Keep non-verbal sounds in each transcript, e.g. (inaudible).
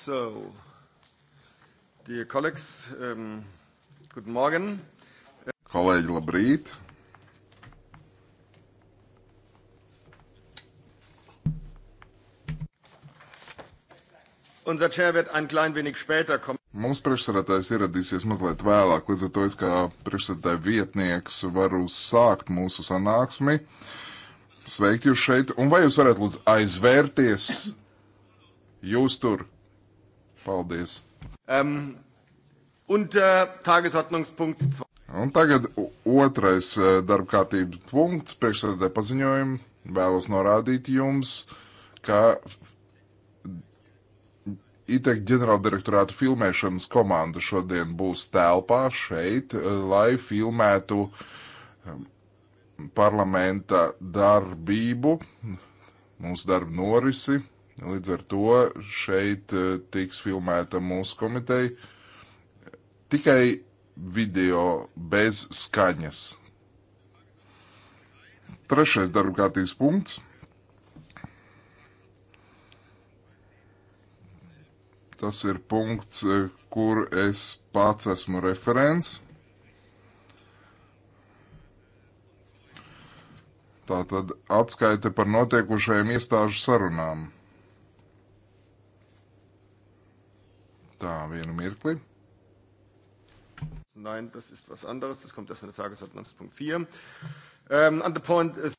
So, dear colleagues, um, good morning. Kolēģi, labrīt! Unser Chair wird ein klein wenig später kommen. Mums priekšsēdētājs ieradīsies mazliet vēlāk, līdz ar to es kā priekšsēdētāja vietnieks varu sākt mūsu sanāksmi. Sveikt jūs šeit, un vai jūs varat lūdzu aizvērties? Jūs tur! Paldies. Um, un, uh, un tagad otrais uh, darbkārtības punkts priekšsēdē paziņojumu. Vēlos norādīt jums, ka ITEK ģenerāldirektorāta filmēšanas komanda šodien būs telpā šeit, uh, lai filmētu um, parlamenta darbību, mūsu darbu norisi. Līdz ar to šeit e, tiks filmēta mūsu komiteja tikai video bez skaņas. Trešais darba kārtības punkts. Tas ir punkts, e, kur es pats esmu referents. Tātad atskaite par notiekušajām iestāžu sarunām. Tā, vienu mirkli. Nein, das ist was anderes. Das kommt erst in der Tagesordnungspunkt 4. Um, ähm, and the point is...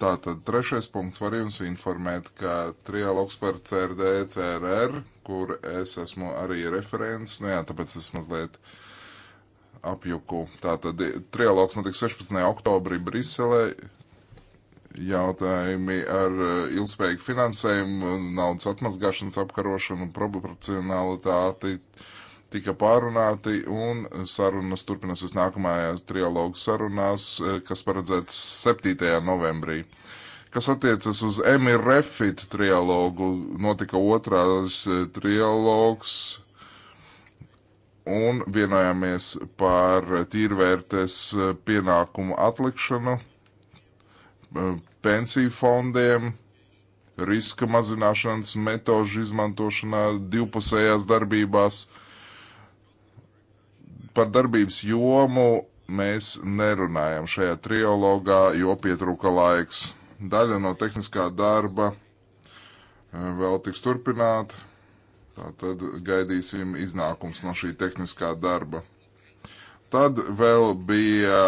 Tātad trešais punkts var jums informēt, ka trialogs par CRD, CRR, kur es esmu arī referents, nu jā, tāpēc es mazliet apjuku. Tātad trialogs notiks 16. oktobrī Briselē, jautājumi ar eh, ilgspējīgu finansējumu, naudas atmazgāšanas apkarošanu un proporcionalitāti tika pārunāti un sarunas turpināsies nākamajās trialogu sarunās, eh, kas paredzēts 7. novembrī. Kas attiecas uz Emir Refit trialogu, notika otrās eh, trialogs un vienojāmies par tīrvērtes pienākumu atlikšanu pensiju fondiem, riska mazināšanas metožu izmantošanā, divpusējās darbībās. Par darbības jomu mēs nerunājam šajā trijologā, jo pietrūka laiks. Daļa no tehniskā darba eh, vēl tiks turpināta. Tātad gaidīsim iznākums no šī tehniskā darba. Tad vēl bija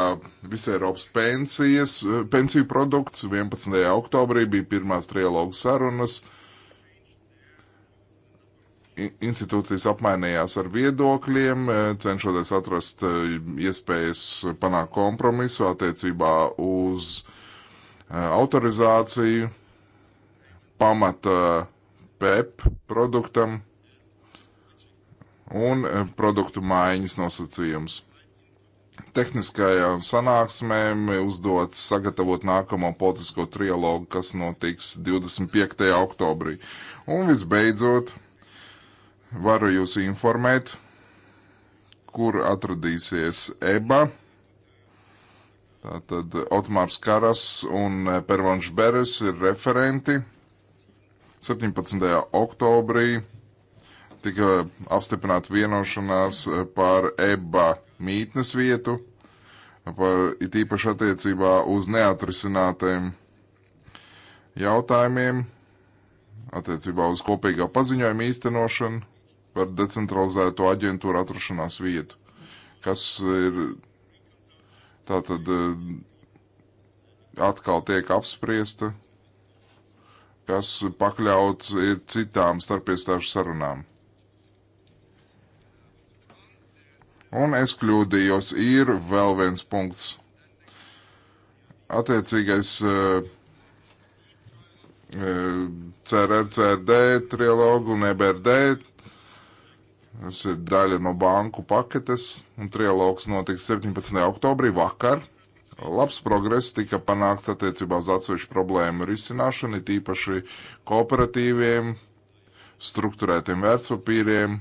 visai Eiropas pensijas, pensiju produkts. 11. oktobrī bija pirmās trialogu sarunas. Institūcijas apmainījās ar viedokļiem, cenšoties atrast eh, iespējas panākt kompromisu attiecībā uz eh, autorizāciju pamata PEP e produktam un eh, produktu maiņas nosacījums tehniskajām sanāksmēm uzdots sagatavot nākamo politisko trialogu, kas notiks 25. oktobrī. Un visbeidzot, varu jūs informēt, kur atradīsies EBA. Tātad Otmārs Karas un Pervanš Beres ir referenti. 17. oktobrī tika apstiprināta vienošanās par EBA mītnes vietu, par it īpaši attiecībā uz neatrisinātajiem jautājumiem, attiecībā uz kopīgā paziņojuma īstenošanu par decentralizēto aģentūru atrašanās vietu, kas ir tātad atkal tiek apspriesta, kas pakļauts ir citām starpiestāšu sarunām. Un es kļūdījos, ir vēl viens punkts. Attiecīgais uh, eh, eh, CRR, CRD, trilogu un EBRD. Tas ir daļa no banku paketes, un trilogs notiks 17. oktobrī vakar. Labs progress tika panākts attiecībā uz atsevišķu problēmu risināšanu, it īpaši kooperatīviem, struktūrētiem vērtspapīriem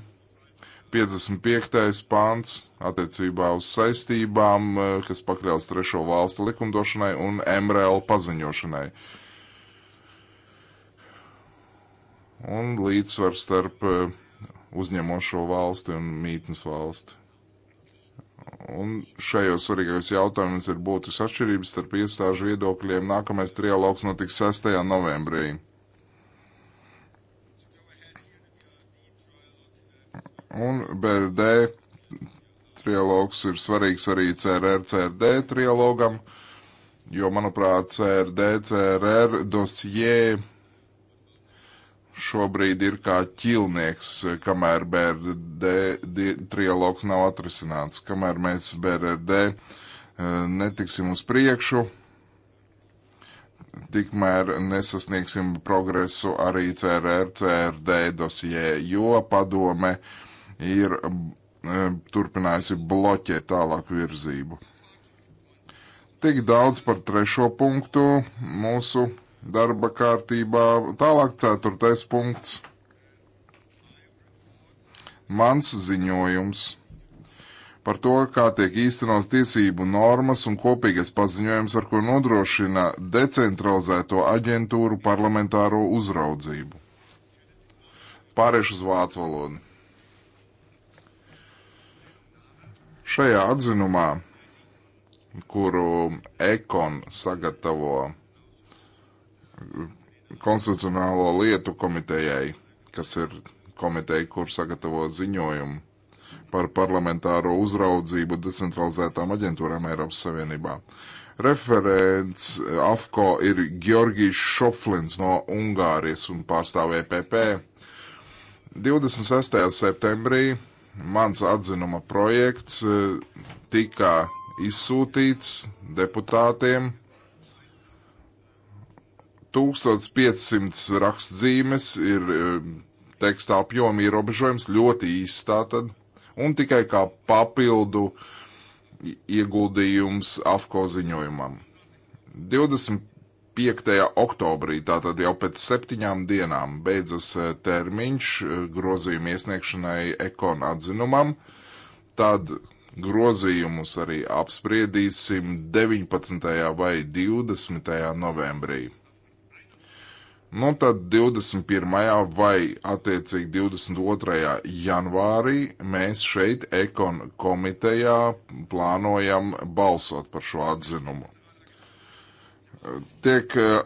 55. pāns attiecībā uz saistībām, eh, kas pakļauts trešo valstu likumdošanai un MRL paziņošanai. Un līdzsvars starp eh, uzņemošo valsti un mītnes valsti. Un šajos svarīgajos jautājumos ir būtisks atšķirības starp iestāžu viedokļiem. Nākamais trialogs notiks 6. novembrī. Un BRD trialogs ir svarīgs arī CRR, CRD trialogam, jo, manuprāt, CRD, CRR dosie šobrīd ir kā ķilnieks, kamēr BRD trialogs nav atrisināts. Kamēr mēs BRD eh, netiksim uz priekšu, tikmēr nesasniegsim progresu arī CRR, CRD dosie, jo padome uh, ir eh, turpinājusi bloķēt tālāku virzību. Tik daudz par trešo punktu mūsu darba kārtībā. Tālāk ceturtais punkts. Mans ziņojums par to, kā tiek īstenos tiesību normas un kopīgais paziņojums, ar ko nodrošina decentralizēto aģentūru parlamentāro uzraudzību. Pāriešu uz vācu valodu. Šajā atzinumā, kuru Ekon sagatavo konstitucionālo lietu komitejai, kas ir komiteja, kur sagatavo ziņojumu par parlamentāro uzraudzību decentralizētām aģentūrām Eiropas Savienībā. Referents AFCO ir Georgijs Šoflins no Ungārijas un pārstāv EPP. 26. septembrī Mans atzinuma projekts e, tika izsūtīts deputātiem 1500 rakstzīmes ir e, teksta apjoma ierobežojums, ļoti īsts tātad, un tikai kā papildu ieguldījums AFCO ziņojumam. 20 5. oktobrī, tātad jau pēc septiņām dienām beidzas eh, termiņš eh, grozījuma iesniegšanai ekona atzinumam, tad grozījumus arī apspriedīsim 19. vai 20. novembrī. Nu, tad 21. vai attiecīgi 22. janvārī mēs šeit ekon komitejā plānojam balsot par šo atzinumu tiek eh,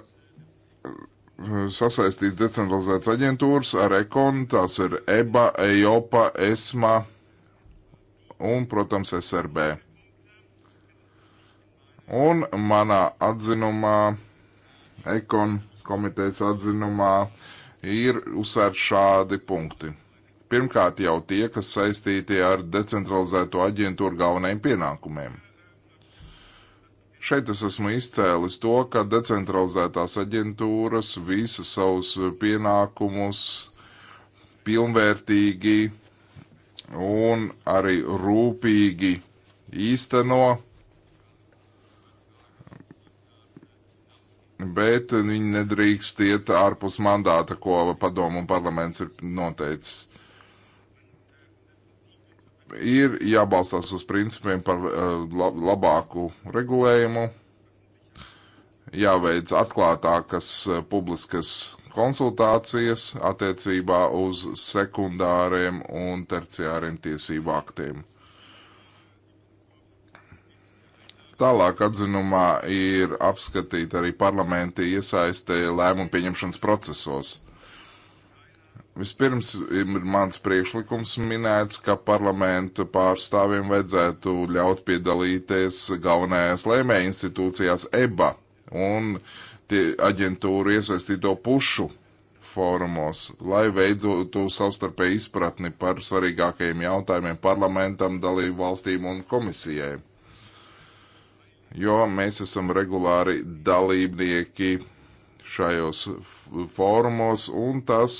sasaistīts decentralizētas aģentūras ar ekonu, tās ir EBA, EIOPA, ESMA un, protams, SRB. Un manā atzinumā, ekon komitejas atzinumā, ir uzsvērts šādi punkti. Pirmkārt jau tie, kas saistīti ar decentralizēto aģentūru galvenajiem pienākumiem. Šeit es esmu izcēlis to, ka decentralizētās aģentūras visas savus pienākumus pilnvērtīgi un arī rūpīgi īsteno, bet viņi nedrīkst iet ārpus mandāta, ko padomu un parlaments ir noteicis ir jābalstās uz principiem par eh, labāku regulējumu, jāveic atklātākas eh, publiskas konsultācijas attiecībā uz sekundāriem un terciāriem tiesību aktiem. Tālāk atzinumā ir apskatīta arī parlamenta iesaiste lēmumu pieņemšanas procesos. Vispirms ir mans priekšlikums minēts, ka parlamentu pārstāvjiem vajadzētu ļaut piedalīties galvenajās lēmē institūcijās EBA un aģentūru iesaistīto pušu fórumos, lai veidotu savstarpēju izpratni par svarīgākajiem jautājumiem parlamentam, dalību valstīm un komisijai. Jo mēs esam regulāri dalībnieki šajos fórumos, un tas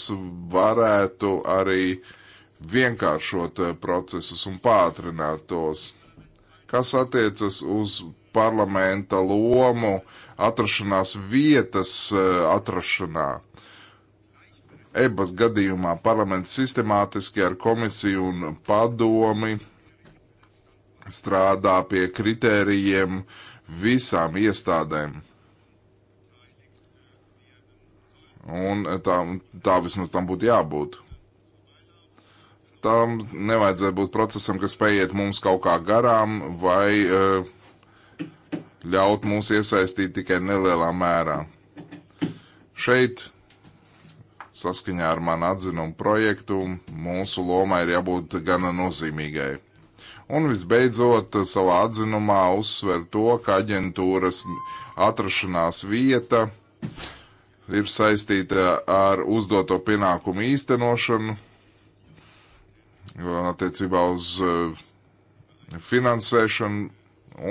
varētu arī vienkāršot eh, procesus un pātrināt tos. Kas attiecas uz parlamenta lomu atrašanās vietas eh, atrašanā? Ebas gadījumā parlaments sistemātiski ar komisiju un padomi strādā pie kritērijiem visām iestādēm Un eh, tā, tā vismaz tam būtu jābūt. Tam nevajadzētu būt procesam, kas spējiet mums kaut kā garām vai eh, ļaut mūs iesaistīt tikai nelielā mērā. Šeit saskaņā ar manu atzinumu projektu, mūsu lomai ir jābūt gana nozīmīgai. Un visbeidzot, savā atzinumā uzsver to, ka aģentūras atrašanās vieta ir saistīta ar uzdoto pienākumu īstenošanu, attiecībā uz eh, finansēšanu,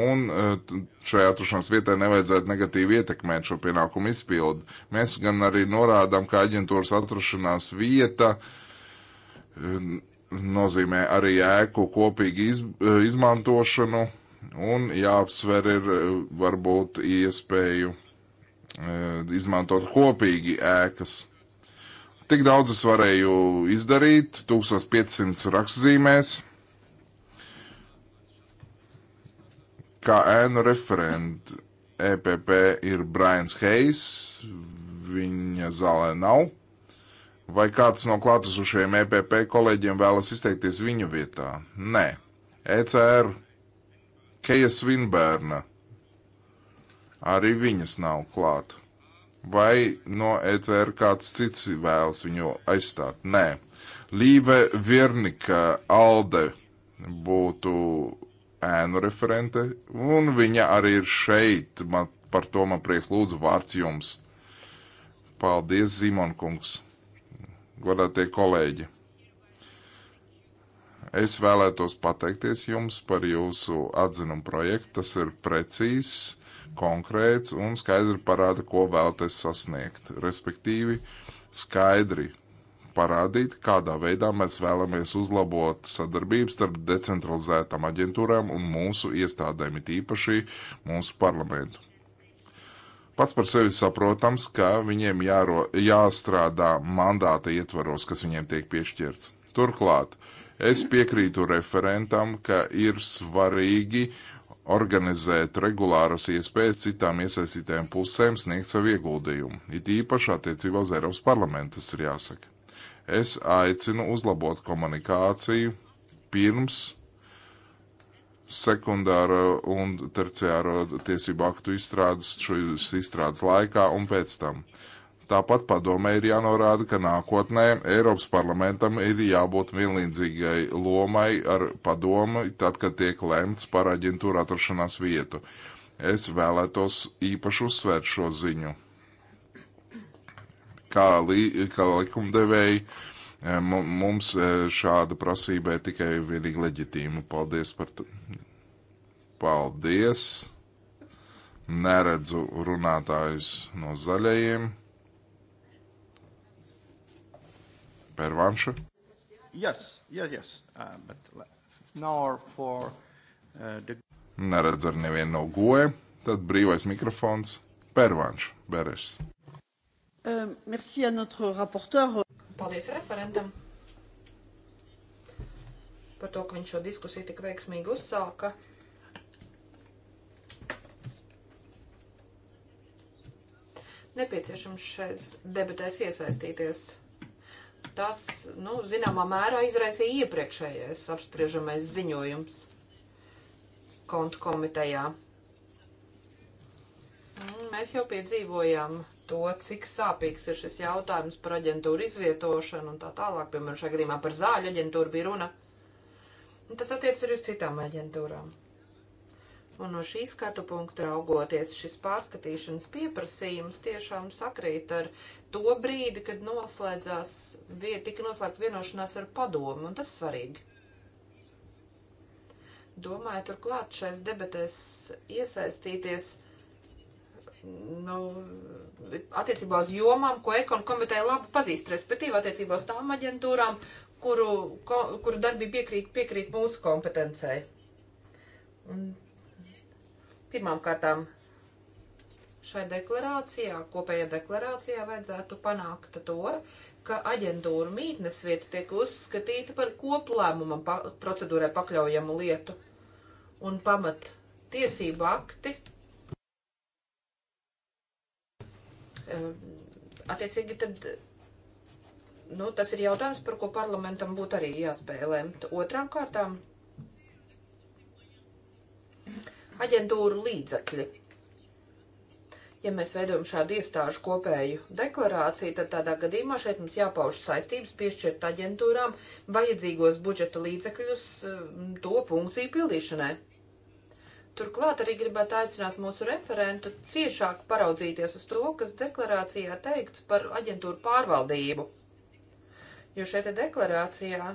un eh, šajā atrašanās vietā nevajadzētu negatīvi ietekmēt šo pienākumu izpildi. Mēs gan arī norādām, ka aģentūras atrašanās vieta eh, nozīmē arī ēku kopīgu iz, izmantošanu, un jāapsver ir varbūt iespēju E, izmantot kopīgi ēkas. Tik daudz es varēju izdarīt, 1500 rakstzīmēs, kā ēnu referenti. EPP ir Brians Heis, viņa zālē nav. Vai kāds no klātesošajiem EPP kolēģiem vēlas izteikties viņu vietā? Nē. ECR Keja Svinbērna Arī viņas nav klāt. Vai no ECR kāds cits vēlas viņu aizstāt? Nē. Līve Virnika Alde būtu ēnu referente, un viņa arī ir šeit. Man, par to man prieks lūdzu vārds jums. Paldies, Zimonkungs, godātie kolēģi. Es vēlētos pateikties jums par jūsu atzinumu projektu. Tas ir precīzs konkrēts un skaidri parāda, ko vēlaties sasniegt. Respektīvi, skaidri parādīt, kādā veidā mēs vēlamies uzlabot sadarbību starp decentralizētām aģentūrām un mūsu iestādēm, it īpaši mūsu parlamentu. Pats par sevi saprotams, ka viņiem jāro, jāstrādā mandāta ietvaros, kas viņiem tiek piešķirts. Turklāt, es piekrītu referentam, ka ir svarīgi organizēt regulāras iespējas citām iesaistītēm pusēm sniegt savu ieguldījumu, it īpaši attiecībā uz Eiropas parlamentu, tas ir jāsaka. Es aicinu uzlabot komunikāciju pirms sekundāro un terciāro tiesību aktu izstrādes, šīs izstrādes laikā un pēc tam. Tāpat padomē ir jānorāda, ka nākotnē Eiropas parlamentam ir jābūt vienlīdzīgai lomai ar padomu, tad, kad tiek lemts par aģentūru atrašanās vietu. Es vēlētos īpaši uzsvērt šo ziņu. Kā, li, kā likumdevēji eh, mums eh, šāda prasība ir tikai vienīgi leģitīma. Paldies par to. Paldies! Neredzu runātājus no zaļajiem. Pērvanša. Yes, yeah, yes. Uh, for, uh, the... Neredz ar nevienu no goja, tad brīvais mikrofons Pērvanš Beres. Uh, merci à notre rapporteur. Paldies referentam par to, ka viņš šo diskusiju tik veiksmīgi uzsāka. Nepieciešams šais debatēs iesaistīties tas, nu, zināmā mērā izraisīja iepriekšējais apspriežamais ziņojums kontu komitejā. Mēs jau piedzīvojām to, cik sāpīgs ir šis jautājums par aģentūru izvietošanu un tā tālāk, piemēram, šajā gadījumā par zāļu aģentūru bija runa. Tas attiec arī uz citām aģentūrām. Un no šī skatu punkta raugoties, šis pārskatīšanas pieprasījums tiešām sakrīt ar to brīdi, kad noslēdzās, tika noslēgta vienošanās ar padomu, un tas svarīgi. Domāju, turklāt šais debatēs iesaistīties, nu, attiecībā uz jomām, ko ekonu komiteja labi pazīst, respektīvi attiecībā uz tām aģentūrām, kuru, ko, kuru darbība piekrīt, piekrīt mūsu kompetencei. Un Pirmām kārtām šai deklarācijā, kopējā deklarācijā vajadzētu panākt to, ka aģentūra mītnes vieta tiek uzskatīta par koplēmuma pa procedūrai pakļaujamu lietu un pamat tiesību akti. Ehm, attiecīgi tad, nu, tas ir jautājums, par ko parlamentam būtu arī jāspēlē. Otrām kārtām aģentūru līdzekļi. Ja mēs veidojam šādu iestāžu kopēju deklarāciju, tad tādā gadījumā šeit mums jāpauž saistības piešķirt aģentūrām vajadzīgos budžeta līdzekļus mm, to funkciju pildīšanai. Turklāt arī gribētu aicināt mūsu referentu ciešāk paraudzīties uz to, kas deklarācijā teikts par aģentūru pārvaldību. Jo šeit deklarācijā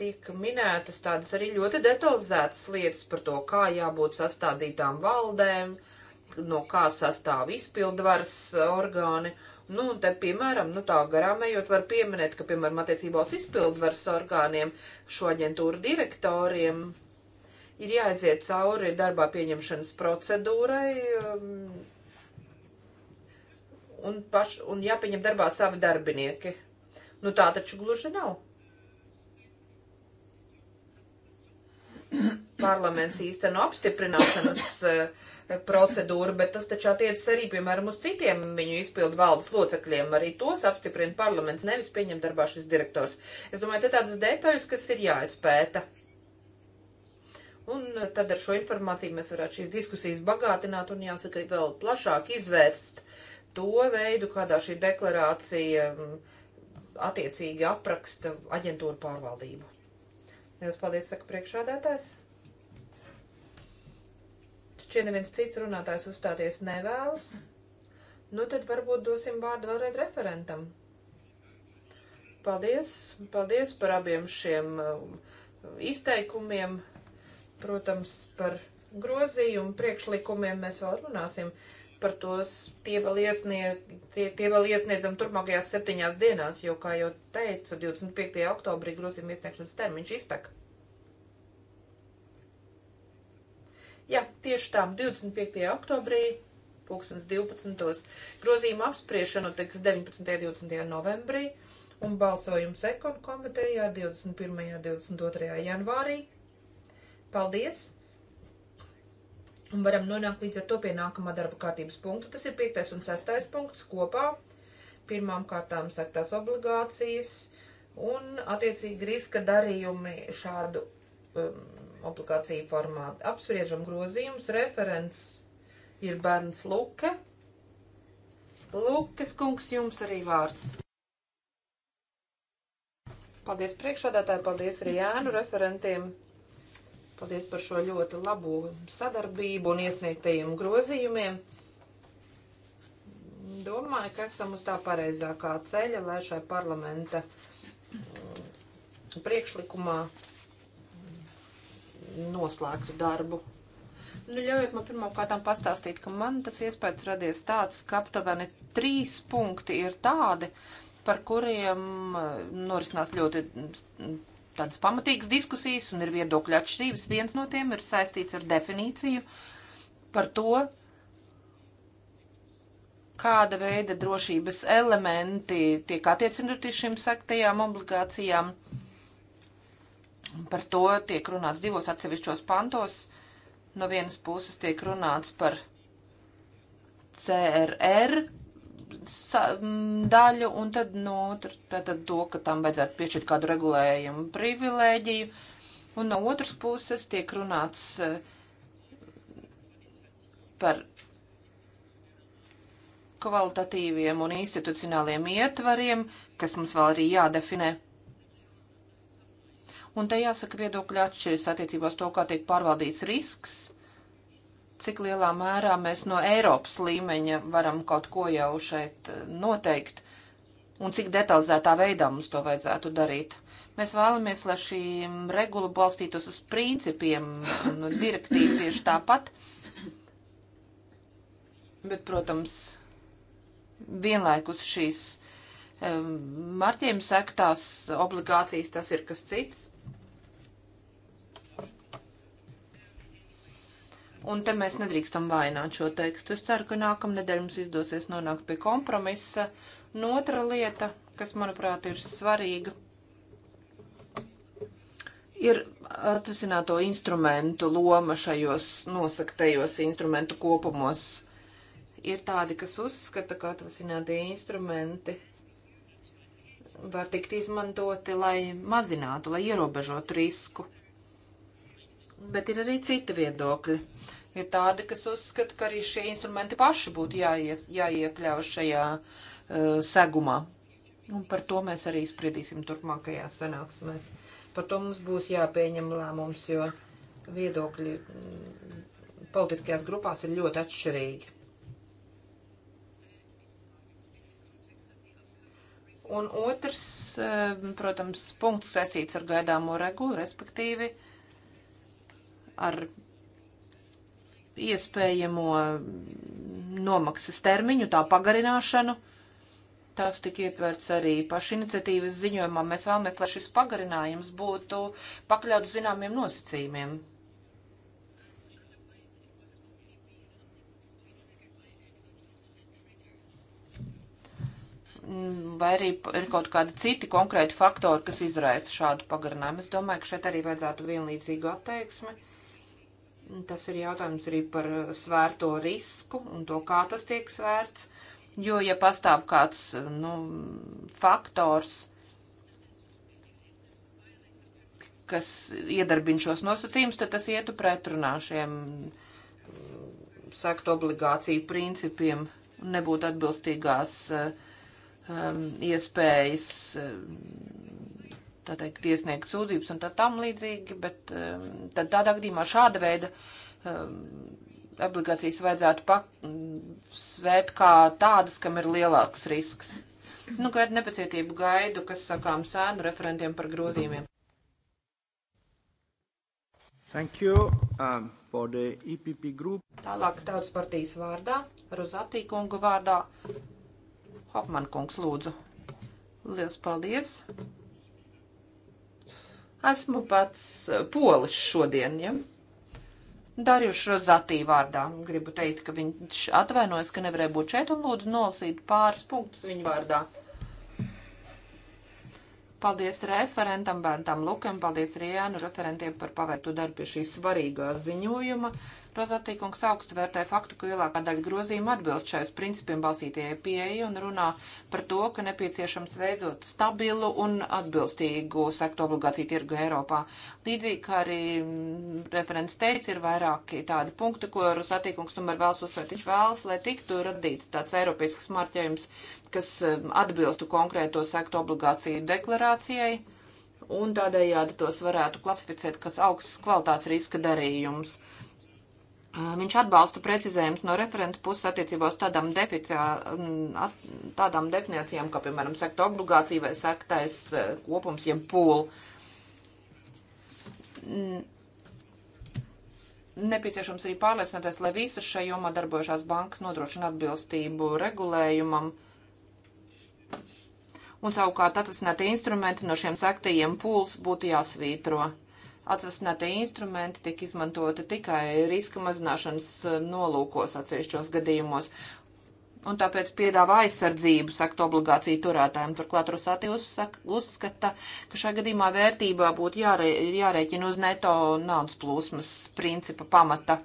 tika minētas tādas arī ļoti detalizētas lietas par to, kā jābūt sastādītām valdēm, no kā sastāv izpildvaras orgāni. Nu, un te, piemēram, nu tā garām ejot, var pieminēt, ka, piemēram, attiecībā uz izpildvaras orgāniem šo aģentūru direktoriem ir jāaiziet cauri darbā pieņemšanas procedūrai. Um, un, paš, un jāpieņem darbā savi darbinieki. Nu tā taču gluži nav. parlaments īsteno apstiprināšanas eh, procedūru, bet tas taču attiecas arī, piemēram, uz citiem viņu izpildu valdes locekļiem. Arī tos apstiprina parlaments, nevis pieņem darbā šis direktors. Es domāju, te tādas detaļas, kas ir jāizpēta. Un eh, tad ar šo informāciju mēs varētu šīs diskusijas bagātināt un, jāsaka, vēl plašāk izvērst to veidu, kādā šī deklarācija mm, attiecīgi apraksta aģentūra pārvaldību. Lielas paldies, saka priekšādātājs. Šķiet, neviens cits runātājs uzstāties nevēlas. Nu, tad varbūt dosim vārdu vēlreiz referentam. Paldies, paldies par abiem šiem uh, izteikumiem, protams, par grozījumu priekšlikumiem mēs vēl runāsim par tos tie vēl, iesnieg, tie, tie vēl iesniedzam turpmākajās septiņās dienās, jo, kā jau teicu, 25. oktobrī grozījuma iesniegšanas termiņš iztaka. Jā, tieši tā, 25. oktobrī 2012. grozījuma apspriešana notiks 19. un 20. novembrī un balsojums ekonu komitejā 21. un 22. janvārī. Paldies! Un varam nonākt līdz ar to pie nākamā darba kārtības punkta. Tas ir piektais un sestais punkts kopā. Pirmām kārtām sektās obligācijas un attiecīgi riska darījumi šādu um, obligāciju formātu. Apspriežam grozījumus. Referents ir bērns Luke. Lukas kungs, jums arī vārds. Paldies priekšādātāji, paldies arī Jānu referentiem Paldies par šo ļoti labo sadarbību un iesniegtajiem grozījumiem. Domāju, ka esam uz tā pareizākā ceļa, lai šai parlamenta mm, priekšlikumā noslēgtu darbu. Nu, ļaujiet man pirmkārtām pastāstīt, ka man tas iespējas radies tāds, ka aptuveni trīs punkti ir tādi, par kuriem mm, norisinās ļoti tādas pamatīgas diskusijas un ir viedokļa atšķirības. Viens no tiem ir saistīts ar definīciju par to, kāda veida drošības elementi tiek attiecināti šīm saktajām obligācijām. Par to tiek runāts divos atsevišķos pantos. No vienas puses tiek runāts par CRR daļu un tad, nu, tad, tad to, ka tam vajadzētu piešķirt kādu regulējumu privilēģiju. Un no otras puses tiek runāts eh, par kvalitatīviem un institucionāliem ietvariem, kas mums vēl arī jādefinē. Un te jāsaka viedokļi atšķiras attiecībā uz to, kā tiek pārvaldīts risks cik lielā mērā mēs no Eiropas līmeņa varam kaut ko jau šeit eh, noteikt un cik detalizētā veidā mums to vajadzētu darīt. Mēs vēlamies, lai šī regula balstītos uz principiem un direktīvu tieši tāpat. Bet, protams, vienlaikus šīs marķējuma sektās obligācijas tas ir kas cits. Un te mēs nedrīkstam vainot šo tekstu. Es ceru, ka nākamnedēļ mums izdosies nonākt pie kompromisa. Un otra lieta, kas, manuprāt, ir svarīga, ir atrasināto instrumentu loma šajos nosaktajos instrumentu kopumos. Ir tādi, kas uzskata, ka atrasinātie instrumenti var tikt izmantoti, lai mazinātu, lai ierobežotu risku bet ir arī citi viedokļi. Ir tādi, kas uzskata, ka arī šie instrumenti paši būtu jāies, jāiekļauj šajā uh, segumā. Un par to mēs arī spriedīsim turpmākajās sanāksmēs. Par to mums būs jāpieņem lēmums, jo viedokļi mm, politiskajās grupās ir ļoti atšķirīgi. Un otrs, uh, protams, punkts saistīts ar gaidāmo regulu, respektīvi ar iespējamo nomaksas termiņu, tā pagarināšanu. Tas tika ietverts arī pašiniciatīvas ziņojumā. Mēs vēlamies, lai šis pagarinājums būtu pakļauts zināmiem nosacījumiem. Vai arī ir kaut kādi citi konkrēti faktori, kas izraisa šādu pagarinājumu. Es domāju, ka šeit arī vajadzētu vienlīdzīgu attieksmi Tas ir jautājums arī par eh, svērto risku un to, kā tas tiek svērts. Jo, ja pastāv kāds eh, nu, faktors, kas iedarbina šos nosacījumus, tad tas ietu pretrunā šiem mm, saktu obligāciju principiem un nebūtu atbilstīgās um, iespējas um, tā teikt, iesniegt sūdzības un tā tam līdzīgi, bet um, tad tādā gadījumā šāda veida um, obligācijas vajadzētu pak, mm, svērt kā tādas, kam ir lielāks risks. Nu, gaidu nepacietību gaidu, kas sakām sēnu referentiem par grozījumiem. Thank you um, for the EPP group. Tālāk tautas partijas vārdā, Rozatī kungu vārdā, Hofman kungs lūdzu. Lielas paldies! Esmu pats eh, polis šodien, ja? Darījuši Rozatī vārdā. Gribu teikt, ka viņš atvainojas, ka nevarēja būt šeit un lūdzu nolasīt pāris punktus viņa vārdā. Paldies referentam Bērntam Lukam, paldies Rijānu referentiem par paveikto darbu pie šī svarīgā ziņojuma. Rozatīkungs augstu vērtē faktu, ka lielākā daļa grozījuma atbilst šais principiem balsītajai pieeja un runā par to, ka nepieciešams veidot stabilu un atbilstīgu sektu obligāciju tirgu Eiropā. Līdzīgi kā arī mm, referents teica, ir vairāki tādi punkti, ko Rozatīkungs tomēr vēlas uzsvērt. Viņš vēlas, lai tiktu radīts tāds eiropisks marķējums, kas mm, atbilstu konkrēto sektu obligāciju deklarācijai un tādējādi tos varētu klasificēt kā augstas kvalitātes riska darījumus. Viņš atbalsta precizējumus no referentu puses attiecībā uz tādām, deficijā, at, tādām definīcijām, kā, piemēram, sekta obligācija vai sektais kopums, jeb pūl. Nepieciešams arī pārliecināties, lai visas šajā jomā darbojušās bankas nodrošina atbilstību regulējumam. Un savukārt atvesinētie instrumenti no šiem sektajiem pūls būtu jāsvītro. Atvasinātie instrumenti tiek izmantoti tikai riska mazināšanas eh, nolūkos atsevišķos gadījumos, un tāpēc piedāvā aizsardzību, saka obligāciju turētājiem. Turklāt Rusāti uzskata, ka šajā gadījumā vērtībā būtu jārē, jārēķina uz neto naudas plūsmas principa pamata.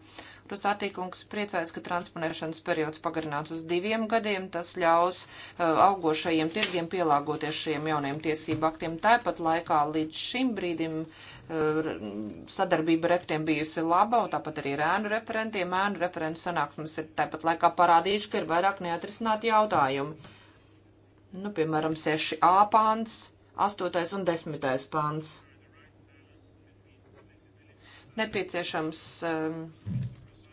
Rusāti kungs priecājas, ka transponēšanas periods pagarināts uz diviem gadiem. Tas ļaus uh, augošajiem tirgiem pielāgoties šiem jauniem tiesību aktiem. Tāpat laikā līdz šim brīdim uh, sadarbība ar referentiem bijusi laba, un tāpat arī ar ēnu referentiem. Ēnu referentu sanāksmes ir tāpat laikā parādījuši, ka ir vairāk neatrisināti jautājumi. Nu, piemēram, 6a pāns, 8 un 10 pāns. Nepieciešams um,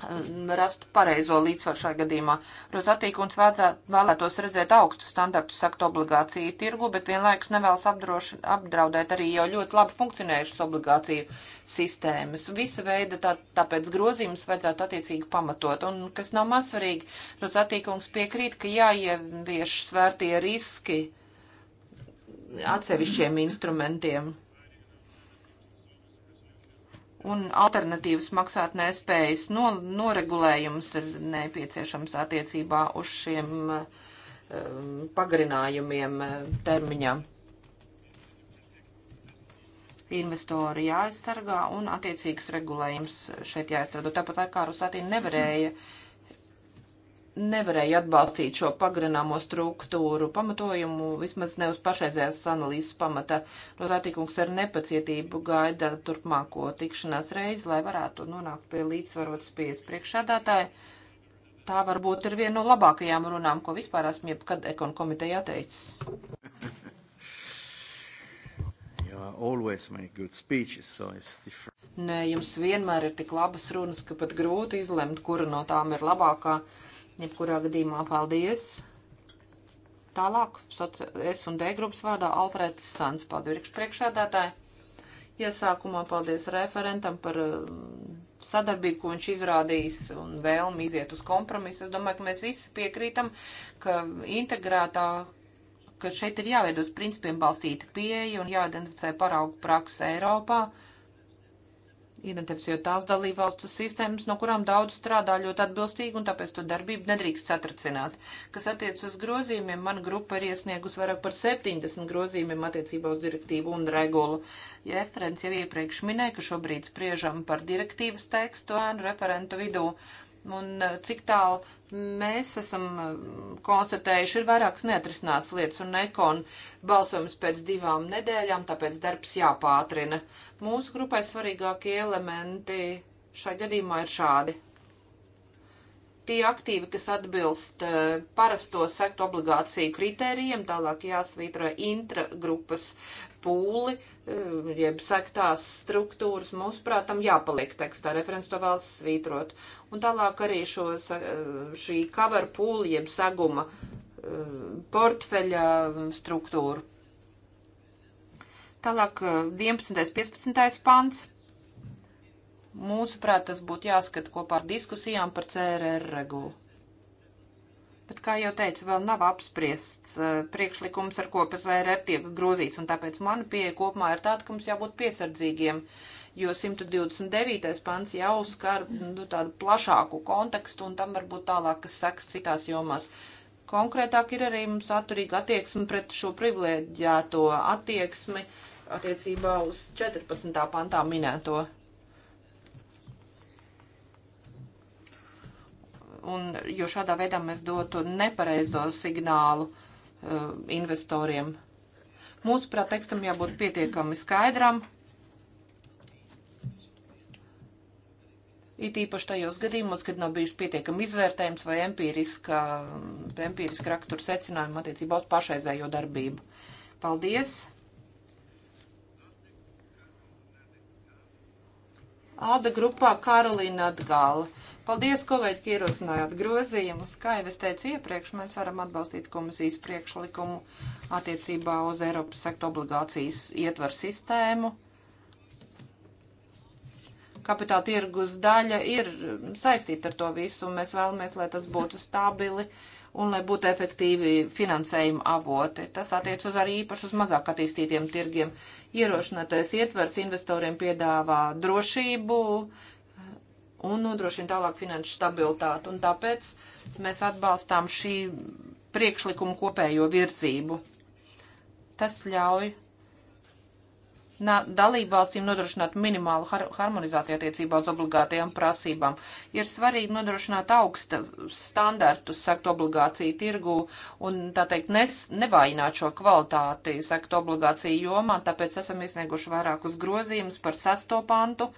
Um, rastu pareizo līdzsvaru šajā gadījumā. Rozatīkums vēlētos redzēt augstu standartu saktu obligāciju tirgu, bet vienlaikus nevēlas apdroši, apdraudēt arī jau ļoti labi funkcionējušas obligāciju sistēmas. Visa veida tā, tāpēc grozījums vajadzētu attiecīgi pamatot. Un, kas nav mazsvarīgi, Rozatīkums piekrīt, ka jāievieš svērtie riski atsevišķiem instrumentiem. Mm un alternatīvas maksāt nespējas no, noregulējums ir nepieciešams attiecībā uz šiem um, pagarinājumiem uh, termiņā. Investori jāaizsargā un attiecīgs regulējums šeit jāizstrādā. Tāpat laikā Rusatīna nevarēja uh, nevarēja atbalstīt šo pagarināmo struktūru pamatojumu, vismaz ne uz pašreizējās analīzes pamata. No tā tikums ar nepacietību gaida turpmāko tikšanās reizi, lai varētu nonākt pie līdzsvarotas pieejas priekšādātāja. Tā varbūt ir viena no labākajām runām, ko vispār esmu jebkad ekon komiteja teicis. (laughs) Speeches, so Nē, jums vienmēr ir tik labas runas, ka pat grūti izlemt, kura no tām ir labākā. Uh, Jebkurā gadījumā paldies. Tālāk S un D grupas vārdā Alfrēds Sans. Paldies priekšādātāji. Iesākumā paldies referentam par um, sadarbību, ko viņš izrādījis un vēlmi iziet uz kompromisu. Es domāju, ka mēs visi piekrītam, ka integrētā ka šeit ir jāveido uz principiem balstīta pieeja un jāidentificē paraugu praksa Eiropā. Uh, identificējot tās dalībvalstu sistēmas, no kurām daudz strādā ļoti atbilstīgi, un tāpēc to darbību nedrīkst satracināt. Kas attiec uz grozījumiem, mana grupa ir iesniegus vairāk par 70 grozījumiem attiecībā uz direktīvu un regulu. Ja referents jau iepriekš minēja, ka šobrīd spriežam par direktīvas tekstu ēnu referentu vidū, Un eh, cik tālu mēs esam eh, konstatējuši, ir vairākas neatrisinātas lietas un ekon balsojums pēc divām nedēļām, tāpēc darbs jāpātrina. Mūsu grupai svarīgākie elementi šai gadījumā ir šādi. Tie aktīvi, kas atbilst eh, parasto sektu obligāciju kritērijiem, tālāk jāsvītro intragrupas pūli, jeb sektās struktūras, mūsuprāt, tam jāpaliek tekstā. Referents to vēlas svītrot. Un tālāk arī šo, eh, šī cover pool, jeb saguma eh, portfeļa mm, struktūru. Tālāk 11. Eh, 15. pants. Mūsuprāt, tas būtu jāskat kopā ar diskusijām par CRR regulu. Bet, kā jau teicu, vēl nav apspriests priekšlikums, ar ko PSRR tiek grozīts, un tāpēc mana pieeja kopumā ir tāda, ka mums jābūt piesardzīgiem jo 129. pants jau skar nu, tādu plašāku kontekstu un tam varbūt tālāk, kas seks citās jomās. Konkrētāk ir arī mums atturīga attieksme pret šo privileģēto attieksmi attiecībā uz 14. pantā minēto. Un, jo šādā veidā mēs dotu nepareizo signālu uh, investoriem. Mūsuprāt, tekstam jābūt pietiekami skaidram It īpaši tajos gadījumos, kad nav bijuši pietiekami izvērtējums vai empīriska, empīriska rakstura secinājuma attiecībā uz pašreizējo darbību. Paldies! Āda grupā Karolīna atgāla. Paldies, kolēģi, ka ierosinājāt grozījumus. Kā jau es teicu iepriekš, mēs varam atbalstīt komisijas priekšlikumu attiecībā uz Eiropas sekta obligācijas ietver sistēmu Kapitāla tirgus daļa ir um, saistīta ar to visu, un mēs vēlamies, lai tas būtu stabili un lai būtu efektīvi finansējuma avoti. Tas attiec uz arī īpaši uz mazāk attīstītiem tirgiem. Ierošinātais ietvers investoriem piedāvā drošību uh, un nodrošina tālāk finanšu stabilitāti, un tāpēc mēs atbalstām šī priekšlikuma kopējo virzību. Tas ļauj dalībvalstīm nodrošināt minimālu har harmonizāciju attiecībā uz obligātajām prasībām. Ir svarīgi nodrošināt augsta standartus sektu obligāciju tirgu un, tā teikt, nes, nevājināt šo kvalitāti sektu obligāciju jomā, tāpēc esam iesnieguši vairākus grozījumus par sesto pantu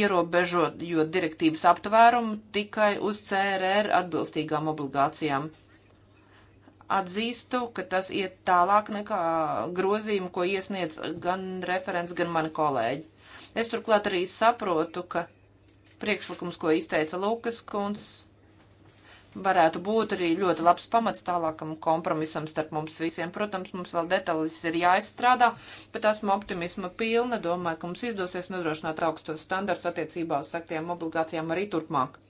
ierobežot, jo direktīvas aptvērumu tikai uz CRR atbilstīgām obligācijām atzīstu, ka tas iet tālāk nekā grozījumi, ko iesniedz gan referents, gan mani kolēģi. Es turklāt arī saprotu, ka priekšlikums, ko izteica Lukas Kunds, varētu būt arī ļoti labs pamats tālākam kompromisam starp mums visiem. Protams, mums vēl detaļas ir jāizstrādā, bet esmu optimisma pilna. Domāju, ka mums izdosies nodrošināt augstos standarts attiecībā uz saktiem obligācijām arī turpmāk.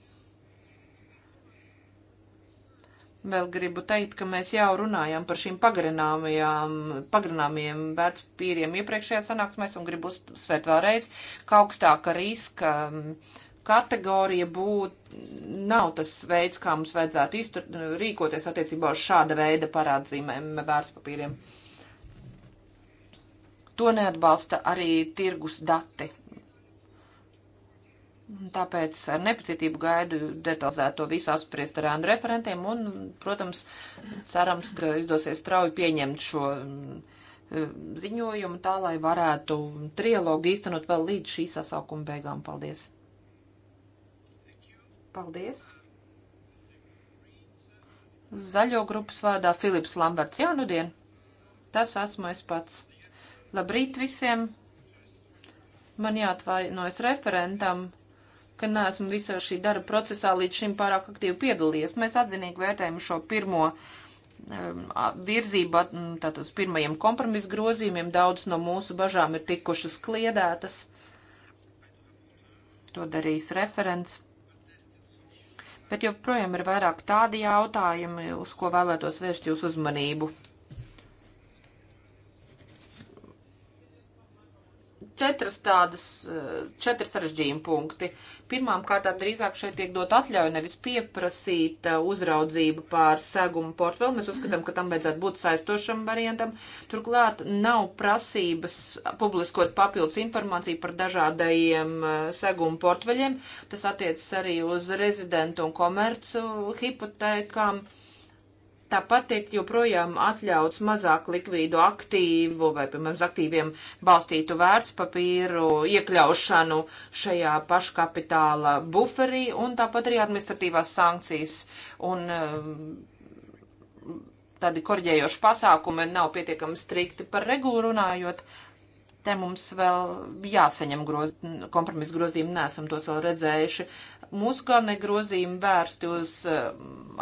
Vēl gribu teikt, ka mēs jau runājām par šīm pagarināmajiem vērtspīriem iepriekšējā sanāksmēs un gribu uzsvērt vēlreiz, ka augstāka riska mm, kategorija būt, nav tas veids, kā mums vajadzētu iztur, rīkoties attiecībā uz šāda veida parādzīmēm vērtspapīriem. To neatbalsta arī tirgus dati. Tāpēc ar nepacietību gaidu detalizēto visu apspriest ar ēnu referentiem un, protams, cerams, ka izdosies strauji pieņemt šo eh, ziņojumu tā, lai varētu trilogu īstenot vēl līdz šī sasaukuma beigām. Paldies! Paldies! Zaļo grupas vārdā Filips Lamberts. Jā, nu dien! Tas esmu es pats. Labrīt visiem! Man jāatvainojas referentam ka neesmu visā šī darba procesā līdz šim pārāk aktīvi piedalījies. Mēs atzinīgi vērtējam šo pirmo um, virzība tātad uz pirmajiem kompromisu grozījumiem. Daudz no mūsu bažām ir tikušas kliedētas. To darīs referents. Bet joprojām ir vairāk tādi jautājumi, uz ko vēlētos vērst jūsu uzmanību. četras tādas, eh, četri sarežģījumi punkti. Pirmām kārtām drīzāk šeit tiek dot atļauja, nevis pieprasīt eh, uzraudzību pār segumu portfeli. Mēs uzskatām, ka tam vajadzētu būt saistošam variantam. Turklāt nav prasības publiskot papildus informāciju par dažādajiem eh, segumu portfeļiem. Tas attiecas arī uz rezidentu un komercu hipotekām. Uh, Tāpat tiek joprojām atļauts mazāk likvīdu aktīvu vai, piemēram, uz aktīviem balstītu vērtspapīru iekļaušanu šajā paškapitāla buferī un tāpat arī administratīvās sankcijas un um, tādi korģējoši pasākumi nav pietiekami strikti par regulu runājot. Te mums vēl jāsaņem groz, kompromisu grozījumi, nesam tos vēl redzējuši. Mūsu galvenie grozījumi vērsti uz eh,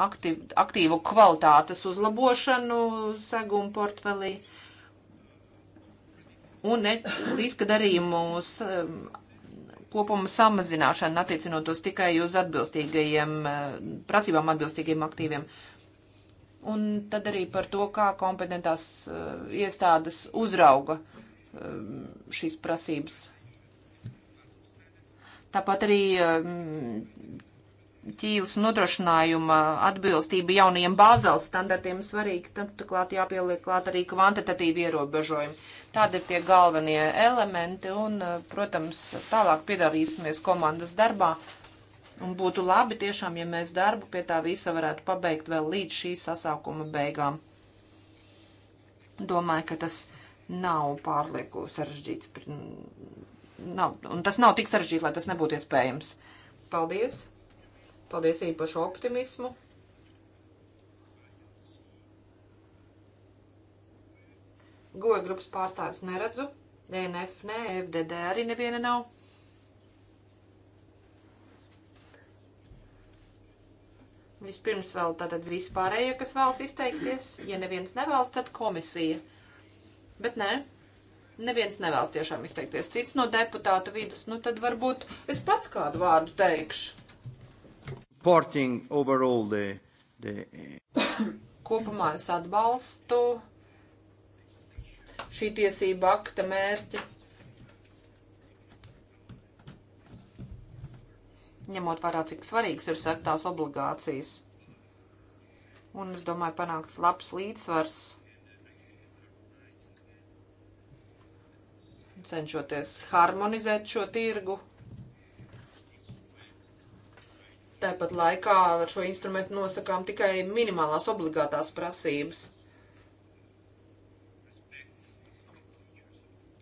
aktiv, aktīvu kvalitātes uzlabošanu segumu portfelī un riska darījumus eh, kopuma samazināšanu attiecinotos tikai uz atbilstīgajiem, eh, prasībām atbilstīgiem aktīviem. Un tad arī par to, kā kompetentās iestādes uzrauga šīs prasības Tāpat arī um, ķīles nodrošinājuma atbilstība jaunajiem bāzels standartiem ir svarīga, turklāt jāpieliek klāt arī kvantitatīvi ierobežojumi. Tādi ir tie galvenie elementi un, uh, protams, tālāk piedalīsimies komandas darbā. Un būtu labi tiešām, ja mēs darbu pie tā visa varētu pabeigt vēl līdz šī sasaukuma beigām. Domāju, ka tas nav pārlieku sarežģīts nav, un tas nav tik sarežģīti, lai tas nebūtu iespējams. Paldies! Paldies īpašu optimismu! Goja grupas pārstāvis neredzu, DNF nē, FDD arī neviena nav. Vispirms vēl tātad vispārējie, kas vēlas izteikties. Ja neviens nevēlas, tad komisija. Bet nē. Ne. Neviens nevēlas tiešām izteikties cits no deputātu vidus, nu tad varbūt es pats kādu vārdu teikšu. Porting overall the, the... (coughs) Kopumā es atbalstu šī tiesība akta mērķi. Ņemot vērā, cik svarīgs ir sektās obligācijas. Un es domāju, panākts labs līdzsvars cenšoties harmonizēt šo tirgu. Tāpat laikā ar šo instrumentu nosakām tikai minimālās obligātās prasības.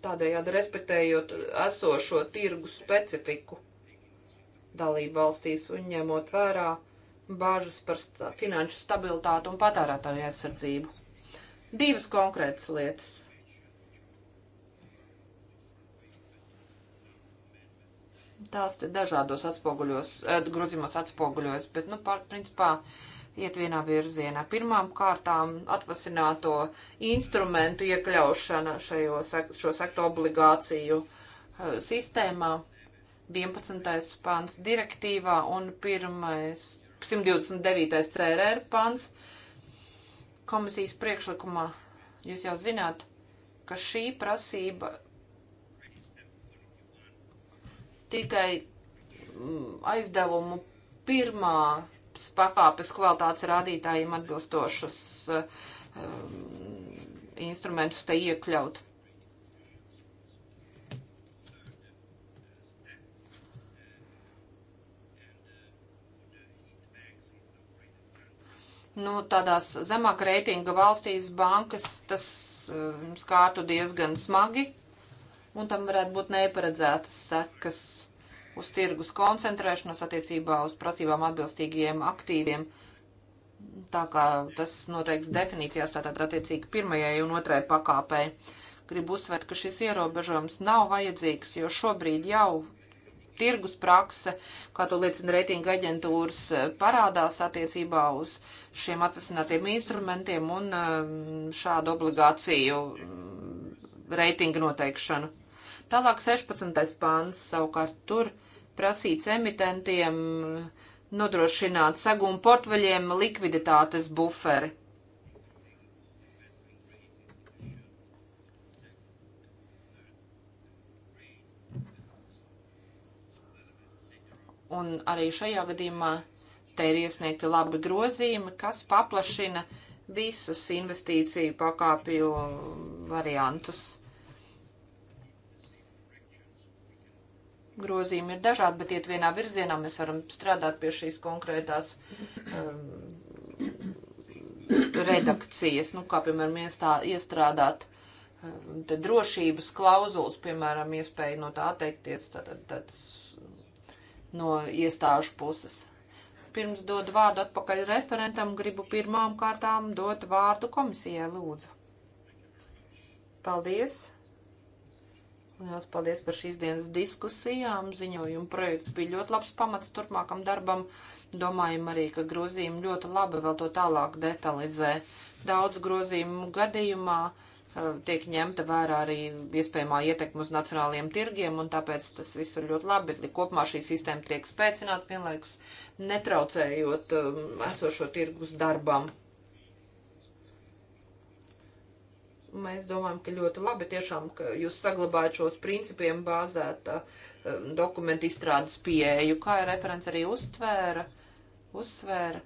Tādējādi respektējot esošo tirgu specifiku dalību valstīs un ņemot vērā bāžas par st finanšu stabilitātu un patērētāju aizsardzību. Divas konkrētas lietas. tās dažādos atspoguļos, eh, grozījumos atspoguļos, bet, nu, par, principā, iet vienā virzienā. Pirmām kārtām atvasināto instrumentu iekļaušana šajo, šo sektu obligāciju eh, sistēmā, 11. pants direktīvā un 1. 129. CRR pants komisijas priekšlikumā. Jūs jau zināt, ka šī prasība tikai mm, aizdevumu pirmā pakāpes kvalitātes rādītājiem atbilstošus um, instrumentus te iekļaut. nu, tādās zemāk reitinga valstīs bankas tas um, skārtu diezgan smagi un tam varētu būt neparedzētas sekas uz tirgus koncentrēšanos attiecībā uz prasībām atbilstīgiem aktīviem. Tā kā tas noteikts definīcijās, tātad attiecīgi pirmajai un otrajai pakāpei. Gribu uzsvērt, ka šis ierobežojums nav vajadzīgs, jo šobrīd jau tirgus prakse, kā to liecina reitinga aģentūras, eh, parādās attiecībā uz šiem atvesinātiem instrumentiem un eh, šādu obligāciju mm, reitinga noteikšanu. Tālāk 16. pāns savukārt tur prasīts emitentiem nodrošināt seguma portveļiem likviditātes buferi. Un arī šajā gadījumā te ir iesniegti labi grozījumi, kas paplašina visus investīciju pakāpju variantus. Grozījumi ir dažādi, bet iet vienā virzienā. Mēs varam strādāt pie šīs konkrētās um, redakcijas, nu, kā piemēram iestā, iestrādāt um, drošības klauzulas, piemēram, iespēju no tā atteikties tad, tad, no iestāžu puses pirms dod vārdu atpakaļ referentam, gribu pirmām kārtām dot vārdu komisijai, lūdzu. Paldies! Lielas paldies par šīs dienas diskusijām. Ziņojuma projekts bija ļoti labs pamats turpmākam darbam. Domājam arī, ka grozījumi ļoti labi vēl to tālāk detalizē. Daudz grozījumu gadījumā eh, tiek ņemta vērā arī iespējamā ietekme uz nacionāliem tirgiem, un tāpēc tas viss ir ļoti labi, bet kopumā šī sistēma tiek spēcināta vienlaikus netraucējot eh, esošo tirgus darbam. Mēs domājam, ka ļoti labi tiešām, ka jūs saglabājat šos principiem bāzēta um, dokumentu izstrādes pieeju, kā referents arī uztvēra, uzsvēra.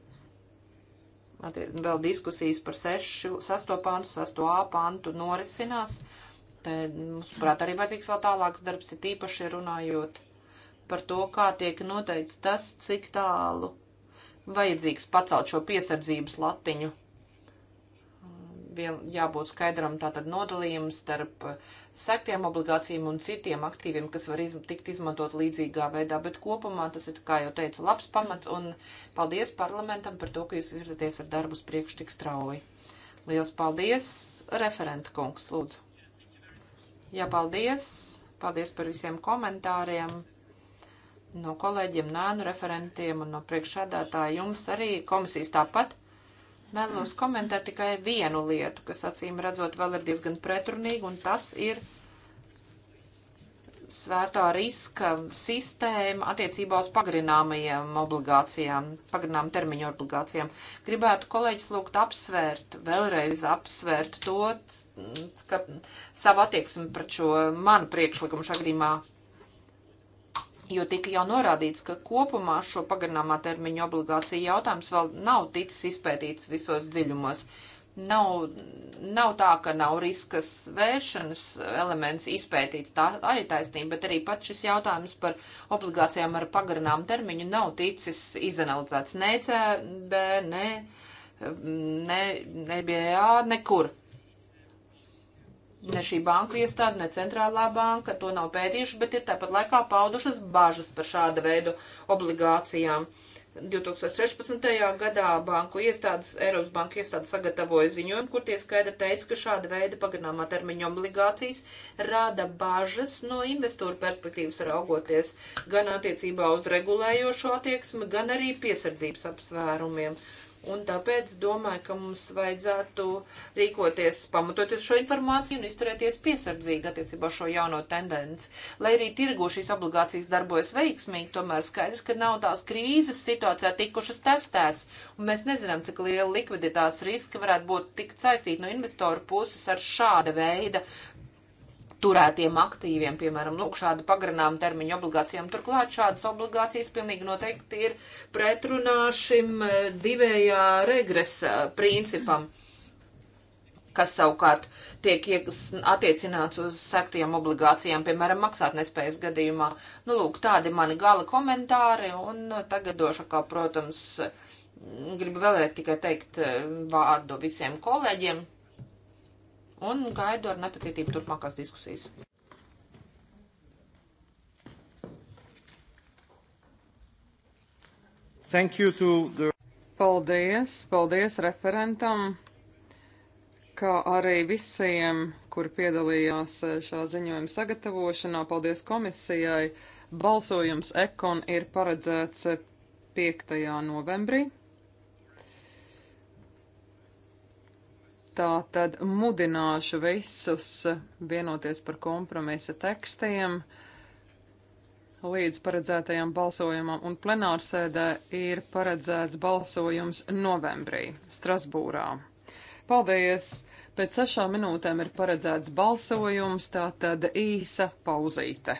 Vēl diskusijas par sešu, sasto pantu, sasto A pantu norisinās. Te, mums, prāt, arī vajadzīgs vēl tālāks darbs, ir tīpaši runājot par to, kā tiek noteikts tas, cik tālu vajadzīgs pacelt šo piesardzības latiņu vien, jābūt skaidram tātad nodalījumam starp uh, sektiem obligācijām un citiem aktīviem, kas var iz, tikt izmantot līdzīgā veidā, bet kopumā tas ir, kā jau teicu, labs pamats un paldies parlamentam par to, ka jūs virzaties ar darbus priekš tik strauji. Liels paldies, referenta kungs, lūdzu. Jā, paldies, paldies par visiem komentāriem no kolēģiem, nānu referentiem un no priekšādātāja jums arī komisijas tāpat. Vēlos komentēt tikai vienu lietu, kas acīm redzot vēl ir diezgan pretrunīga, un tas ir svērtā riska sistēma attiecībā uz pagarināmajām obligācijām, pagarinām termiņu obligācijām. Gribētu kolēģis lūgt apsvērt, vēlreiz apsvērt to, ka savu attieksmi pret šo manu priekšlikumu šagadījumā Jo tika jau norādīts, ka kopumā šo pagarināmā termiņa obligācija jautājums vēl nav ticis izpētīts visos dziļumos. Nav, nav tā, ka nav riskas vēršanas elements izpētīts, tā arī taisnība, bet arī pats šis jautājums par obligācijām ar pagarināmu termiņu nav ticis izanalizēts ne CB, ne, ne, ne BA, nekur ne šī banka iestāde, ne centrālā banka to nav pētījuši, bet ir tāpat laikā paudušas bažas par šāda veidu obligācijām. 2016. gadā banku iestādes, Eiropas banka iestādes sagatavoja ziņojumu, kur tie skaidri teica, ka šāda veida pagarināmā termiņa obligācijas rada bažas no investoru perspektīvas raugoties gan attiecībā uz regulējošo attieksmi, gan arī piesardzības apsvērumiem. Un tāpēc domāju, ka mums vajadzētu rīkoties pamatoties šo informāciju un izturēties piesardzīgi attiecībā šo jauno tendenci. Lai arī tirgu šīs obligācijas darbojas veiksmīgi, tomēr skaidrs, ka nav tās krīzes situācijā tikušas testētas, un mēs nezinām, cik liela likviditātes riska varētu būt tik saistīta no investoru puses ar šāda veida turētiem aktīviem, piemēram, lūk, nu, šādu pagarinām termiņu obligācijām. Turklāt šādas obligācijas pilnīgi noteikti ir pretrunā šim e, divējā regresa principam, kas savukārt tiek attiecināts uz sektajām obligācijām, piemēram, maksātnespējas gadījumā. Nu, lūk, tādi mani gala komentāri, un tagad došu, kā, protams, gribu vēlreiz tikai teikt e, vārdu visiem kolēģiem un gaidu ar nepacietību turpmākās diskusijas. Thank you to the... Paldies, paldies referentam, kā arī visiem, kur piedalījās eh, šā ziņojuma sagatavošanā. Paldies komisijai. Balsojums Ekon ir paredzēts 5. Eh, novembrī. Tā tad mudināšu visus vienoties par kompromisa tekstiem līdz paredzētajam balsojumam, un plenārsēdē ir paredzēts balsojums novembrī Strasbūrā. Paldies! Pēc sešām minūtēm ir paredzēts balsojums, tā tad īsa pauzīte.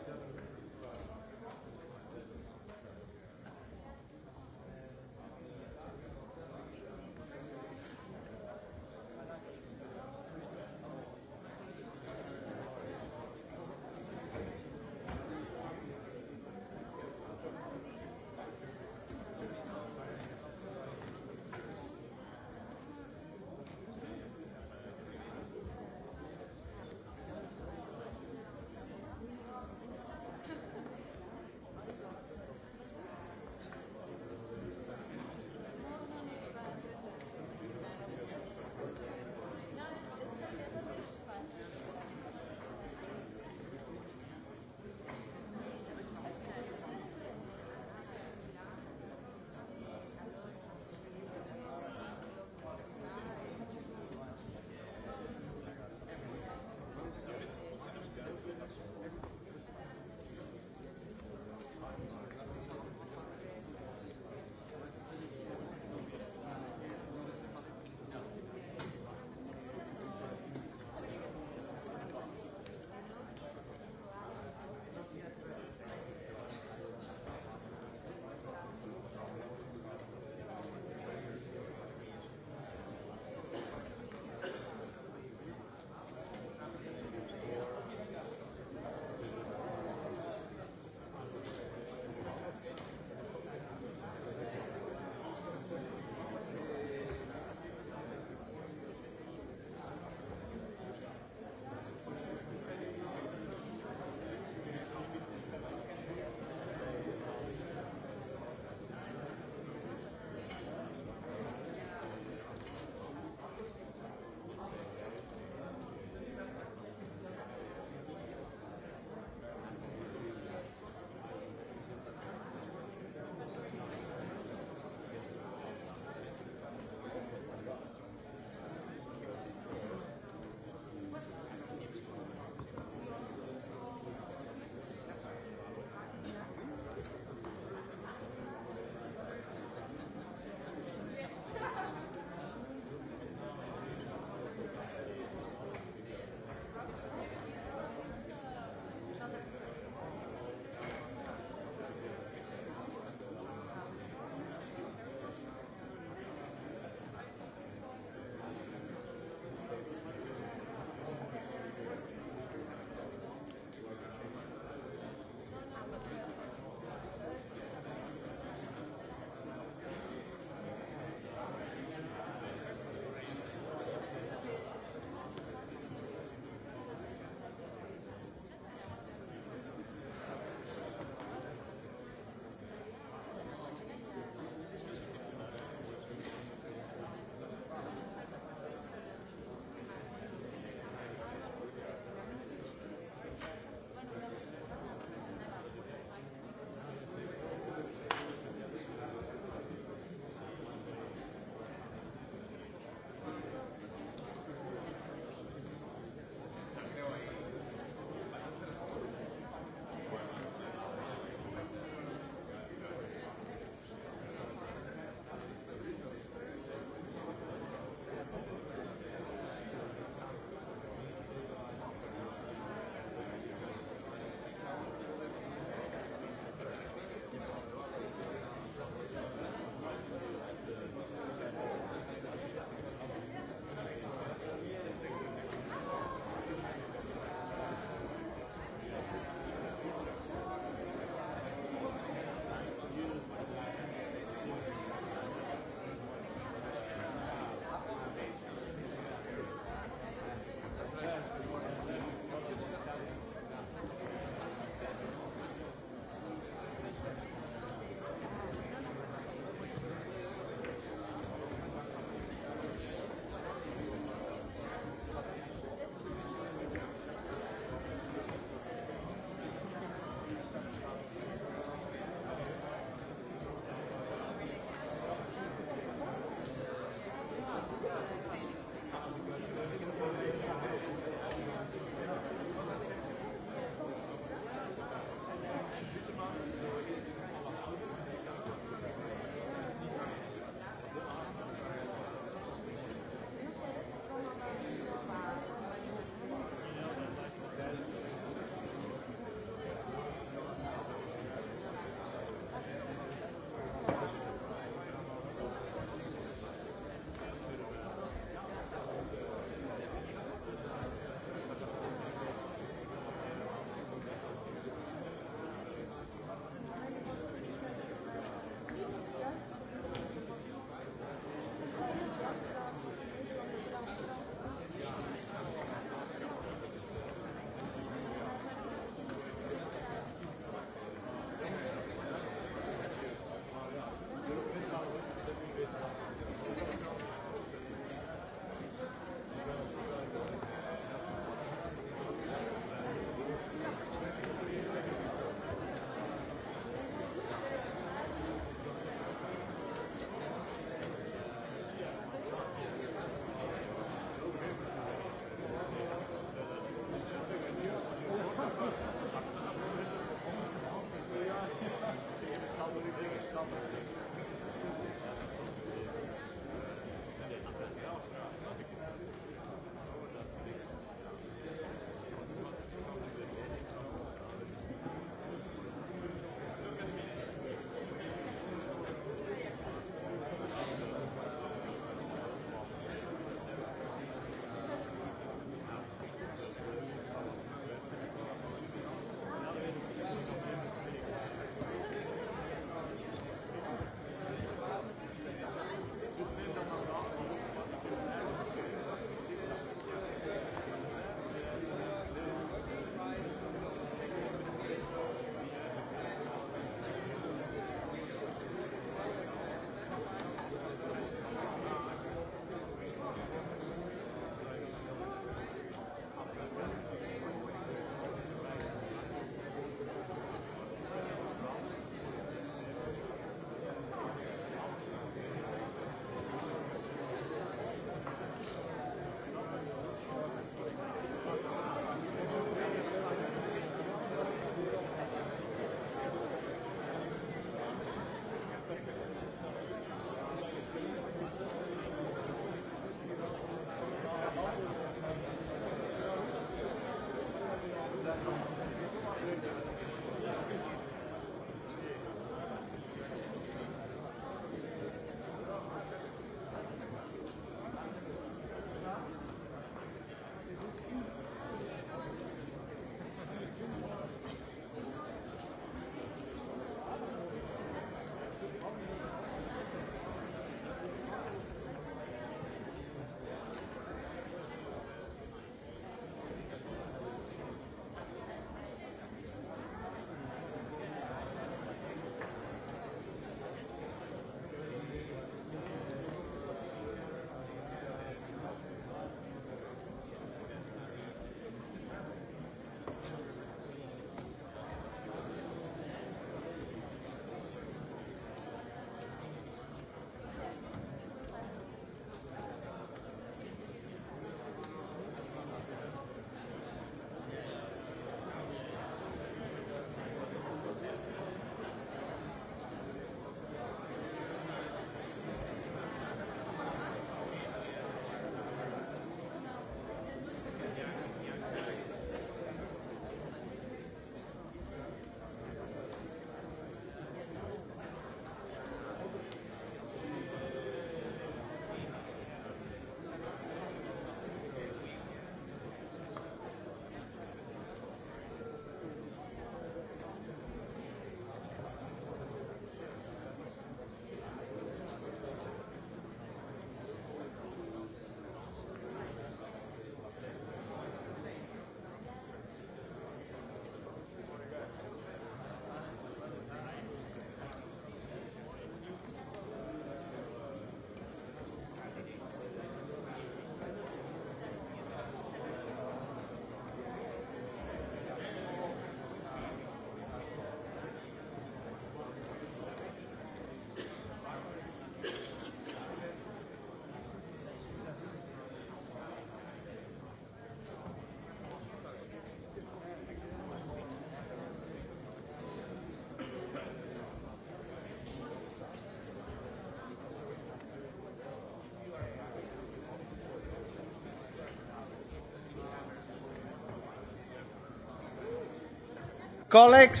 Kolēģis,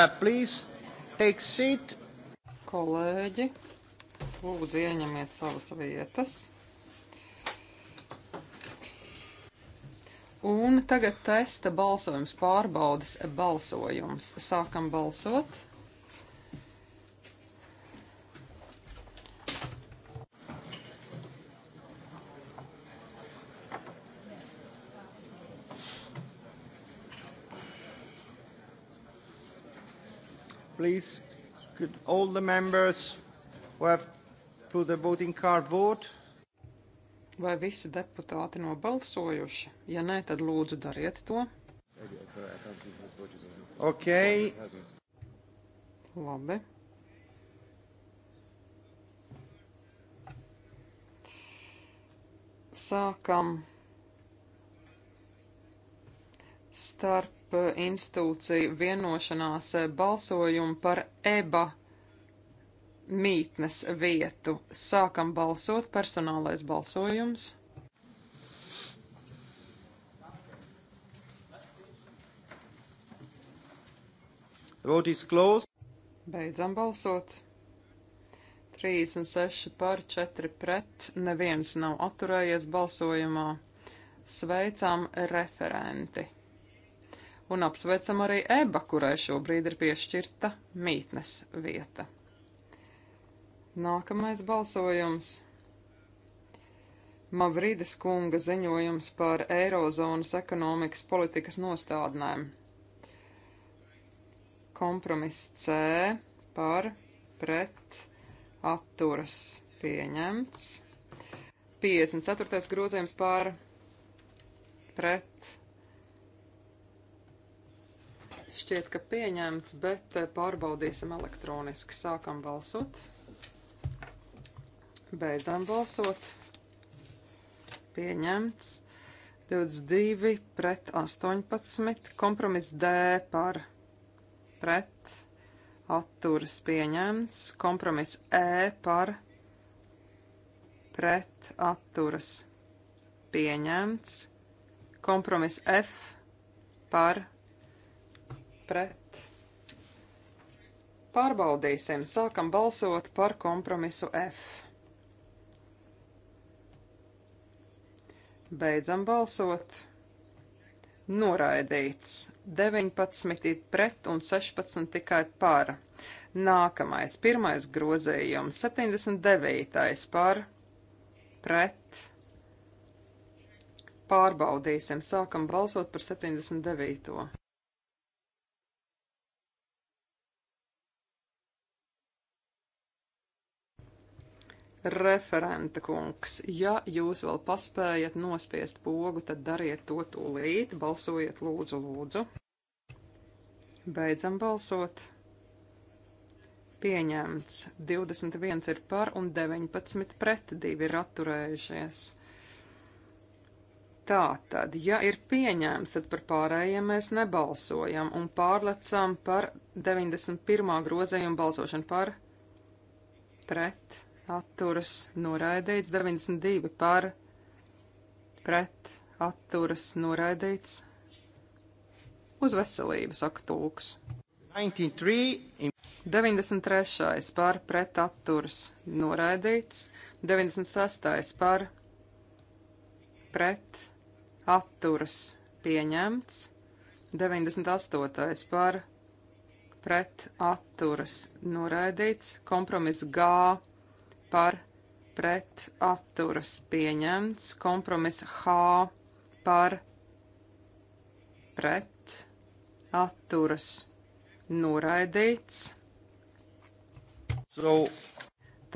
uh, please take seat. Kolēģi, lūdzu ieņemiet savas vietas. Un tagad testa balsojums pārbaudas balsojums. Sākam balsot. members who have put the voting card vote? Vai visi deputāti nobalsojuši? Ja nē, tad lūdzu dariet to. Ok. Labi. Sākam starp institūciju vienošanās balsojumu par EBA mītnes vietu. Sākam balsot, personālais balsojums. Vote is closed. Beidzam balsot. 36 par 4 pret, neviens nav atturējies balsojumā. Sveicam referenti. Un apsveicam arī Eba, kurai šobrīd ir piešķirta mītnes vieta. Nākamais balsojums. Mavrides kunga ziņojums par Eirozonas ekonomikas politikas nostādnēm. Kompromiss C par pret atturas pieņemts. 54. grozījums par pret. Šķiet, ka pieņemts, bet pārbaudīsim elektroniski. Sākam balsot. Beidzam balsot. Pieņemts. 22 pret 18. Kompromiss D par pret. Atturas pieņemts. Kompromiss E par pret. Atturas pieņemts. Kompromiss F par pret. Pārbaudīsim. Sākam balsot par kompromisu F. Beidzam balsot. Noraidīts. 19 ir pret un 16 tikai par. Nākamais, pirmais grozījums, 79. par pret. Pārbaudīsim, sākam balsot par 79. referenta kungs, ja jūs vēl paspējat nospiest pogu, tad dariet to tūlīt, balsojiet lūdzu, lūdzu. Beidzam balsot. Pieņemts. 21 ir par un 19 pret, 2 ir atturējušies. Tātad, ja ir pieņēmts, tad par pārējiem mēs nebalsojam un pārlecam par 91. grozējumu balsošanu par pret atturas noraidīts, 92 par pret atturas noraidīts. Uz veselību saka tulks. 93. 93. par pret atturas noraidīts, 96. par pret atturas pieņemts, 98. par pret atturas noraidīts, kompromiss G par pret atturas pieņemts, kompromiss H par pret atturas noraidīts. So.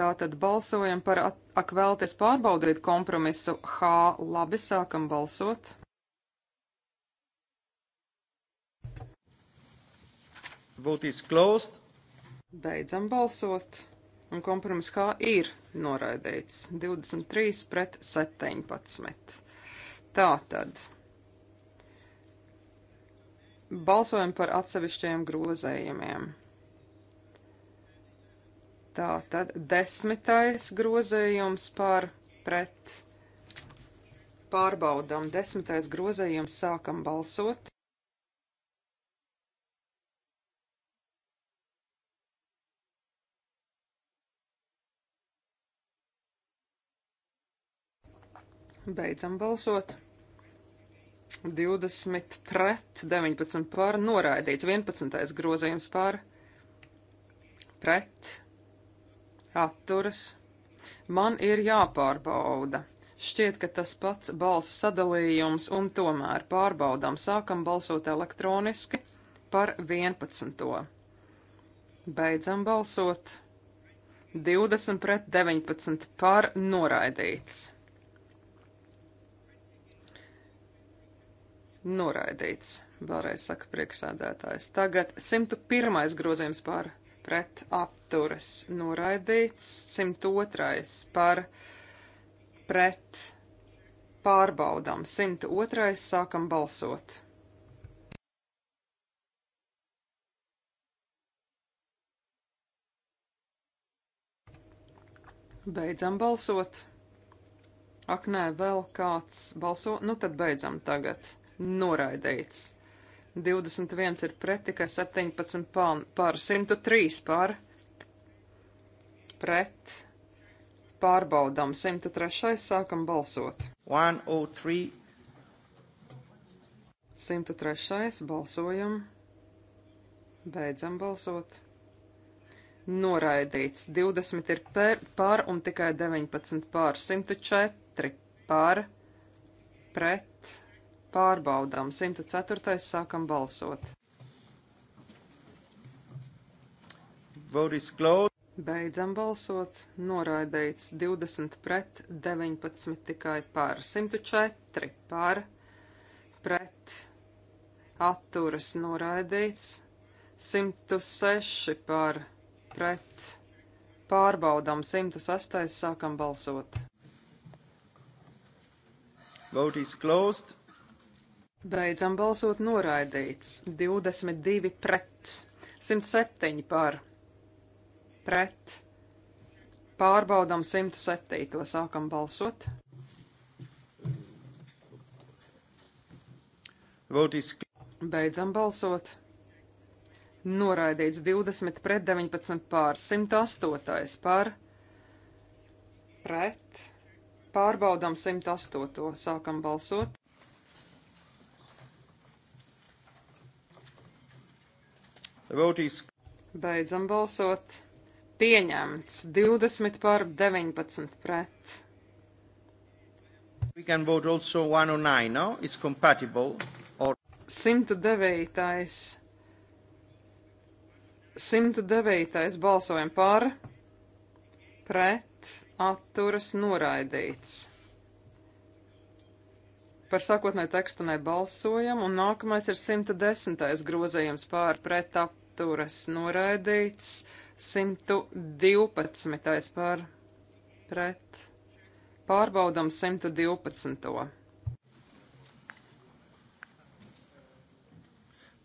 Tātad balsojam par at, ak vēlties pārbaudīt kompromisu H. Labi, sākam balsot. Vote is closed. Beidzam balsot un kompromiss H ir noraidīts 23 pret 17. Tātad balsojam par atsevišķiem grozējumiem. Tātad desmitais grozējums par pret pārbaudām. Desmitais grozējums sākam balsot. Beidzam balsot. 20 pret, 19 pār, noraidīts 11. grozījums pār, pret, atturas. Man ir jāpārbauda. Šķiet, ka tas pats balss sadalījums, un tomēr pārbaudām sākam balsot elektroniski par 11. Beidzam balsot 20 pret 19 par noraidīts. Noraidīts, vēlreiz saka priekšsādātājs. Tagad 101. grozījums par pret apturas. Noraidīts 102. par pret pārbaudām. 102. sākam balsot. Beidzam balsot. Ak, nē, vēl kāds balso. Nu, tad beidzam tagad noraidīts. 21 ir pret, tikai 17 pār, 103 pār, pret, pārbaudām, 103 sākam balsot. 103. 103 balsojam, beidzam balsot. Noraidīts, 20 ir per, pār un tikai 19 pār, 104 pār, pret Pārbaudām 104. sākam balsot. Vote is closed. Beidzam balsot, noraidīts 20 pret, 19 tikai par, 104 par, pret, atturas noraidīts, 106 par, pret, pārbaudām 106, sākam balsot. Vote is closed. Beidzam balsot noraidīts. 22 pret. 107 par. Pret. Pārbaudam 107. Sākam balsot. Beidzam balsot. Noraidīts 20 pret 19 pār 108 par pret. Pārbaudām 108. Sākam balsot. Is... Beidzam balsot. Pieņemts 20 pār 19 pret. We can vote also 109, no? It's compatible. Or... 109. 109. balsojam par, pret, atturas noraidīts. Par sakotnē tekstu nebalsojam, un nākamais ir 110. grozējums pār, pret, atturas atturas noraidīts. 112. par pret. Pārbaudam 112.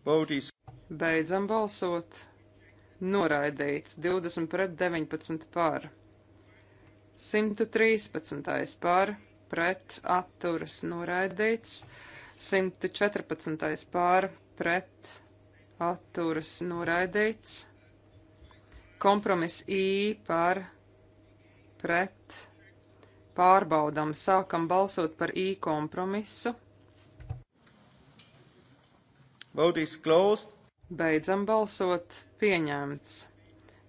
Baudīs. Beidzam balsot. Noraidīts 20 pret 19 par. 113. par pret atturas noraidīts. 114. par pret atturas noraidīts. Kompromiss I par pret pārbaudām. Sākam balsot par I kompromisu. Vote is closed. Beidzam balsot. Pieņemts.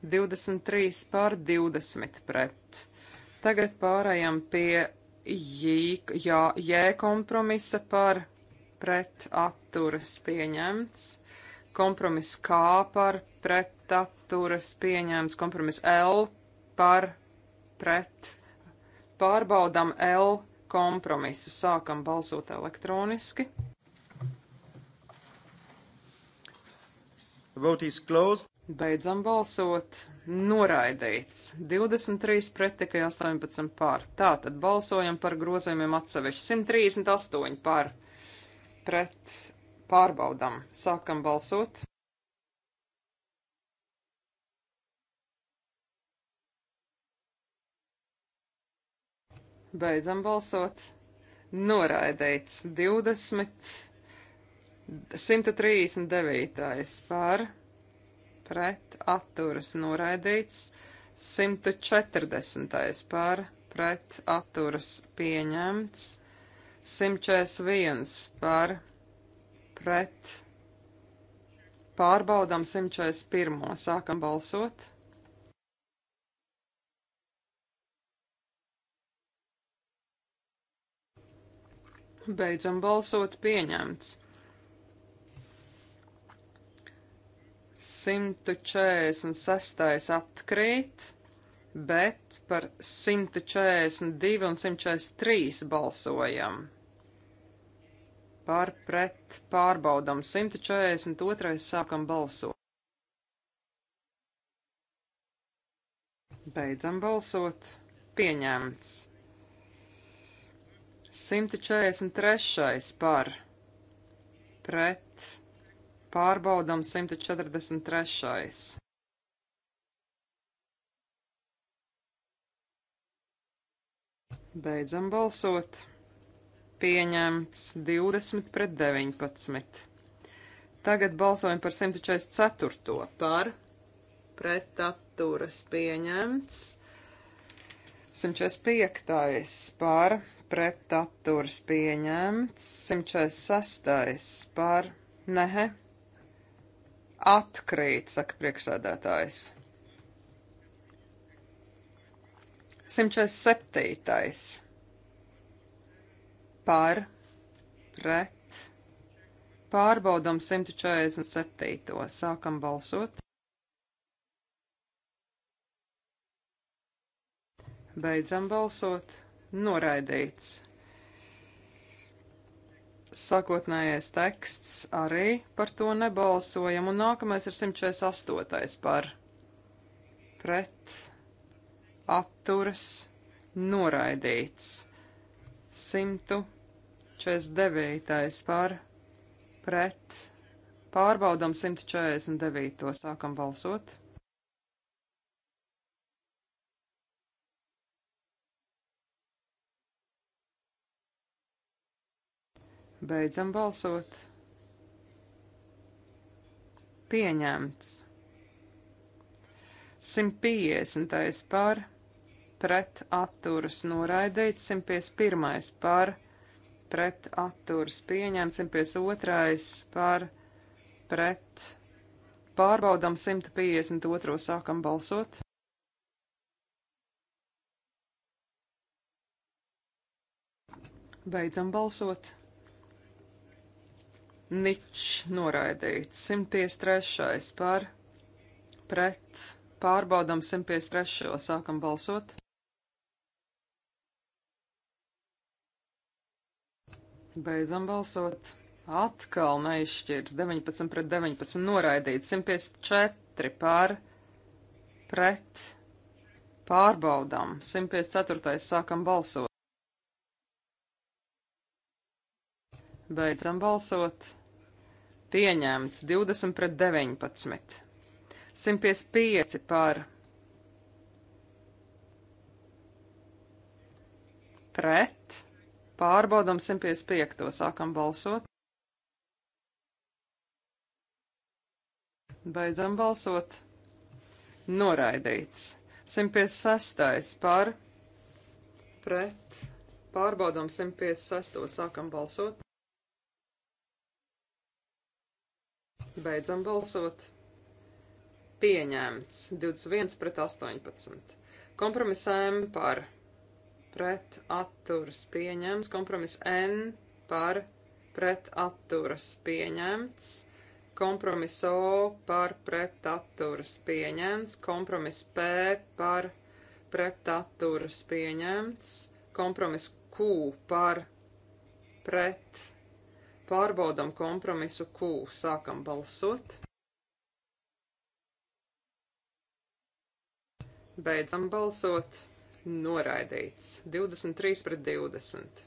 23 pār 20 pret. Tagad pārējām pie J, jā, J kompromisa par pret atturas pieņemts kompromis K par pret atturas pieņemts, kompromis L par pret. Pārbaudam L kompromisu, sākam balsot elektroniski. Vote is closed. Beidzam balsot. Noraidīts. 23 pret tikai 18 pār. Tā tad balsojam par grozījumiem atsevišķi. 138 pār pret Pārbaudam. Sākam balsot. Beidzam balsot. Noraidīts 20. 139. par pret atturas noraidīts, 140. par pret atturas pieņemts, 141. par pret. Pārbaudām 141. Sākam balsot. Beidzam balsot pieņemts. 146. atkrīt, bet par 142 un 143 balsojam par pret pārbaudam 142. sākam balsot. Beidzam balsot. Pieņemts. 143. par pret pārbaudam 143. Beidzam balsot pieņemts 20 pret 19. Tagad balsojam par 144. par pretaturas pieņemts 145. par pretaturas pieņemts 146. par nehe atkrīt, saka priekšsēdētājs. 147 par pret. Pārbaudam 147. Sākam balsot. Beidzam balsot. Noraidīts. Sākotnējais teksts arī par to nebalsojam, un nākamais ir 148. par pret, atturas, noraidīts. 100. 49. par pret. Pārbaudam 149. sākam balsot. Beidzam balsot. Pieņemts. 150. par pret atturas noraidīts, 151. par pret pret atturas pieņemts, 152 par pret. Pārbaudām 152, sākam balsot. Beidzam balsot. Ničs noraidīts. 153. par pret. Pārbaudām 153. sākam balsot. Beidzam balsot. Atkal neizšķirs. 19 pret 19 noraidīts. 154 par pret. Pārbaudām. 154. sākam balsot. Beidzam balsot. Pieņemts 20 pret 19. 155 par pret. Pārbaudam 155. Sākam balsot. Beidzam balsot. Noraidīts. 156. par pret. Pārbaudam 156. Sākam balsot. Beidzam balsot. Pieņemts. 21 pret 18. Kompromisējam par pret pret atturas pieņemts. Kompromiss N par pret atturas pieņemts. Kompromiss O par pret atturas pieņemts. Kompromiss P par pret atturas pieņemts. Kompromiss Q par pret. Pārbaudam kompromisu Q. Sākam balsot. Beidzam balsot noraidīts 23 pret 20.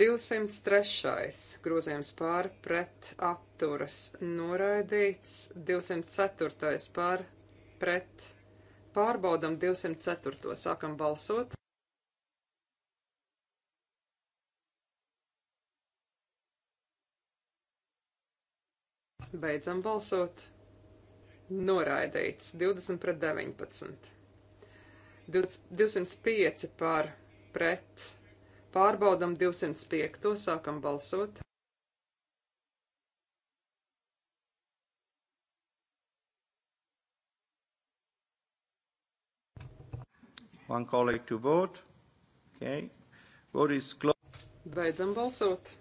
203. grozījums pār pret apturas noraidīts, 204. pār pret pārbaudam 204. sākam balsot. Beidzam balsot. Noraidīts 20 pret 19. 205 par pret. Pārbaudam 205. To sākam balsot. One colleague to vote. Okay. Vote is closed. Beidzam balsot.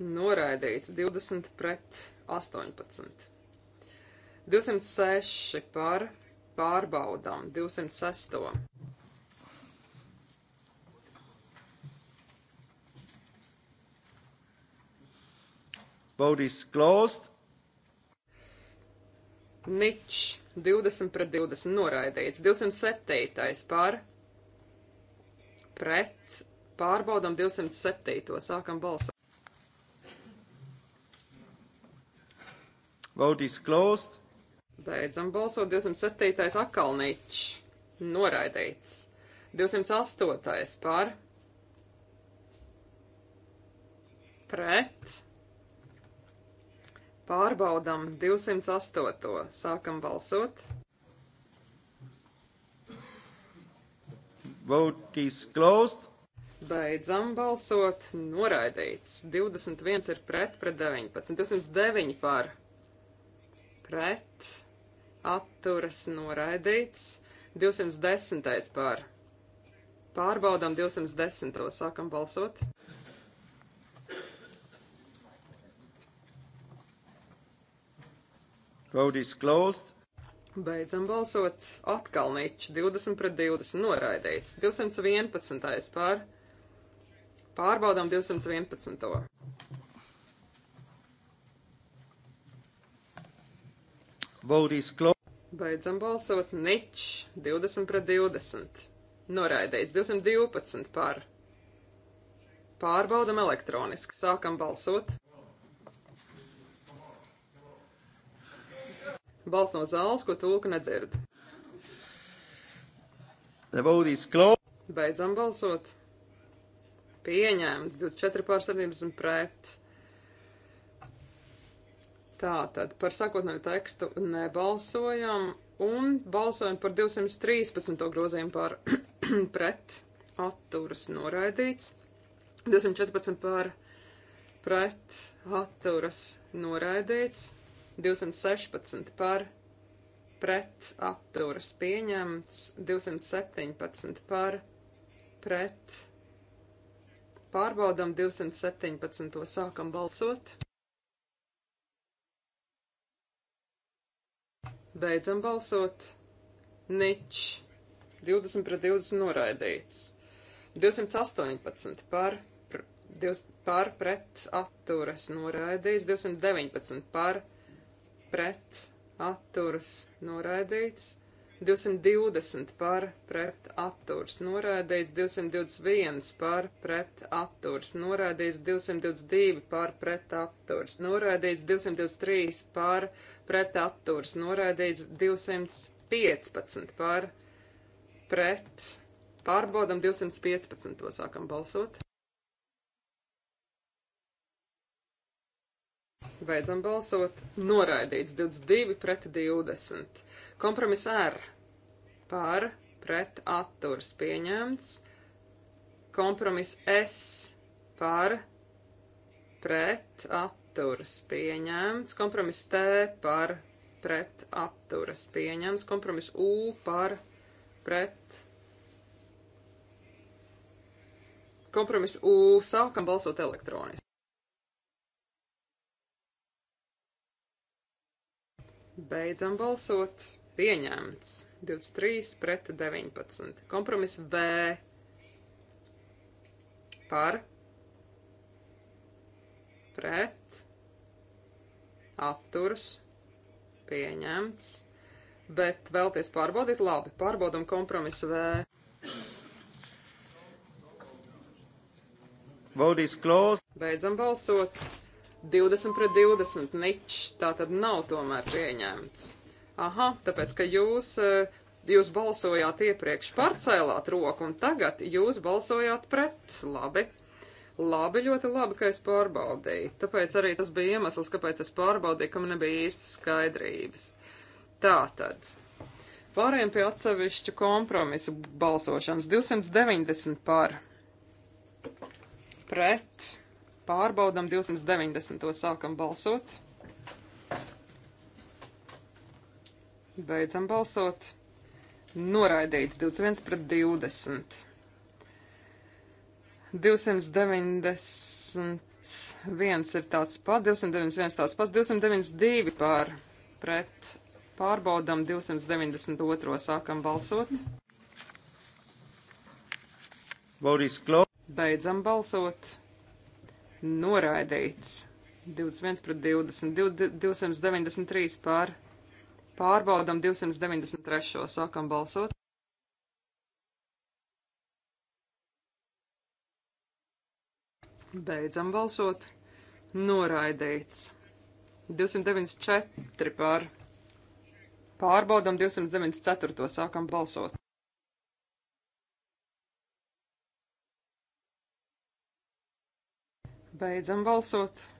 Noraidīts 20 pret 18. 206 par pret pārbaudām 206. Vote is closed. Nič 20 pret 20 noraidīts. 207. par pret pārbaudam 207. sākam balsot. Vote is closed. Beidzam balsot 207. akalniņš. Noraidīts. 208. par. Pret. Pārbaudam 208. Sākam balsot. Vote is closed. Beidzam balsot. Noraidīts. 21 ir pret, pret 19. 209 par. Pret atturas noraidīts. 210. pār. Pārbaudām 210. sākam balsot. Vote is closed. Beidzam balsot. Atkal niķis 20 pret 20 noraidīts. 211. pār. Pārbaudām 211. Vote is closed. Beidzam balsot. Nič. 20 pret 20. Noraidīts. 212 par. Pārbaudam elektroniski. Sākam balsot. Balsts no zāles, ko tulka nedzird. The vote is closed. Beidzam balsot. Pieņēmts. 24 pār 70 pret. Tātad par sakotnēju tekstu nebalsojam un balsojam par 213. grozījumu (clears throat) par pret atturas noraidīts, 214 par pret atturas noraidīts, 216 par pret atturas pieņemts, 217 par pret pārbaudam 217. sākam balsot. Beidzam balsot. Nič. 20 pret 20 noraidīts. 218 par, pr, 20, par pret atturas noraidīts. 219 par pret atturas noraidīts. 220 par pret atturs norādīts, 221 par pret atturs norādīts, 222 par pret atturs norādīts, 223 par pret atturs norādīts, 215 par pret. Pārbaudam 215. To sākam balsot. Beidzam balsot. Noraidīts 22 pret 20. Kompromiss R par pret atturs pieņemts. Kompromiss S par pret atturs pieņemts. Kompromiss T par pret atturas pieņemts. Kompromiss U par pret. Kompromiss U sākam balsot elektroniski. Beidzam balsot pieņemts. 23 pret 19. Kompromiss B par pret atturs pieņemts. Bet vēlties pārbaudīt, labi, pārbaudam kompromisu V. Vote is closed. Beidzam balsot. 20 pret 20 nič, tā tad nav tomēr pieņemts. Aha, tāpēc, ka jūs, eh, jūs balsojāt iepriekš par cēlāt roku, un tagad jūs balsojāt pret. Labi. Labi, ļoti labi, ka es pārbaudīju. Tāpēc arī tas bija iemesls, kāpēc es pārbaudīju, ka man nebija īstas skaidrības. Tātad. Pārējiem pie atsevišķu kompromisu balsošanas 290 par. Pret. Pārbaudam 290. sākam balsot. Beidzam balsot. Noraidīts 21 pret 20. 291 ir tāds pats, 291 tāds pats, 292 pār pret. Pārbaudam 292. sākam balsot. Beidzam balsot. Noraidīts. 21 pret 20, 293 pār Pārbaudam 293. sākam balsot. Beidzam balsot. Noraidīts. 294 par. Pārbaudam 294. sākam balsot. Beidzam balsot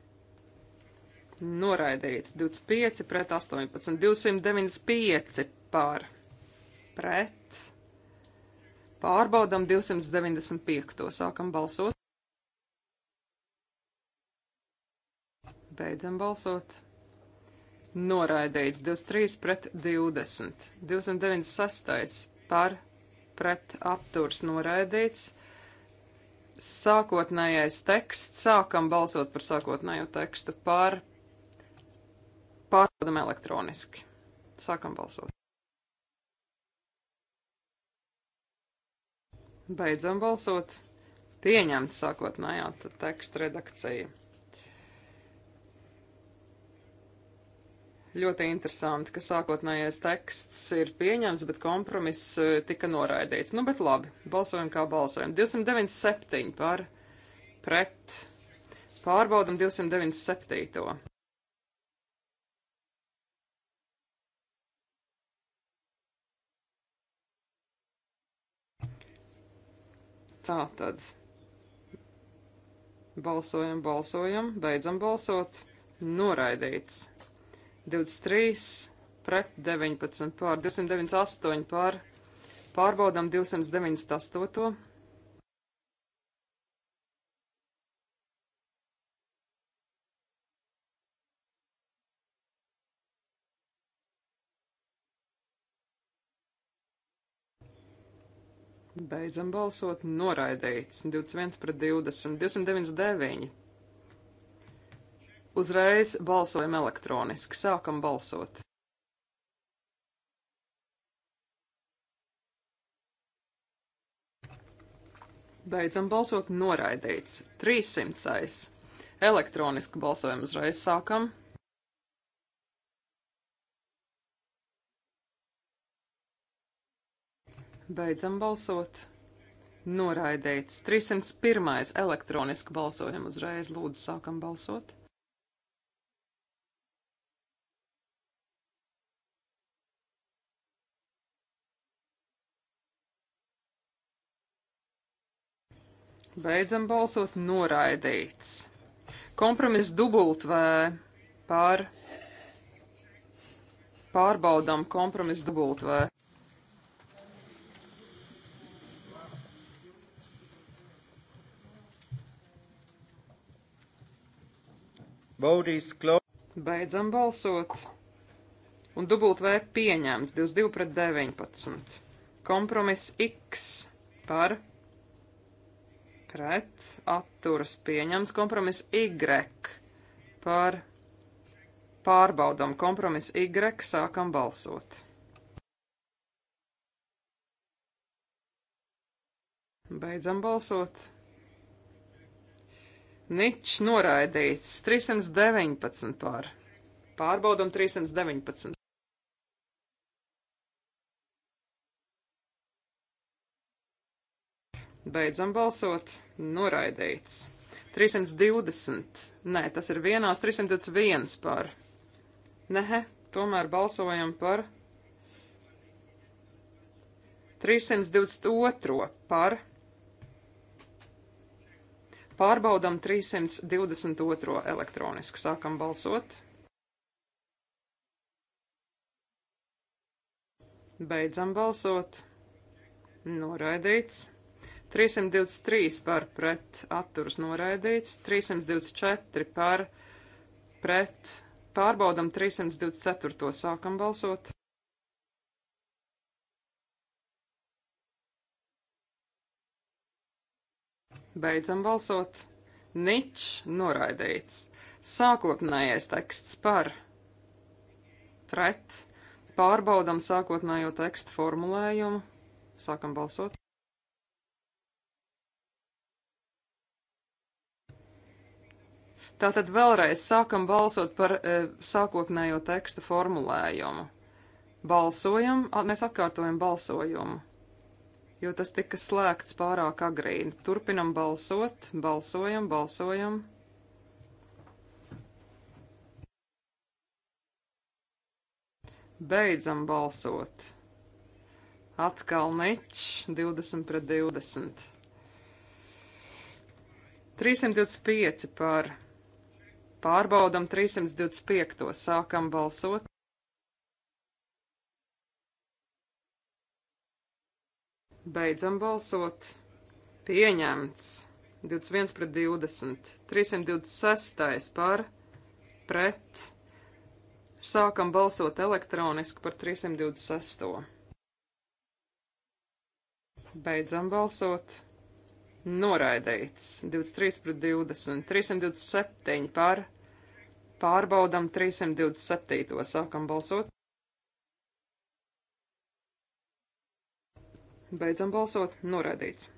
noraidīts 25 pret 18, 295 par pret. Pārbaudam 295. To sākam balsot. Beidzam balsot. Noraidīts 23 pret 20, 296 par pret apturs noraidīts. Sākotnējais teksts, sākam balsot par sākotnējo tekstu par Pārbaudam elektroniski. Sākam balsot. Beidzam balsot. Pieņemts sākotnējā teksta redakcija. Ļoti interesanti, ka sākotnējais teksts ir pieņemts, bet kompromiss eh, tika noraidīts. Nu, bet labi, balsojam kā balsojam. 297 par pret. Pārbaudam 297. Tā tad. Balsojam, balsojam, beidzam balsot. Noraidīts. 23 pret 19 pār 298 pār. Pārbaudām 298. Beidzam balsot. Noraidīts. 21 pret 20. 299. Uzreiz balsojam elektroniski. Sākam balsot. Beidzam balsot. Noraidīts. 300. Elektroniski balsojam uzreiz. Sākam balsot. Beidzam balsot. Noraidīts. 301. elektroniski balsojam uzreiz. Lūdzu, sākam balsot. Beidzam balsot noraidīts. Kompromiss dubultvē pār. Pārbaudām kompromiss dubultvē. Beidzam balsot. Un dubult V pieņemts 22 pret 19. Kompromiss X par pret atturas pieņemts. Kompromiss Y par pārbaudam. Kompromiss Y sākam balsot. Beidzam balsot. Ničs noraidīts. 319 pār. Pārbaudam 319. Beidzam balsot. Noraidīts. 320. Nē, tas ir vienās 321 par. Nē, tomēr balsojam par 322 par Pārbaudam 322. elektroniski. Sākam balsot. Beidzam balsot. Noraidīts. 323 par pret atturas noraidīts. 324 par pret. Pārbaudam 324. Sākam balsot. Beidzam balsot. Ničs noraidīts. Sākotnējais teksts par pret. Pārbaudam sākotnējo tekstu formulējumu. Sākam balsot. Tātad vēlreiz sākam balsot par e, sākotnējo teksta formulējumu. Balsojam, at, mēs atkārtojam balsojumu jo tas tika slēgts pārāk agrīni. Turpinam balsot, balsojam, balsojam. Beidzam balsot. Atkal niķis 20 pret 20. 325 par. Pārbaudam 325. Sākam balsot. Beidzam balsot. Pieņemts. 21 pret 20. 326 par pret. Sākam balsot elektroniski par 326. Beidzam balsot. Noraidīts. 23 pret 20. 327 par. Pārbaudam 327. Sākam balsot. Beidzam balsot. Noraidīts.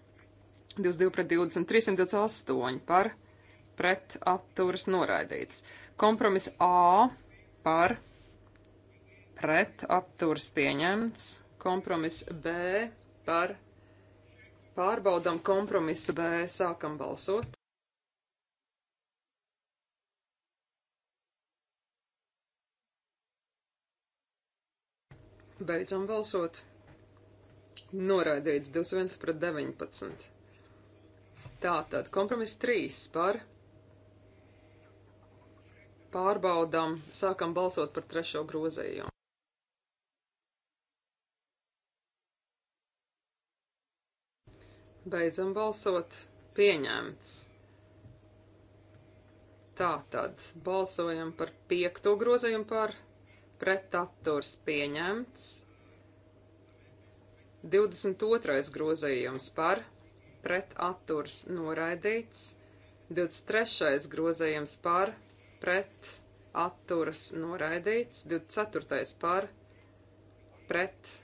22 pret 20, 328 par pret atturas noraidīts. Kompromis A par pret atturas pieņemts. Kompromis B par pārbaudam kompromisu B. Sākam balsot. Beidzam balsot. Noraidīts 21 pret 19. Tātad kompromiss 3 par. Pārbaudām, sākam balsot par trešo grozējumu. Beidzam balsot. Pieņemts. Tātad balsojam par piekto grozījumu par pretaturs pieņemts. 22. grozījums par pret atturs noraidīts, 23. grozījums par pret atturs noraidīts, 24. par pret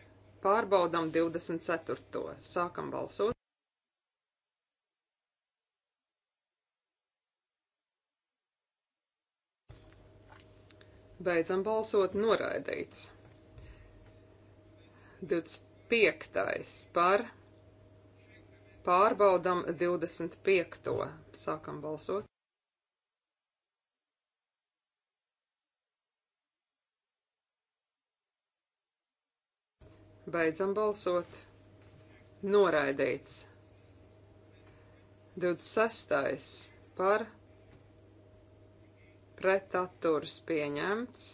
pārbaudam 24. sākam balsot. Beidzam balsot noraidīts. 25. 25. par pārbaudam 25. Sākam balsot. Beidzam balsot. Noraidīts. 26. par pretaturas pieņemts.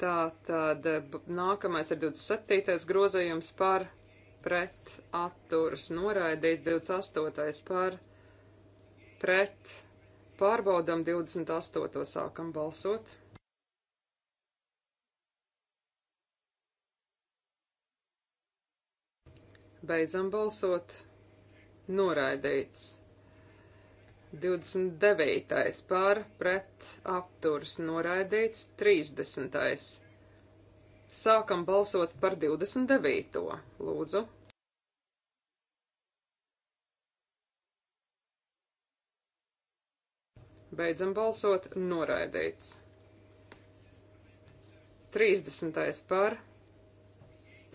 Tā tad nākamais ir 27. grozījums par pret atturas noraidīt, 28. par pret pārbaudam 28. sākam balsot. Beidzam balsot. Noraidīts. 29. par pret apturs noraidīts 30. Sākam balsot par 29. Lūdzu. Beidzam balsot noraidīts. 30. par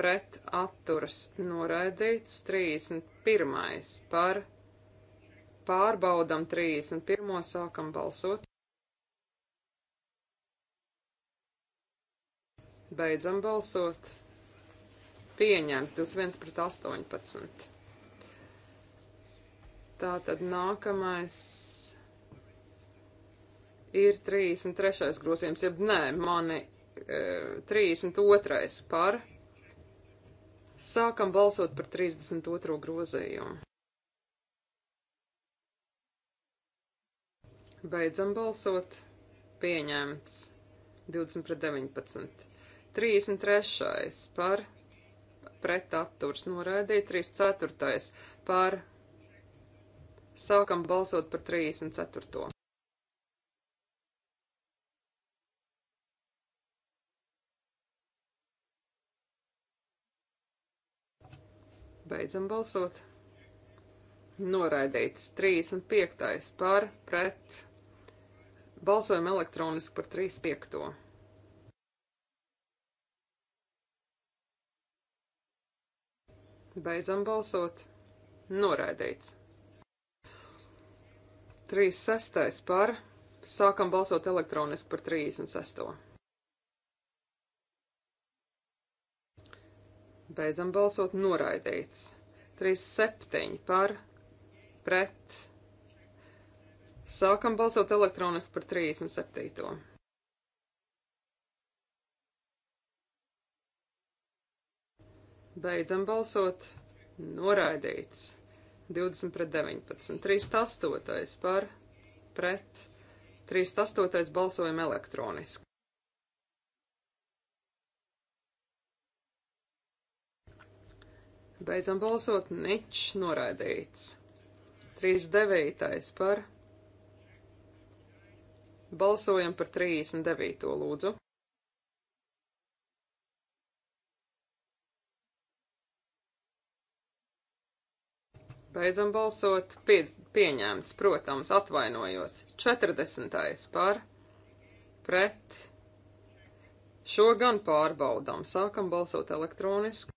pret atturas noraidīts 31. par pret pārbaudam 31. sākam balsot. Beidzam balsot. Pieņemt 21 pret 18. Tātad nākamais ir 33. grozījums, jeb nē, mani e, 32. par. Sākam balsot par 32. grozījumu. Beidzam balsot. Pieņemts. 20 pret 19. 33. par pret atturs noraidīja 34. par sākam balsot par 34. Beidzam balsot. Noraidīts 35. par pret Balsojam elektroniski par 3.5. Beidzam balsot. Noraidīts. 36. par. Sākam balsot elektroniski par 36. Beidzam balsot. Noraidīts. 37. par. Pret Sākam balsot elektroniski par 37. Beidzam balsot. Noraidīts. 20 pret 19. 38. par pret. 38. balsojam elektroniski. Beidzam balsot. Ničs noraidīts. 39. par pret. Balsojam par 39. lūdzu. Beidzam balsot. Pie, pieņēmts, protams, atvainojos. 40. par pret. Šo gan pārbaudām. Sākam balsot elektroniski.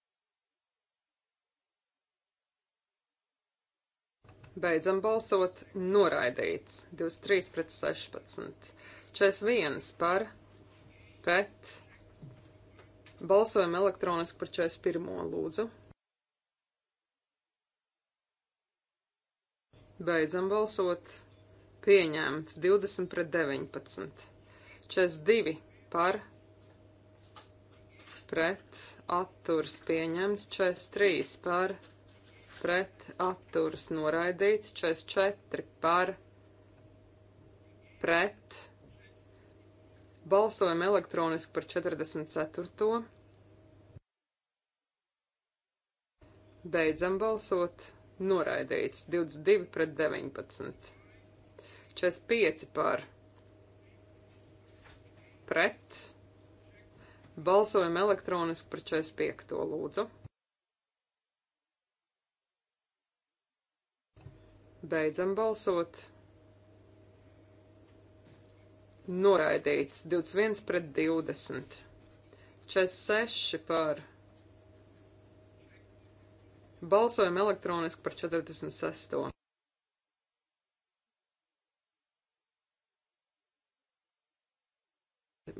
Beidzam balsot noraidīts. 23 pret 16. 41 par pret. Balsojam elektroniski par 41. lūdzu. Beidzam balsot. Pieņemts 20 pret 19. 42 par pret atturs pieņemts 43 par pret pret atturas noraidīts, 44 par pret. Balsojam elektroniski par 44. Beidzam balsot. Noraidīts 22 pret 19. 45 par pret. Balsojam elektroniski par 45. lūdzu. Beidzam balsot. Noraidīts 21 pret 20. 46 par. Balsojam elektroniski par 46.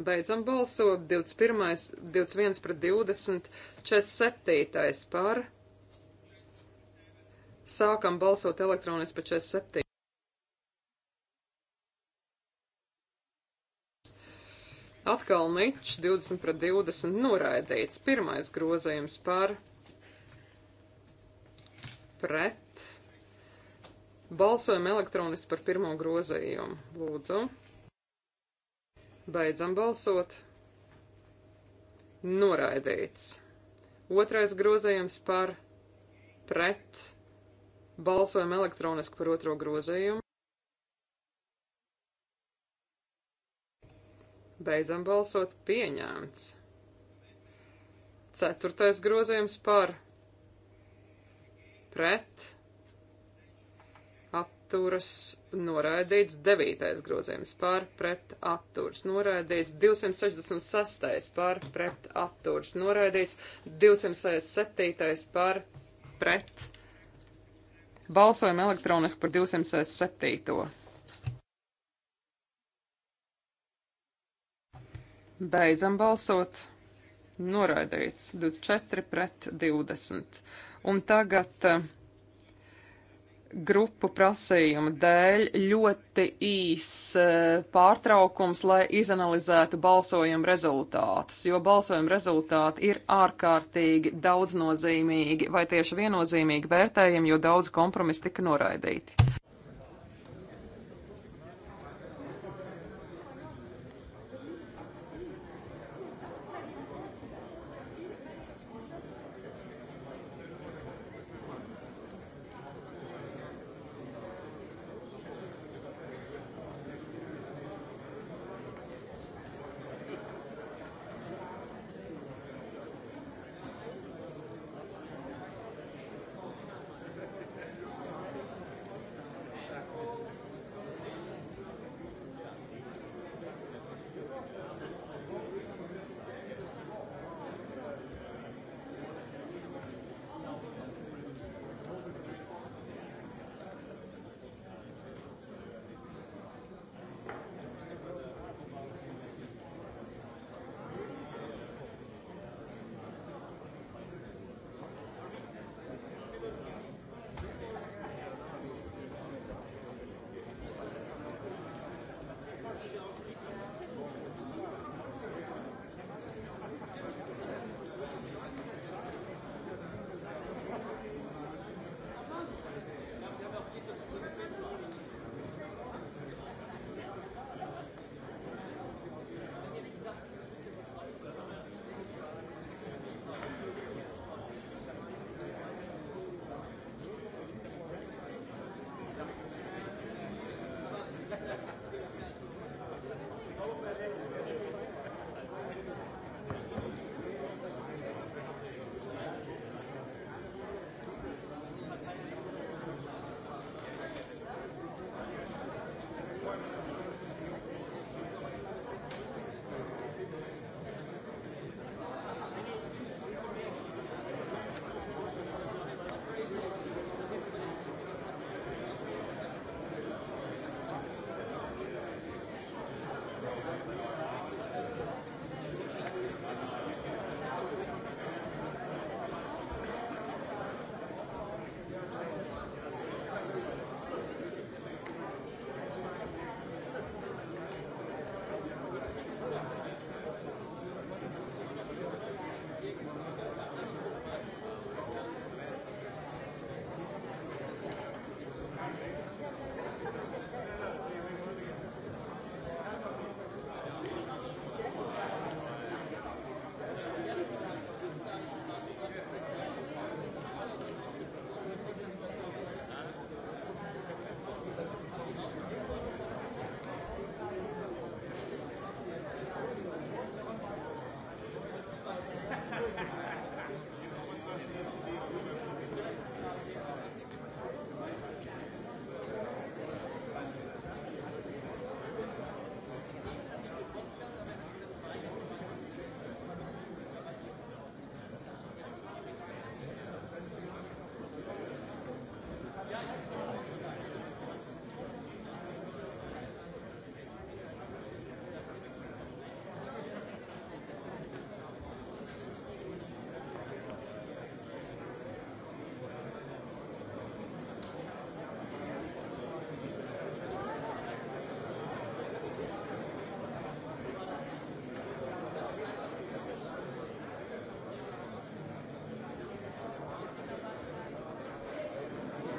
beidzam balsot 21, 21 pret 20, 47 par Sākam balsot elektroniski pa 47. Atkal niķis 20 pret 20 noraidīts. Pirmais grozījums par pret. Balsojam elektroniski par pirmo grozījumu. Lūdzu. Beidzam balsot. Noraidīts. Otrais grozījums par pret. Balsojam elektroniski par otro grozījumu. Beidzam balsot pieņēmts. Ceturtais grozījums par pret atturas noraidīts. Devītais grozījums par pret atturas noraidīts. 266. par pret atturas noraidīts. 267. par pret atturas Balsojam elektroniski par 207. Beidzam balsot. Noraidīts 24 pret 20. Un tagad uh, grupu prasījumu dēļ ļoti īs e, pārtraukums, lai izanalizētu balsojumu rezultātus, jo balsojumu rezultāti ir ārkārtīgi daudznozīmīgi vai tieši viennozīmīgi vērtējumi, jo daudz kompromisu tika noraidīti.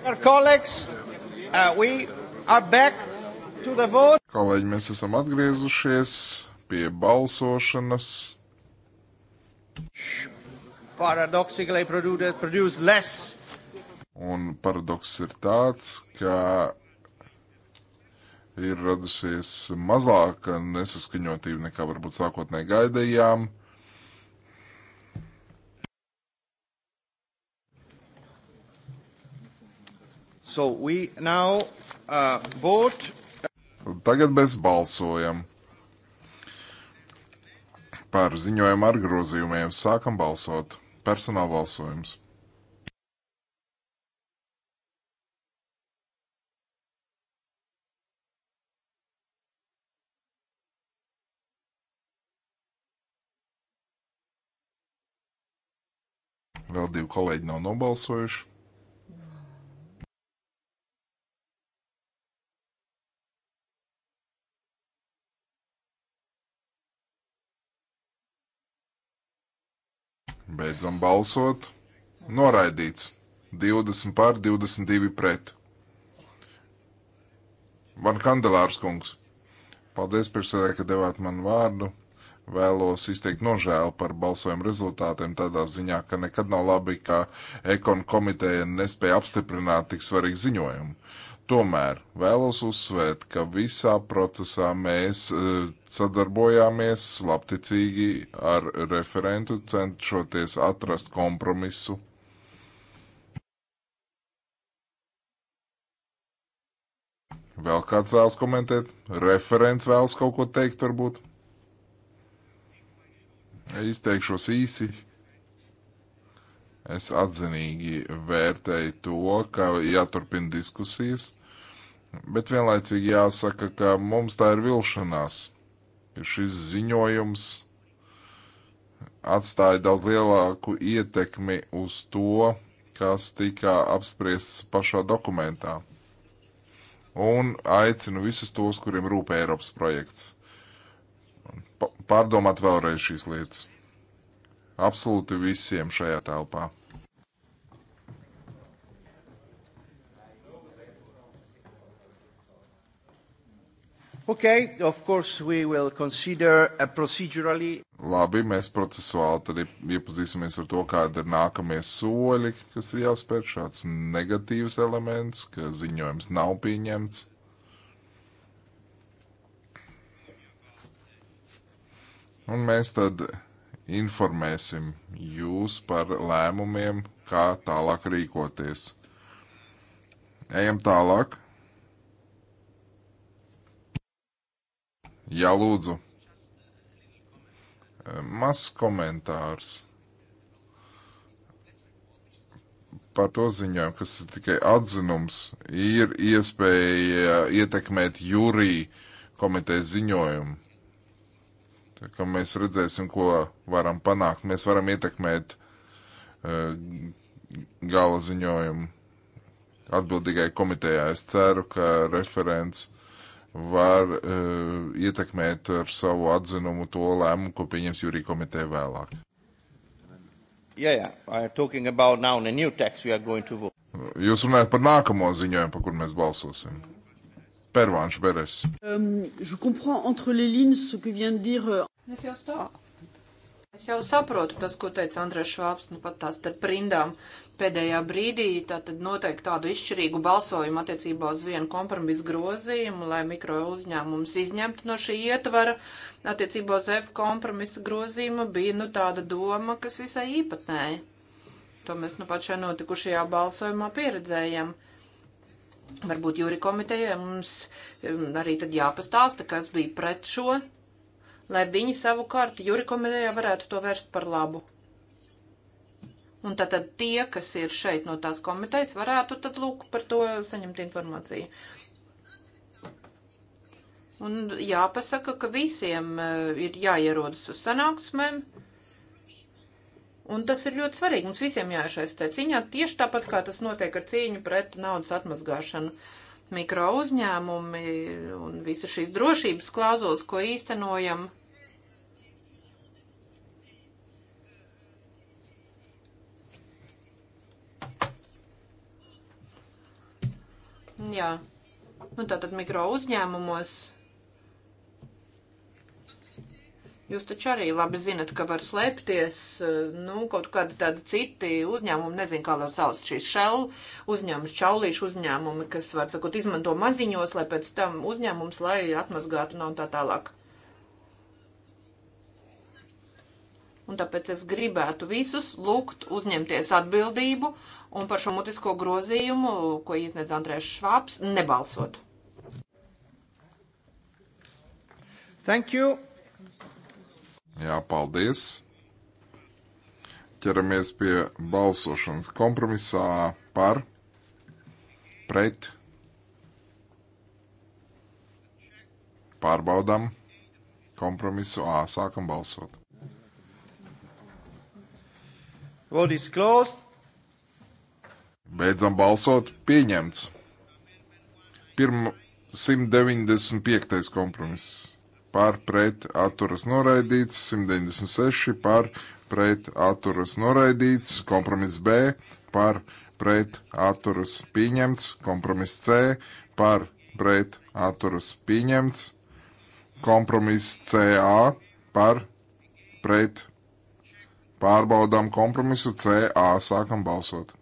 Dear colleagues, uh, we are back to the vote. Kolēģi, mēs esam atgriezušies pie balsošanas. Paradoxically produce less. Un paradoks ir tāds, ka ir radusies mazāka nesaskaņotība nekā varbūt sākotnēji gaidījām. So we now uh, vote. Tagad mēs balsojam par ziņojumu ar grozījumiem. Sākam balsot. Personāla balsojums. Vēl divi kolēģi nav nobalsojuši. Beidzam balsot. Noraidīts. 20 pār 22 pret. Van Kandelārs kungs. Paldies, priekšsēdē, ka devāt man vārdu. Vēlos izteikt nožēlu par balsojumu rezultātiem tādā ziņā, ka nekad nav labi, ka ekon komiteja nespēja apstiprināt tik svarīgu ziņojumu. Tomēr vēlos uzsvērt, ka visā procesā mēs e, sadarbojāmies labticīgi ar referentu, cenšoties atrast kompromisu. Vēl kāds vēlas komentēt? Referents vēlas kaut ko teikt, varbūt? Izteikšos īsi. Es atzinīgi vērtēju to, ka jāturpina diskusijas Bet vienlaicīgi jāsaka, ka mums tā ir vilšanās, ka šis ziņojums atstāja daudz lielāku ietekmi uz to, kas tika apspriests pašā dokumentā. Un aicinu visus tos, kuriem rūp Eiropas projekts, pārdomāt vēlreiz šīs lietas. Absolūti visiem šajā telpā. Okay, of course we will consider a uh, procedurally. Labi, mēs procesuāli tad iepazīsimies ar to, kāda ir nākamie soļi, kas ir jāspēr šāds negatīvs elements, ka ziņojums nav pieņemts. Un mēs tad informēsim jūs par lēmumiem, kā tālāk rīkoties. Ejam tālāk. Jā, lūdzu. Mazs komentārs par to ziņojumu, kas ir tikai atzinums, ir iespēja ietekmēt jūrī komitejas ziņojumu. Tā kā mēs redzēsim, ko varam panākt. Mēs varam ietekmēt uh, gala ziņojumu atbildīgai komitejā. Es ceru, ka referents uh, var uh, ietekmēt ar savu atzinumu to lēmumu, ko pieņems jūrī komiteja vēlāk. Yeah, yeah. Text, Jūs runājat par nākamo ziņojumu, par kur mēs balsosim. Pervāns Beres. Um, Es jau stāvu. Es jau saprotu tas, ko teica Andrēs Švāps, nu pat tās starp rindām pēdējā brīdī, tātad noteikti tādu izšķirīgu balsojumu attiecībā uz vienu kompromisu grozījumu, lai mikro uzņēmums izņemtu no šī ietvara. Attiecībā uz F kompromisu grozījumu bija nu tāda doma, kas visai īpatnēja. To mēs nu pat šajā notikušajā balsojumā pieredzējam. Varbūt jūri komitejai mums um, arī tad jāpastāsta, kas bija pret šo lai viņi savukārt juri komitejā varētu to vērst par labu. Un tad, tad tie, kas ir šeit no tās komitejas, varētu tad lūk par to saņemt informāciju. Un jāpasaka, ka visiem eh, ir jāierodas uz sanāksmēm. Un tas ir ļoti svarīgi. Mums visiem jāiešais tajā cīņā, tieši tāpat kā tas notiek ar cīņu pret naudas atmazgāšanu. Mikro uzņēmumi un visa šīs drošības klauzulas, ko īstenojam, Jā, nu tātad mikro uzņēmumos. Jūs taču arī labi zinat, ka var slēpties, eh, nu, kaut kādi tādi citi uzņēmumi, nezinu, kā lai sauc šīs šel uzņēmums, čaulīšu uzņēmumi, kas, var sakot, izmanto maziņos, lai pēc tam uzņēmums, lai atmazgātu nav nu, tā tālāk. Un tāpēc es gribētu visus lūgt uzņemties atbildību un par šo mutisko grozījumu, ko iesniedz Andrēs Švāps, nebalsot. Thank you! Jā, paldies! Ķeramies pie balsošanas kompromisā par, pret, pārbaudam kompromisu A, sākam balsot. Vote is closed. Beidzam balsot. Pieņemts. Pirma 195. kompromiss. Par pret atturas noraidīts. 196 par pret atturas noraidīts. Kompromiss B par pret atturas pieņemts. Kompromiss C par pret atturas pieņemts. Kompromiss CA par pret Pārbaudām kompromisu CA, sākam balsot.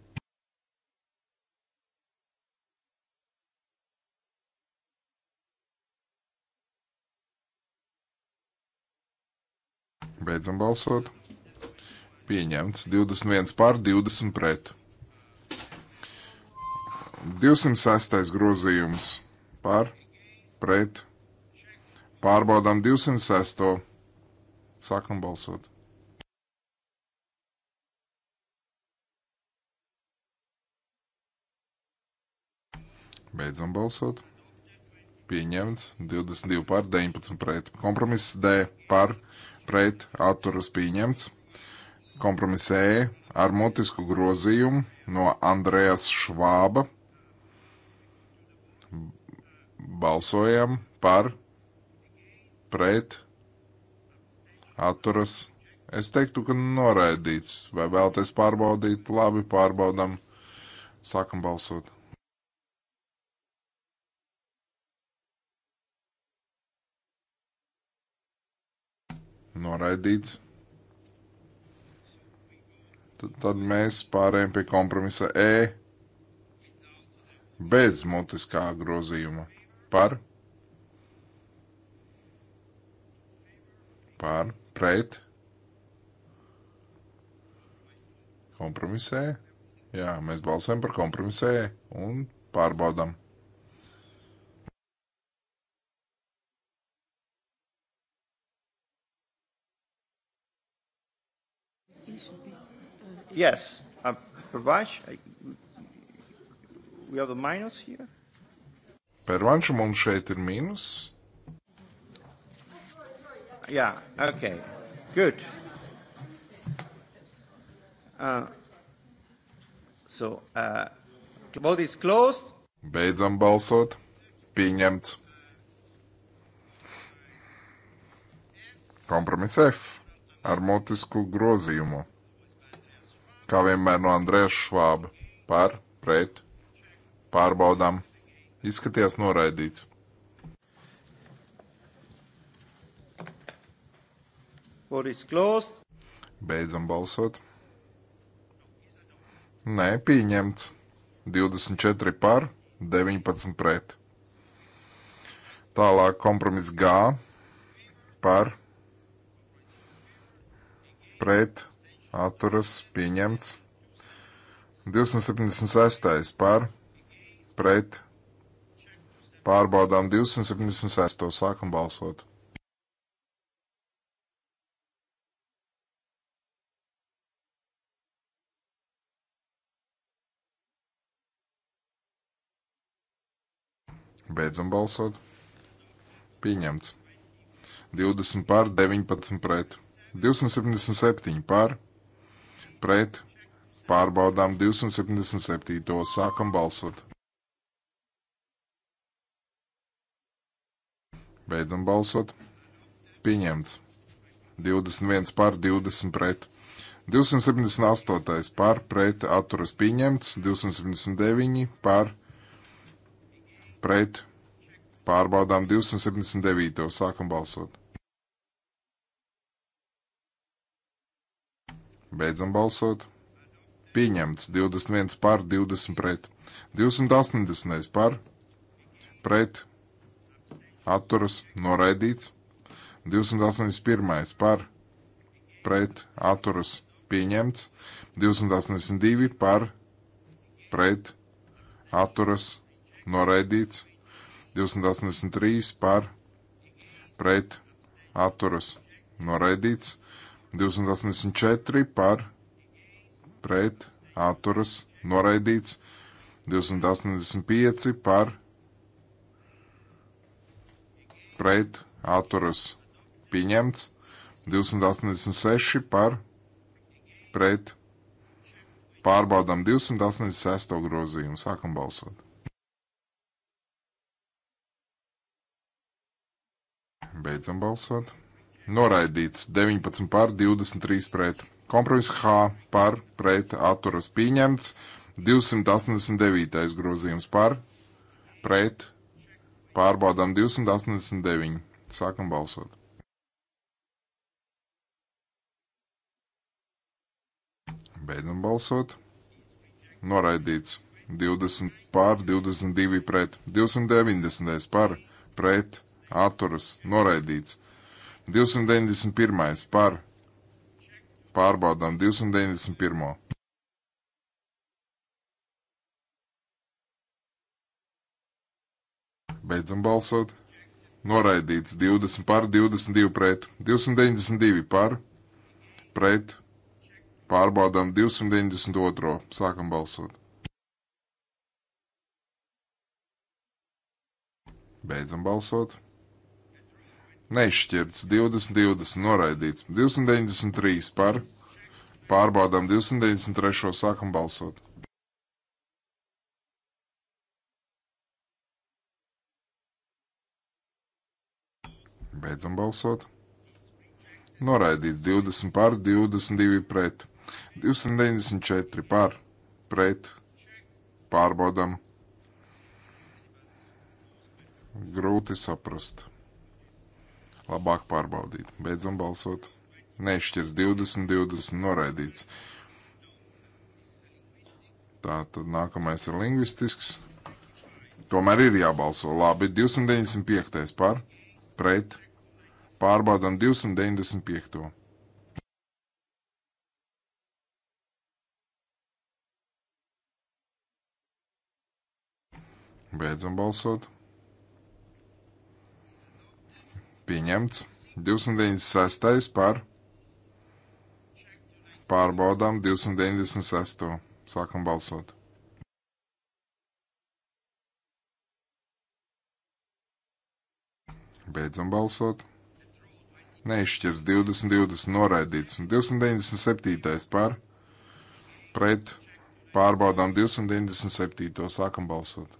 Beidzam balsot. Pieņemts 21 pār 20 pret. 206. grozījums par pret. Pārbaudām 206. Sākam balsot. Beidzam balsot. Pieņemts 22 pār 19 pret. Kompromiss D par pret atturas pieņemts. Kompromiss E ar mutisku grozījumu no Andrejas Švāba. Balsojam par pret atturas. Es teiktu, ka noraidīts. Vai vēlaties pārbaudīt? Labi, pārbaudam. Sākam balsot. noraidīts. Tad, tad mēs pārējām pie kompromisa E bez mutiskā grozījuma par, par, pret, kompromisē. E? Jā, mēs balsojam par kompromisē e un pārbaudām. Yes. Uh, Pervanš, uh, we have a minus here. Pervanš, mums šeit ir mīnus. Jā, yeah, ok. Good. Uh, so, uh, vote is closed. Beidzam balsot. Pieņemts. Kompromiss F ar motisku grozījumu kā vienmēr no Andrēs Švāba par, pret, pārbaudām. Izskaties noraidīts. Beidzam balsot. Nē, pieņemts. 24 par, 19 pret. Tālāk kompromiss G par, pret, atturas pieņemts. 276. par pret pārbaudām 276. sākam balsot. Beidzam balsot. Pieņemts. 20 pār 19 pret. 277 pār 19 pret, pārbaudām 277. sākam balsot. Beidzam balsot. Pieņemts. 21 pār 20 pret. 278 pār pret atturas pieņemts, 279 pār pret pārbaudām 279. Sākam balsot. Beidzam balsot. Pieņemts 21 par 20 pret. 280 par pret atturas noraidīts. 281 par pret atturas pieņemts. 282 par pret atturas noraidīts. 283 par pret atturas noraidīts. 284 par pret atturas noraidīts, 285 par pret atturas pieņemts, 286 par pret pārbaudām 286 grozījumu. Sākam balsot. Beidzam balsot noraidīts 19 pār 23 pret. Kompromiss H par pret atturas pieņemts 289. grozījums par pret pārbaudām 289. Sākam balsot. Beidzam balsot. Noraidīts 20 pār 22 pret 290. par pret atturas noraidīts 291. par pārbaudām 291. Beidzam balsot. Noraidīts 20 par 22 pret 292 par pret pārbaudām 292. Sākam balsot. Beidzam balsot. Nešķirts 20, 20 noraidīts. 293 par. Pārbaudām 293. sākam balsot. Beidzam balsot. Noraidīts 20 par, 22 pret. 294 par, pret. Pārbaudām. Grūti saprast. Labāk pārbaudīt. Beidzam balsot. Nešķirs 20, 20 noraidīts. Tā tad nākamais ir lingvistisks. Tomēr ir jābalso. Labi, 295. par, pret, pārbaudam 295. Beidzam balsot. pieņemts. 296. par pārbaudām 296. Sākam balsot. Beidzam balsot. Neizšķirs 20, 20 noraidīts. 297. par pret pārbaudām 297. Sākam balsot.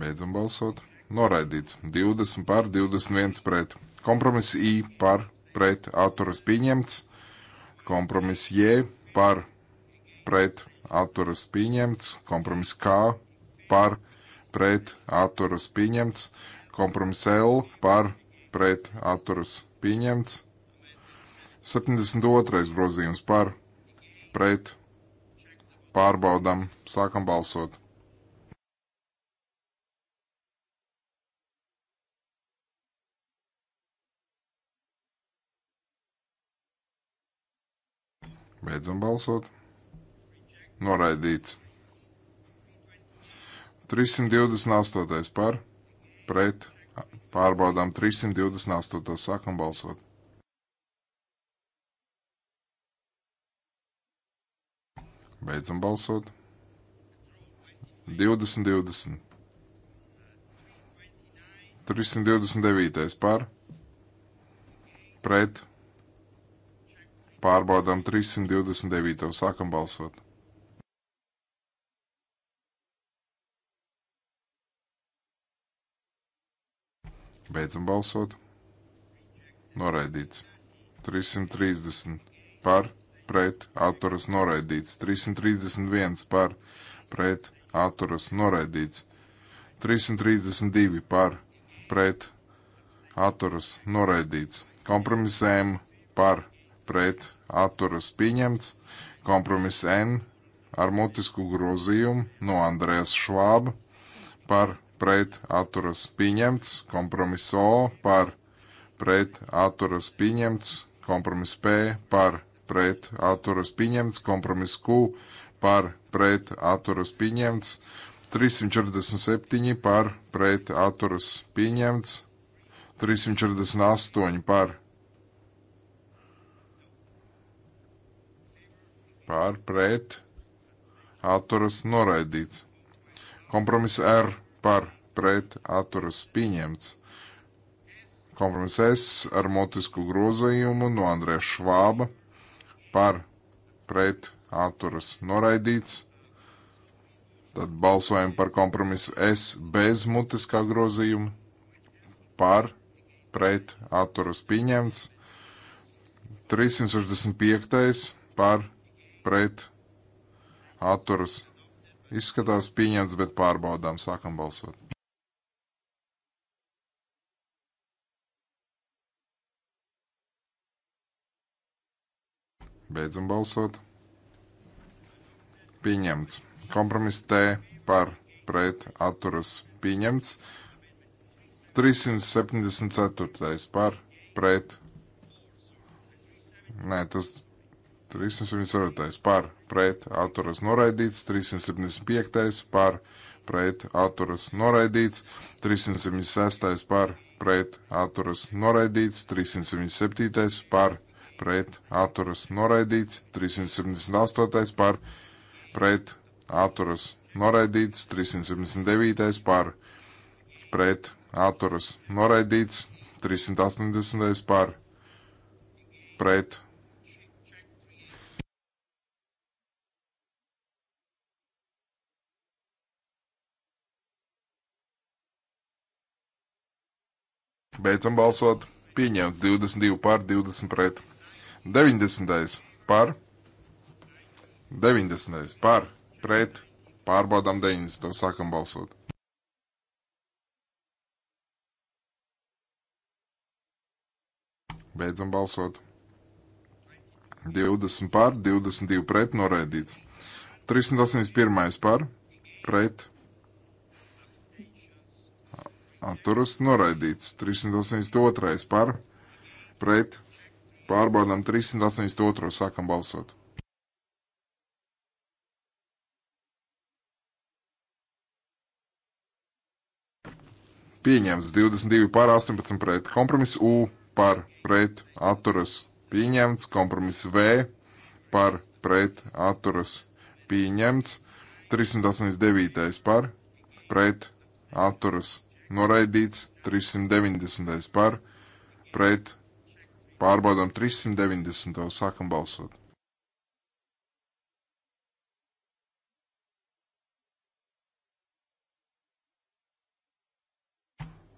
Beidzam balsot. Noraidīts. 20 par, 21 pret. Kompromiss I par, pret, atturas pieņemts. Kompromiss J par, pret, atturas pieņemts. Kompromiss K par, pret, atturas pieņemts. Kompromiss L par, pret, atturas pieņemts. 72. grozījums par, pret, pārbaudam, sākam balsot. Beidzam balsot. Noraidīts. 328. par, pret, pārbaudām 328. sākam balsot. Beidzam balsot. 20, 20. 329. par, pret, Pārbaudām 329. Sākam balsot. Beidzam balsot. Noraidīts. 330 par, pret, atturas noraidīts. 331 par, pret, atturas noraidīts. 332 par, pret, atturas noraidīts. Kompromisēm par, pret atturas pieņemts. Kompromiss N ar mutisku grozījumu no Andrēs Švāba par pret atturas pieņemts. Kompromiss O par pret atturas pieņemts. Kompromiss P par pret atturas pieņemts. Kompromiss Q par pret atturas pieņemts. 347 par pret atturas pieņemts. 348 par pār pret atturas noraidīts. Kompromiss R par pret atturas pieņemts. Kompromiss S ar motisku grozījumu no Andrēs Švāba par pret atturas noraidīts. Tad balsojam par kompromisu S bez mutiskā grozījuma par pret atturas pieņemts. 365. par pret, atturas, izskatās pieņemts, bet pārbaudām, sākam balsot. Beidzam balsot. Pieņemts. Kompromiss T par pret atturas pieņemts. 374. par pret. Nē, tas 374. par pret atturas noraidīts, 375. par pret atturas noraidīts, 376. par pret atturas noraidīts, 377. par pret atturas noraidīts, 378. par pret atturas noraidīts, 379. par pret atturas noraidīts, 380. par pret Beidzam balsot. Pieņemts 22 pār 20 pret. 90. par. 90. par. Pret. Pārbaudām 90. Sākam balsot. Beidzam balsot. 20 pār 22 pret noraidīts. 381 par. Pret atturas noraidīts. 382. par pret pārbaudām 382. sākam balsot. Pieņemts 22 pār 18 pret kompromisu U par pret atturas. Pieņemts kompromiss V par pret atturas. Pieņemts 389. par pret atturas noraidīts 390. par, pret, pārbaudām 390. sākam balsot.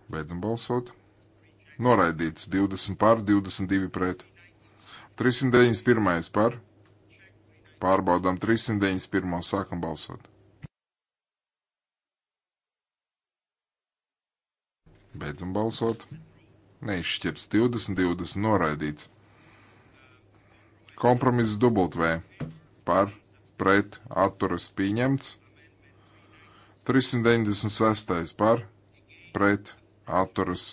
Beidzam balsot. Noraidīts 20 par, 22 pret. 391 par. Pārbaudām 391. sākam balsot. Beidzam balsot. Neizšķirts 20, 20 noraidīts. Kompromiss dubultvē par pret atturas pieņemts. 396. par pret atturas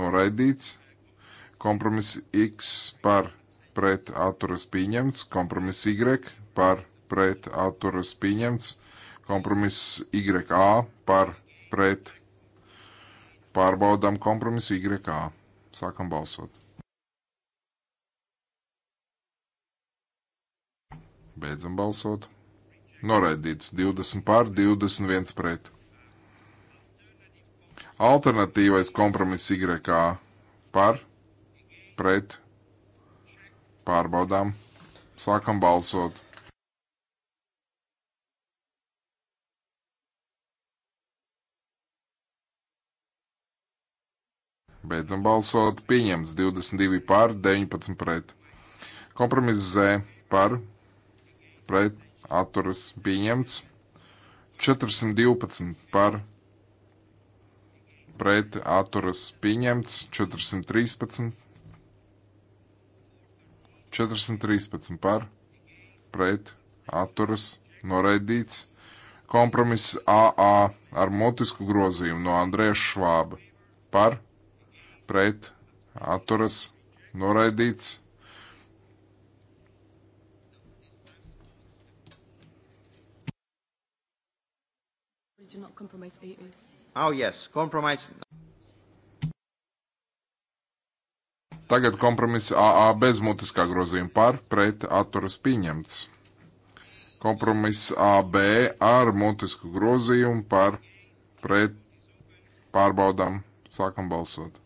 noraidīts. Kompromiss X par pret atturas pieņemts. Kompromiss Y par pret atturas pieņemts. Kompromiss YA par pret Pārbaudām kompromisu YK. Sākam balsot. Beidzam balsot. Noraidīts 20 pār 21 pret. Alternatīvais kompromiss YK par, pret, pārbaudām, sākam balsot. Beidzam balsot. Pieņemts 22 pār 19 pret. Kompromiss Z par pret atturas pieņemts. 412 par pret atturas pieņemts. 413. 413 par pret atturas noraidīts. Kompromiss AA ar motisku grozījumu no Andrēša Švāba par pret atturas noraidīts. Oh, yes. Compromise. Tagad kompromiss AA bez mutiskā grozījuma par pret atturas pieņemts. Kompromiss AB ar mutisku grozījumu par pret pārbaudām. Sākam balsot.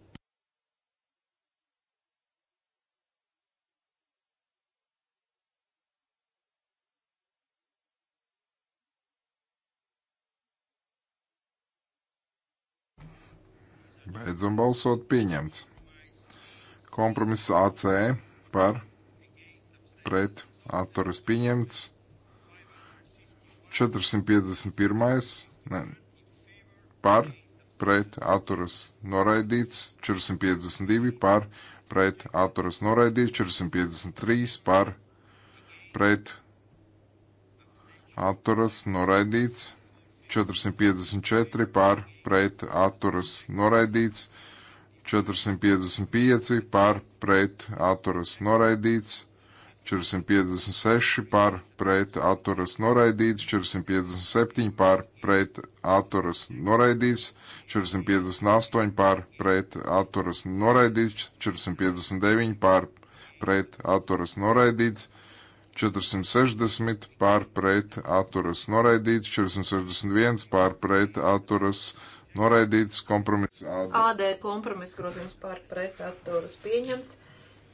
Beidzam balsot pieņemts. Kompromiss AC par pret atturas pieņemts. 451. Ne, par pret atturas noraidīts. 452 par pret atturas noraidīts. 453 par pret atturas noraidīts. 454 par pret atturas noraidīts, 455 par pret atturas noraidīts, 456 par pret atturas noraidīts, 457 par pret atturas noraidīts, 458 par pret atturas noraidīts, 459 par pret atturas noraidīts, 460 pārpret atturas noraidīts, 461 pārpret atturas noraidīts, kompromiss AD. AD kompromiss grozījums pārpret atturas pieņemts,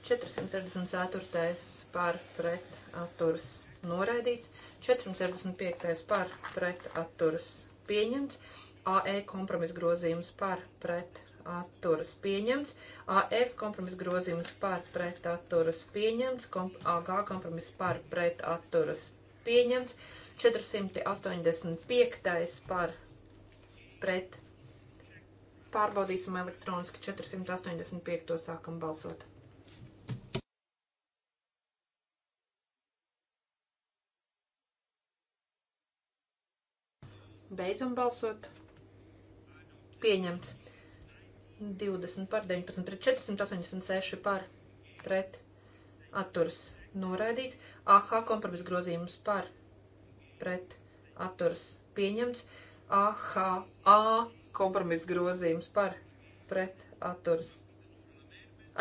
464 pārpret atturas noraidīts, 465 pārpret atturas pieņemts, AE kompromiss grozījums pārpret atturas pieņemts, AF kompromiss grozījums par pret atturas pieņemts, komp AG kompromiss par pret atturas pieņemts, 485. par pret. Pārbaudīsim elektroniski 485. sākam balsot. Beidzam balsot. Pieņemts. 20 par 19 pret 486 par pret atturs noraidīts. AH kompromis grozījums par pret atturs pieņemts. AHA kompromis grozījums par pret atturs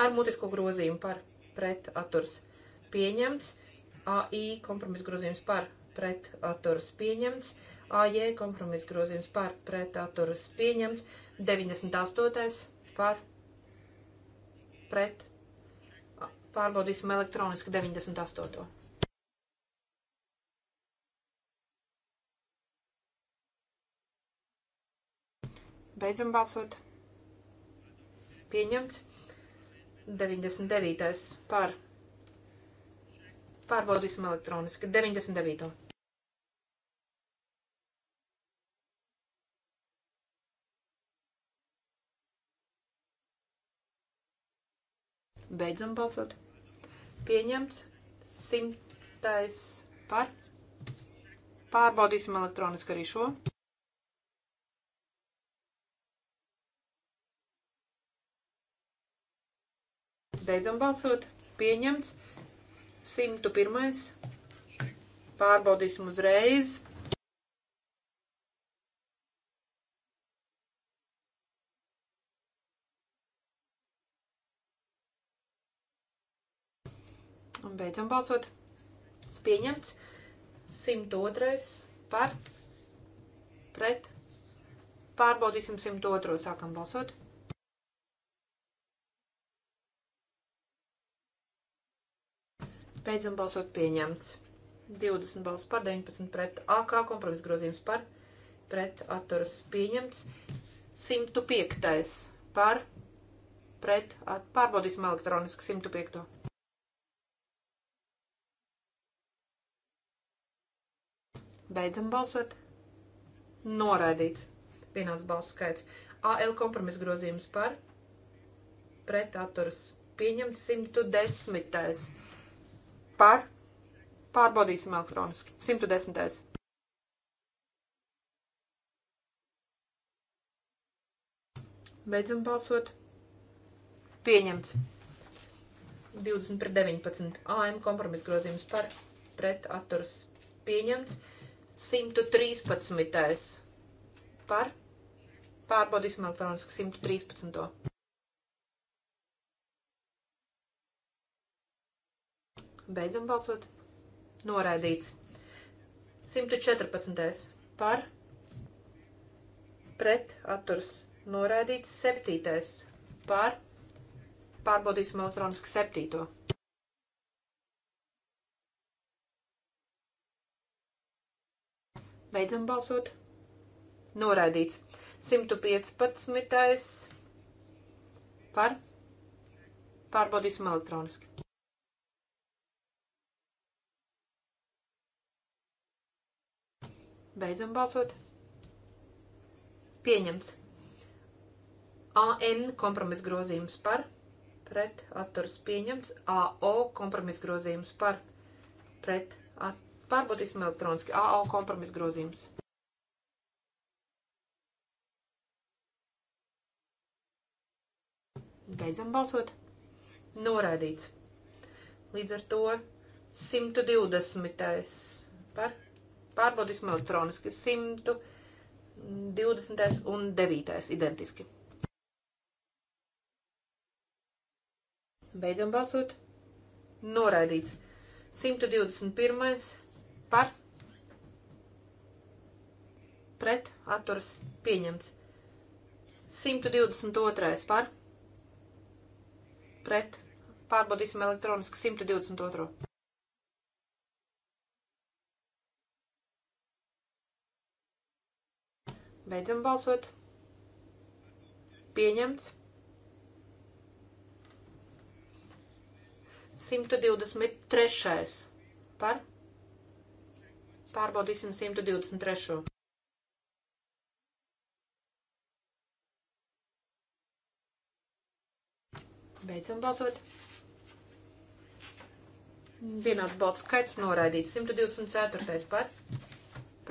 ar mutisko grozījumu par pret atturs pieņemts. AI kompromis grozījums par pret atturs pieņemts. AJ kompromisa grozījums par pret atturas pieņemts, 98. par pret. Pārbaudīsim elektroniski 98. Beidzam balsot. Pieņemts. 99. par. Pārbaudīsim elektroniski. 99. Beidzam balsot. Pieņemts simtais par. Pārbaudīsim elektroniski arī šo. Beidzam balsot. Pieņemts 101. Pārbaudīsim uzreiz. Beidzam balsot. Pieņemts. 102. par. Pret. Pārbaudīsim 102. Sākam balsot. Beidzam balsot pieņemts. 20 balss par, 19 pret AK, kompromis grozījums par, pret atturas pieņemts. 105 par, pret, at, pārbaudīsim elektroniski 105. Beidzam balsot. Noraidīts. Pienāca balsu skaits. AL kompromisa grozījums par pret atturas pieņemts 110. Par pārbaudīsim elektroniski. 110. Beidzam balsot. Pieņemts. 20 pret 19. AM kompromisa grozījums par pret atturas pieņemts. 113. par. Pārbaudīsim elektroniski 113. Beidzam balsot. Noraidīts. 114. par. Pret atturs. Noraidīts 7. par. Pārbaudīsim elektroniski 7. Beidzam balsot. Noraidīts. 115. par. Pārbaudīsim elektroniski. Beidzam balsot. Pieņemts. AN kompromis grozījums par. Pret atturas pieņemts. AO kompromis grozījums par. Pret atturas Pārbaudīsim elektroniski. AO kompromis grozījums. Beidzam balsot. Noraidīts. Līdz ar to 120. par pārbaudīsim elektroniski 120. un 9. identiski. Beidzam balsot. Noraidīts. 121 par pret atturas pieņemts. 122. par pret pārbaudīsim elektroniski 122. Beidzam balsot. Pieņemts. 123. par pret Pārbaudīsim 123. Beidzam balsot. Vienāds balsu skaits noraidīts. 124. par.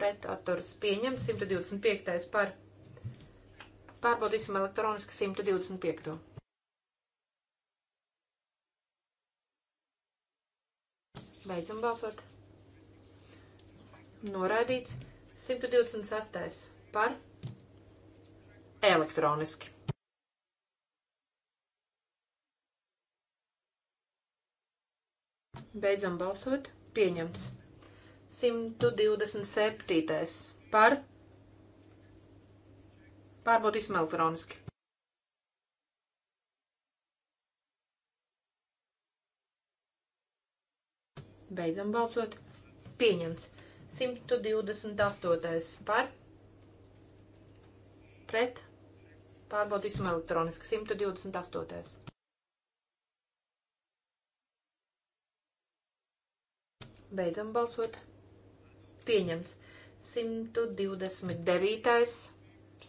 Pret atturs pieņem. 125. par. Pārbaudīsim elektroniski 125. Beidzam balsot. Noraidīts 126. par elektroniski. Beidzam balsot. Pieņemts. 127. par pārbaudīsim elektroniski. Beidzam balsot. Pieņemts. 128. par pret pārbaudīsim elektroniski 128. Beidzam balsot. Pieņemts. 129.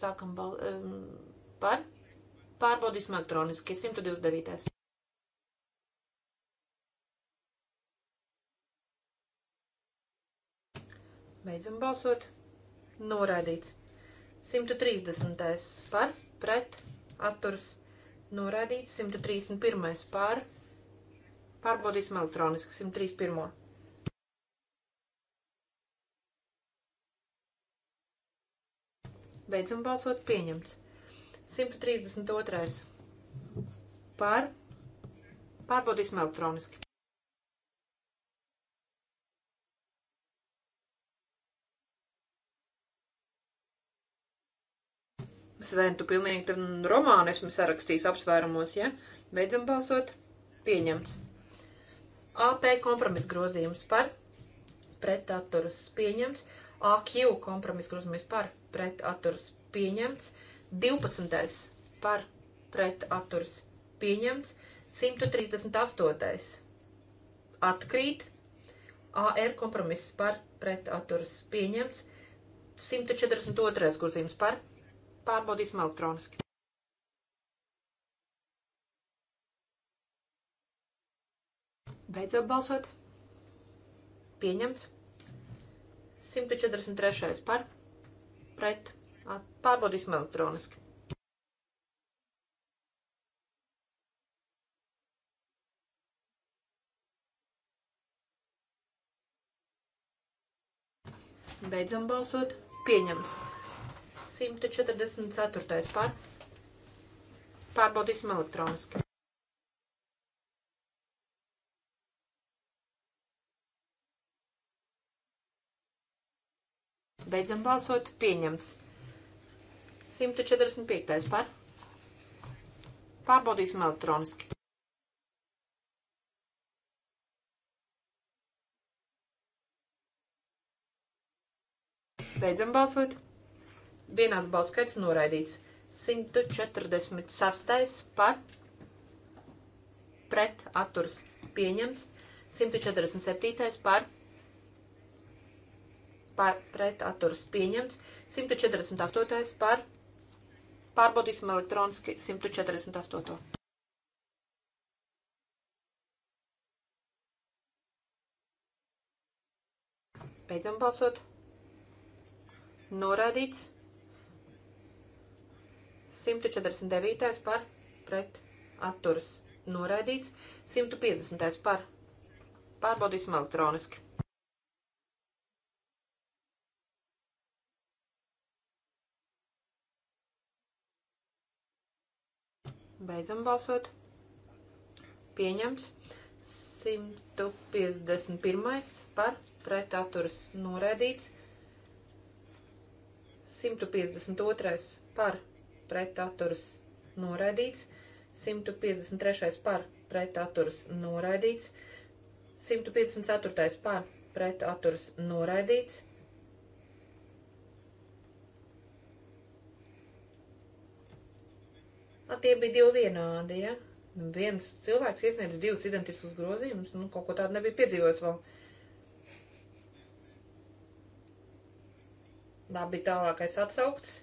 Sākam bal, um, par. Pārbaudīsim elektroniski 129. Beidzam balsot. Noraidīts. 130. par, pret, atturs. Noraidīts. 131. par. Pārbaudīsim elektroniski. 131. Beidzam balsot pieņemts. 132. Par. Pārbaudīsim elektroniski. Sven, tu pilnīgi tam romānu esmu sarakstījis apsvērumos, ja? Beidzam balsot. Pieņemts. AT kompromis grozījums par pret atturas pieņemts. AQ kompromis grozījums par pret atturas pieņemts. 12. par pret atturas pieņemts. 138. atkrīt. AR kompromiss par pret atturas pieņemts. 142. grozījums par Pārbaudīsim elektroniski. Beidzot balsot. Pieņemts. 143. par. Pret. Pārbaudīsim elektroniski. Beidzam balsot. Pieņemts. 144. pār. Pārbaudīsim elektroniski. Beidzam balsot. Pieņemts. 145. par. Pārbaudīsim elektroniski. Beidzam balsot vienāds balsskaits noraidīts. 146. par pret atturs pieņemts. 147. par par pret atturs pieņemts. 148. par pārbaudīsim elektroniski 148. Beidzam balsot. Norādīts. 149. par pret atturas noraidīts. 150. par pārbaudīsim elektroniski. Beidzam balsot. Pieņemts. 151. par pretaturas noraidīts. 152. par pret atturas noraidīts, 153. par pret atturas noraidīts, 154. par pret atturas noraidīts, 154. Tie bija divi vienādi, ja? Nu, viens cilvēks iesniedz divus identiskus grozījumus, nu, kaut ko tādu nebija piedzīvojis vēl. Labi, tālākais atsaukts.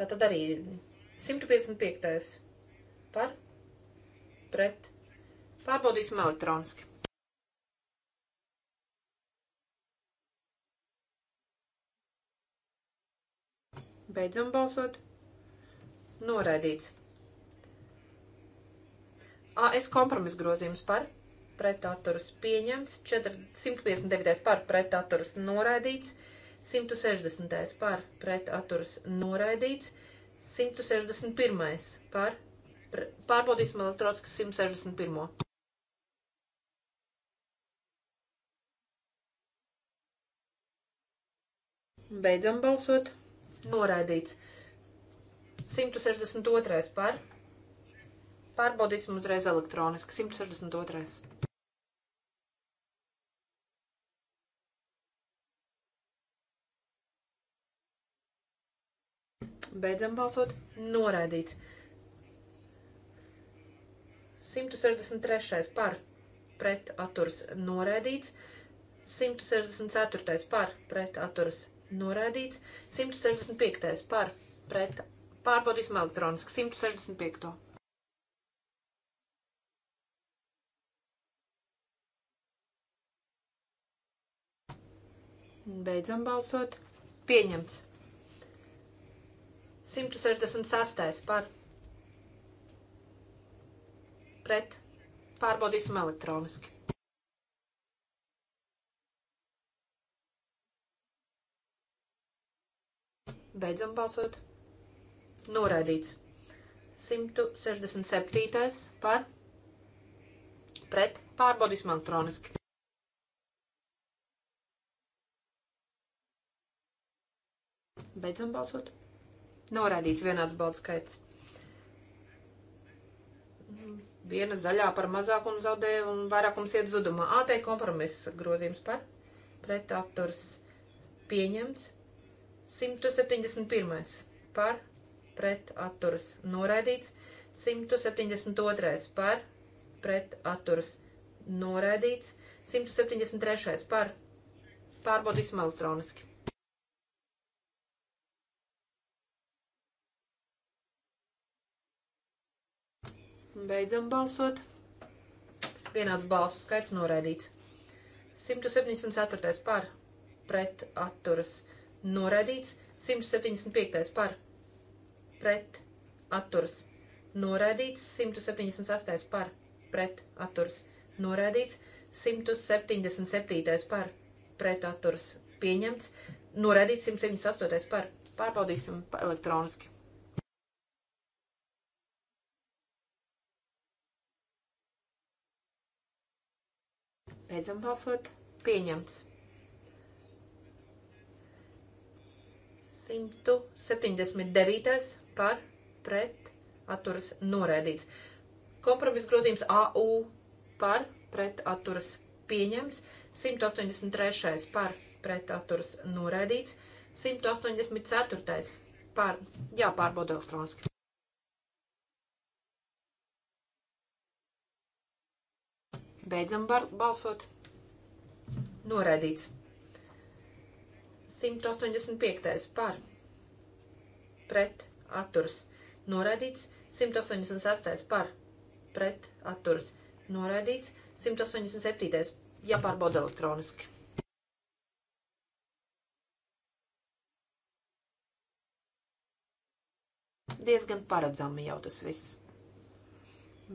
Tā tad arī 155. par pret. Pārbaudīsim elektroniski. Beidzam balsot. Noraidīts. AS kompromis grozījums par pretaturas pieņemts, 459 par pretaturas noraidīts, 4 160. par pret atturas noraidīts. 161. par pre, pārbaudīsim elektrotiskas 161. Beidzam balsot. Noraidīts. 162. par. Pārbaudīsim uzreiz elektroniski. 162. Beidzam balsot. Noraidīts. 163. par pret atturas noraidīts. 164. par pret atturas noraidīts. 165. par pret pārbaudīsim elektroniski. 165. Beidzam balsot. Pieņemts. 166. par pret. Pārbaudīsim elektroniski. Beidzam balsot. Noraidīts. 167. par pret. Pārbaudīsim elektroniski. Beidzam balsot. Noraidīts vienāds baudas skaits. Viena zaļā par mazākumu zaudē un vairākums iet zudumā. AT kompromiss grozījums par pret atturs pieņemts. 171. par pret atturs noraidīts. 172. par pret atturs noraidīts. 173. par pārbaudīsim elektroniski. Beidzam balsot. Vienāds balsu skaits noraidīts. 174. par pret atturas noraidīts. 175. par pret atturas noraidīts. 178. par pret atturas noraidīts. 177. par pret atturas pieņemts. Noraidīts 178. par pārbaudīsim elektroniski. Beidzam balsot. Pieņemts. 179. par pret atturas noraidīts. Kompromiss grozījums AU par pret atturas pieņemts. 183. par pret atturas noraidīts. 184. par jāpārbauda elektroniski. Beidzam balsot. Noraidīts. 185. par. Pret. Atturs. Noraidīts. 186. par. Pret. Atturs. Noraidīts. 187. jāpārbauda elektroniski. Diezgan paredzami jau tas viss.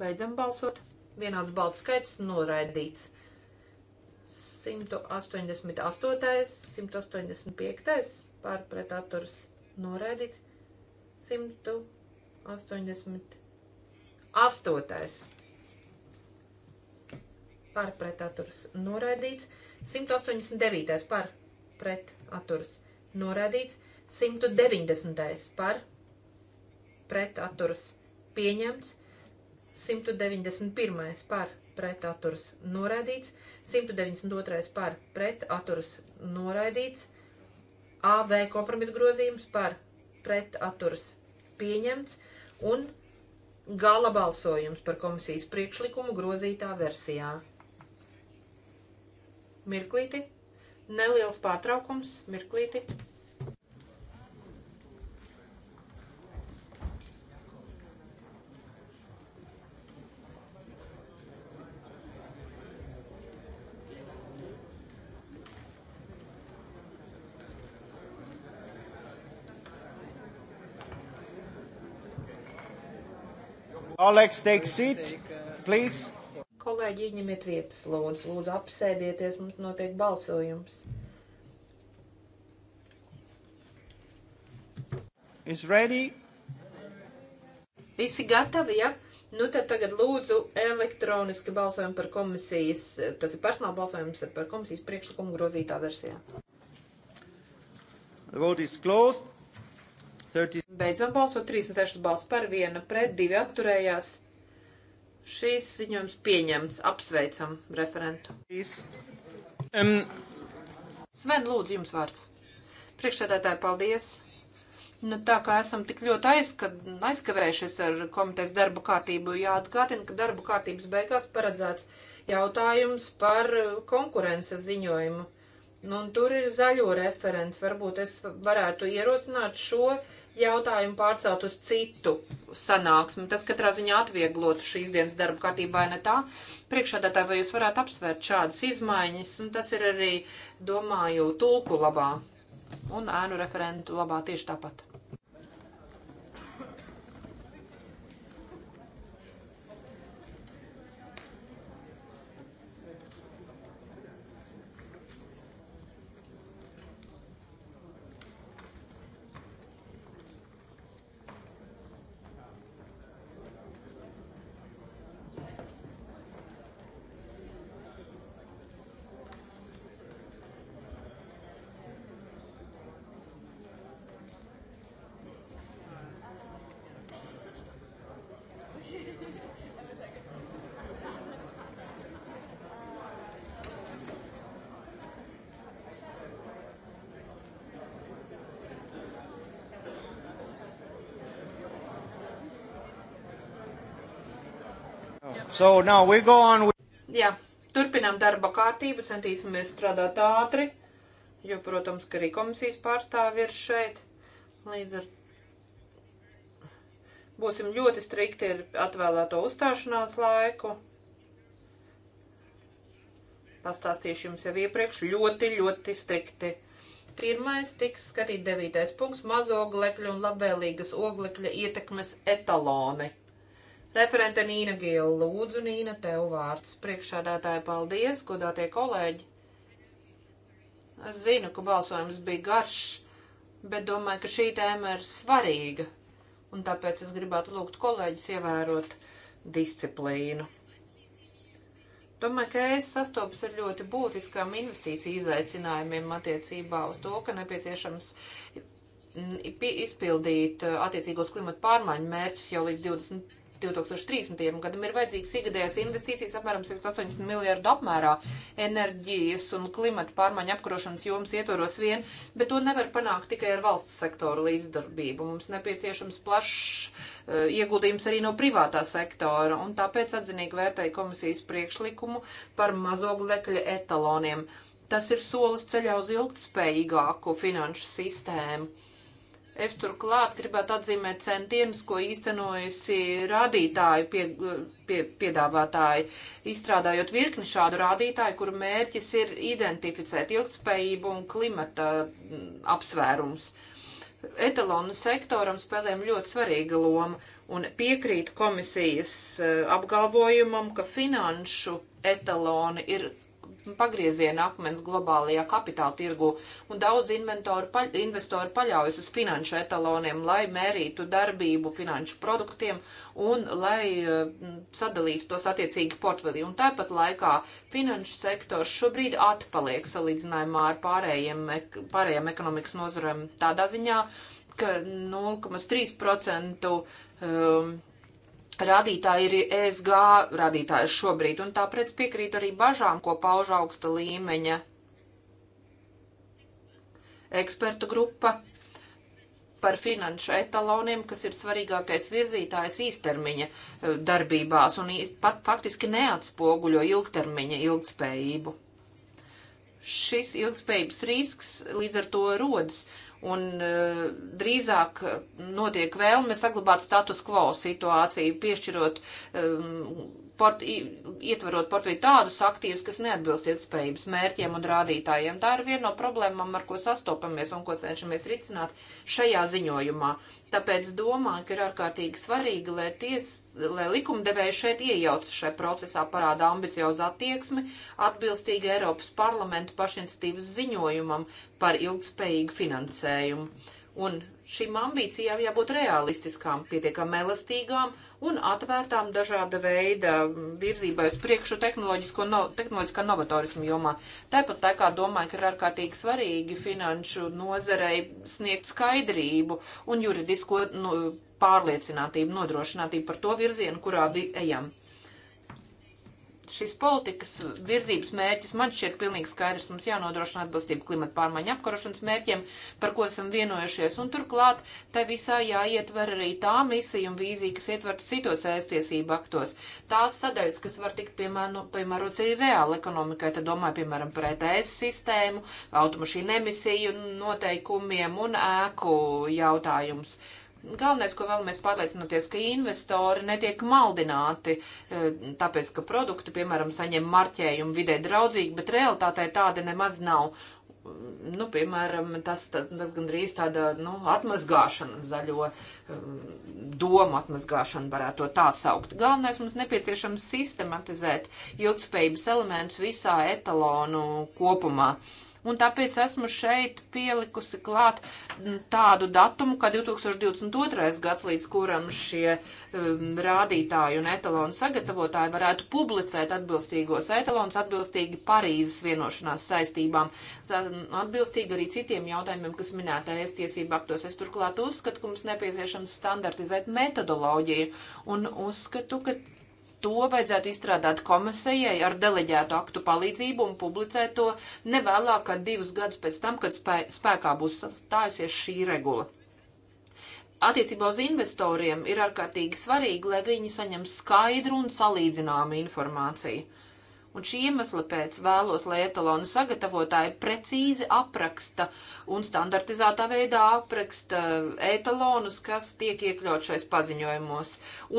Beidzam balsot vienāds balts skaits noraidīts. 188, 185 pārpretaturs noraidīts, 188 pārpretaturs noraidīts, 189 pārpretaturs noraidīts, 190 pārpretaturs pieņemts, 191. par pret atturas noraidīts, 192. par pret atturas noraidīts, AV kompromis grozījums par pret atturas pieņemts un gala balsojums par komisijas priekšlikumu grozītā versijā. Mirklīti, neliels pārtraukums, mirklīti. Oleks, take seat, please. Kolēģi, ieņemiet vietas, lūdzu, lūdzu apsēdieties, mums notiek balsojums. Is ready? Visi gatavi, ja? Nu tad tagad lūdzu elektroniski balsojam par komisijas, tas ir personāla balsojums par komisijas priekšlikumu grozītā versijā. The vote is closed. 30... Beidzam balsot 36 balss par viena pret, divi atturējās. Šīs ziņojums pieņemts. Apsveicam referentu. Um. Sven, lūdzu, jums vārds. Priekšsēdētāji, paldies. Nu, tā kā esam tik ļoti aizka, aizkavējušies ar komitejas darbu kārtību, jāatgādina, ka darbu kārtības beigās paredzēts jautājums par konkurences ziņojumu. Nu, un tur ir zaļo referents. Varbūt es varētu ierosināt šo jautājumu pārcelt uz citu sanāksmi. Tas katrā ziņā atvieglotu šīs dienas darba kārtību, vai ne tā? Priekšādātāji, vai jūs varētu apsvērt šādas izmaiņas, un tas ir arī, domāju, tulku labā un ēnu referentu labā tieši tāpat. So now we go on. Jā, turpinām darba kārtību, centīsimies strādāt ātri, jo, protams, ka arī komisijas pārstāvi ir šeit. Līdz ar būsim ļoti strikti ar atvēlēto uzstāšanās laiku. Pastāstīšu jums jau iepriekš ļoti, ļoti strikti. Pirmais tiks skatīt devītais punkts - mazo oglekļu un labvēlīgas oglekļa ietekmes etaloni. Referente Nīna Gila, lūdzu, Nīna, tev vārds. Priekšādātāji, paldies, godātie kolēģi. Es zinu, ka balsojums bija garš, bet domāju, ka šī tēma ir svarīga, un tāpēc es gribētu lūgt kolēģis ievērot disciplīnu. Domāju, ka es sastopas ar ļoti būtiskām investīciju izaicinājumiem attiecībā uz to, ka nepieciešams mm, izpildīt uh, attiecīgos klimata pārmaiņu mērķus jau līdz 20 2030. gadam ir vajadzīgs ikgadējās investīcijas apmēram 180 miljārdu apmērā enerģijas un klimata pārmaiņu apkarošanas jomas ietvaros vien, bet to nevar panākt tikai ar valsts sektoru līdzdarbību. Mums nepieciešams plašs uh, ieguldījums arī no privātā sektora, un tāpēc atzinīgi vērtēja komisijas priekšlikumu par mazoglekļa etaloniem. Tas ir solis ceļā uz ilgtspējīgāku finanšu sistēmu Es turklāt gribētu atzīmēt centienus, ko īstenojusi rādītāju pie, pie, piedāvātāji, izstrādājot virkni šādu rādītāju, kur mērķis ir identificēt ilgspējību un klimata mm, apsvērums. Etalonu sektoram spēlēm ļoti svarīga loma un piekrīt komisijas eh, apgalvojumam, ka finanšu etaloni ir pagrieziena akmens globālajā kapitāla tirgu, un daudz paļ, investoru paļaujas uz finanšu etaloniem, lai mērītu darbību finanšu produktiem un lai eh, sadalītu tos attiecīgi portfelī. Un tāpat laikā finanšu sektors šobrīd atpaliek salīdzinājumā ar pārējiem, pārējiem ekonomikas nozarēm tādā ziņā, ka 0,3% um, Rādītāji ir ESG rādītāji šobrīd, un tāpēc piekrīt arī bažām, ko pauž augsta līmeņa ekspertu grupa par finanšu etaloniem, kas ir svarīgākais virzītājs īstermiņa e, darbībās un pat faktiski neatspoguļo ilgtermiņa ilgspējību. Šis ilgspējības risks līdz ar to rodas un e, drīzāk notiek vēlme saglabāt status quo situāciju, piešķirot um, port, ietverot portfeļu tādus aktīvus, kas neatbilst ilgspējības mērķiem un rādītājiem. Tā ir viena no problēmām, ar ko sastopamies un ko cenšamies risināt šajā ziņojumā. Tāpēc domāju, ka ir ārkārtīgi svarīgi, lai, ties, lai likumdevēji šeit iejaucas šajā procesā, parāda ambiciozu attieksmi, atbilstīgi Eiropas parlamentu pašiniciatīvas ziņojumam par ilgspējīgu finansējumu. Un šīm ambīcijām jābūt realistiskām, pietiekami elastīgām un atvērtām dažāda veida virzībai uz priekšu tehnoloģisko, no, tehnoloģiskā novatorismu jomā. Tāpat laikā domāju, ka ir ārkārtīgi svarīgi finanšu nozarei sniegt skaidrību un juridisko nu, pārliecinātību, nodrošinātību par to virzienu, kurā vi ejam šīs politikas virzības mērķis man šķiet pilnīgi skaidrs. Mums jānodrošina atbilstība klimata pārmaiņu apkarošanas mērķiem, par ko esam vienojušies. Un turklāt tai visā jāietver arī tā misija un vīzija, kas ietverta citos ēstiesību aktos. Tās sadaļas, kas var tikt piemērots arī reāli ekonomikai, tad domāju, piemēram, par ETS sistēmu, automašīnu emisiju noteikumiem un ēku jautājumus. Galvenais, ko vēlamies pārliecināties, ka investori netiek maldināti, e, tāpēc, ka produkti, piemēram, saņem marķējumu vidē draudzīgi, bet realitātē tāda nemaz nav. Nu, piemēram, tas, tas, tas gandrīz tāda nu, atmazgāšana, zaļo e, domu atmazgāšana varētu to tā saukt. Galvenais mums nepieciešams sistematizēt ilgspējības elementus visā etalonu kopumā. Uh, un tāpēc esmu šeit pielikusi klāt mm, tādu datumu, kā 2022. gads, līdz kuram šie um, rādītāji un etalonu sagatavotāji varētu publicēt atbilstīgos etalons, atbilstīgi Parīzes vienošanās saistībām, mm, atbilstīgi arī citiem jautājumiem, kas minētais tiesību aktos. Es turklāt uzskatu, ka mums nepieciešams standartizēt metodoloģiju un uzskatu, ka to vajadzētu izstrādāt komisijai ar deleģētu aktu palīdzību un publicēt to nevēlāk kā divus gadus pēc tam, kad spē, spēkā būs stājusies šī regula. Attiecībā uz investoriem ir ārkārtīgi svarīgi, lai viņi saņem skaidru un salīdzināmu informāciju Un šī iemesla pēc vēlos, lai etalonu sagatavotāji precīzi apraksta un standartizētā veidā apraksta etalonus, kas tiek iekļaut šais paziņojumos.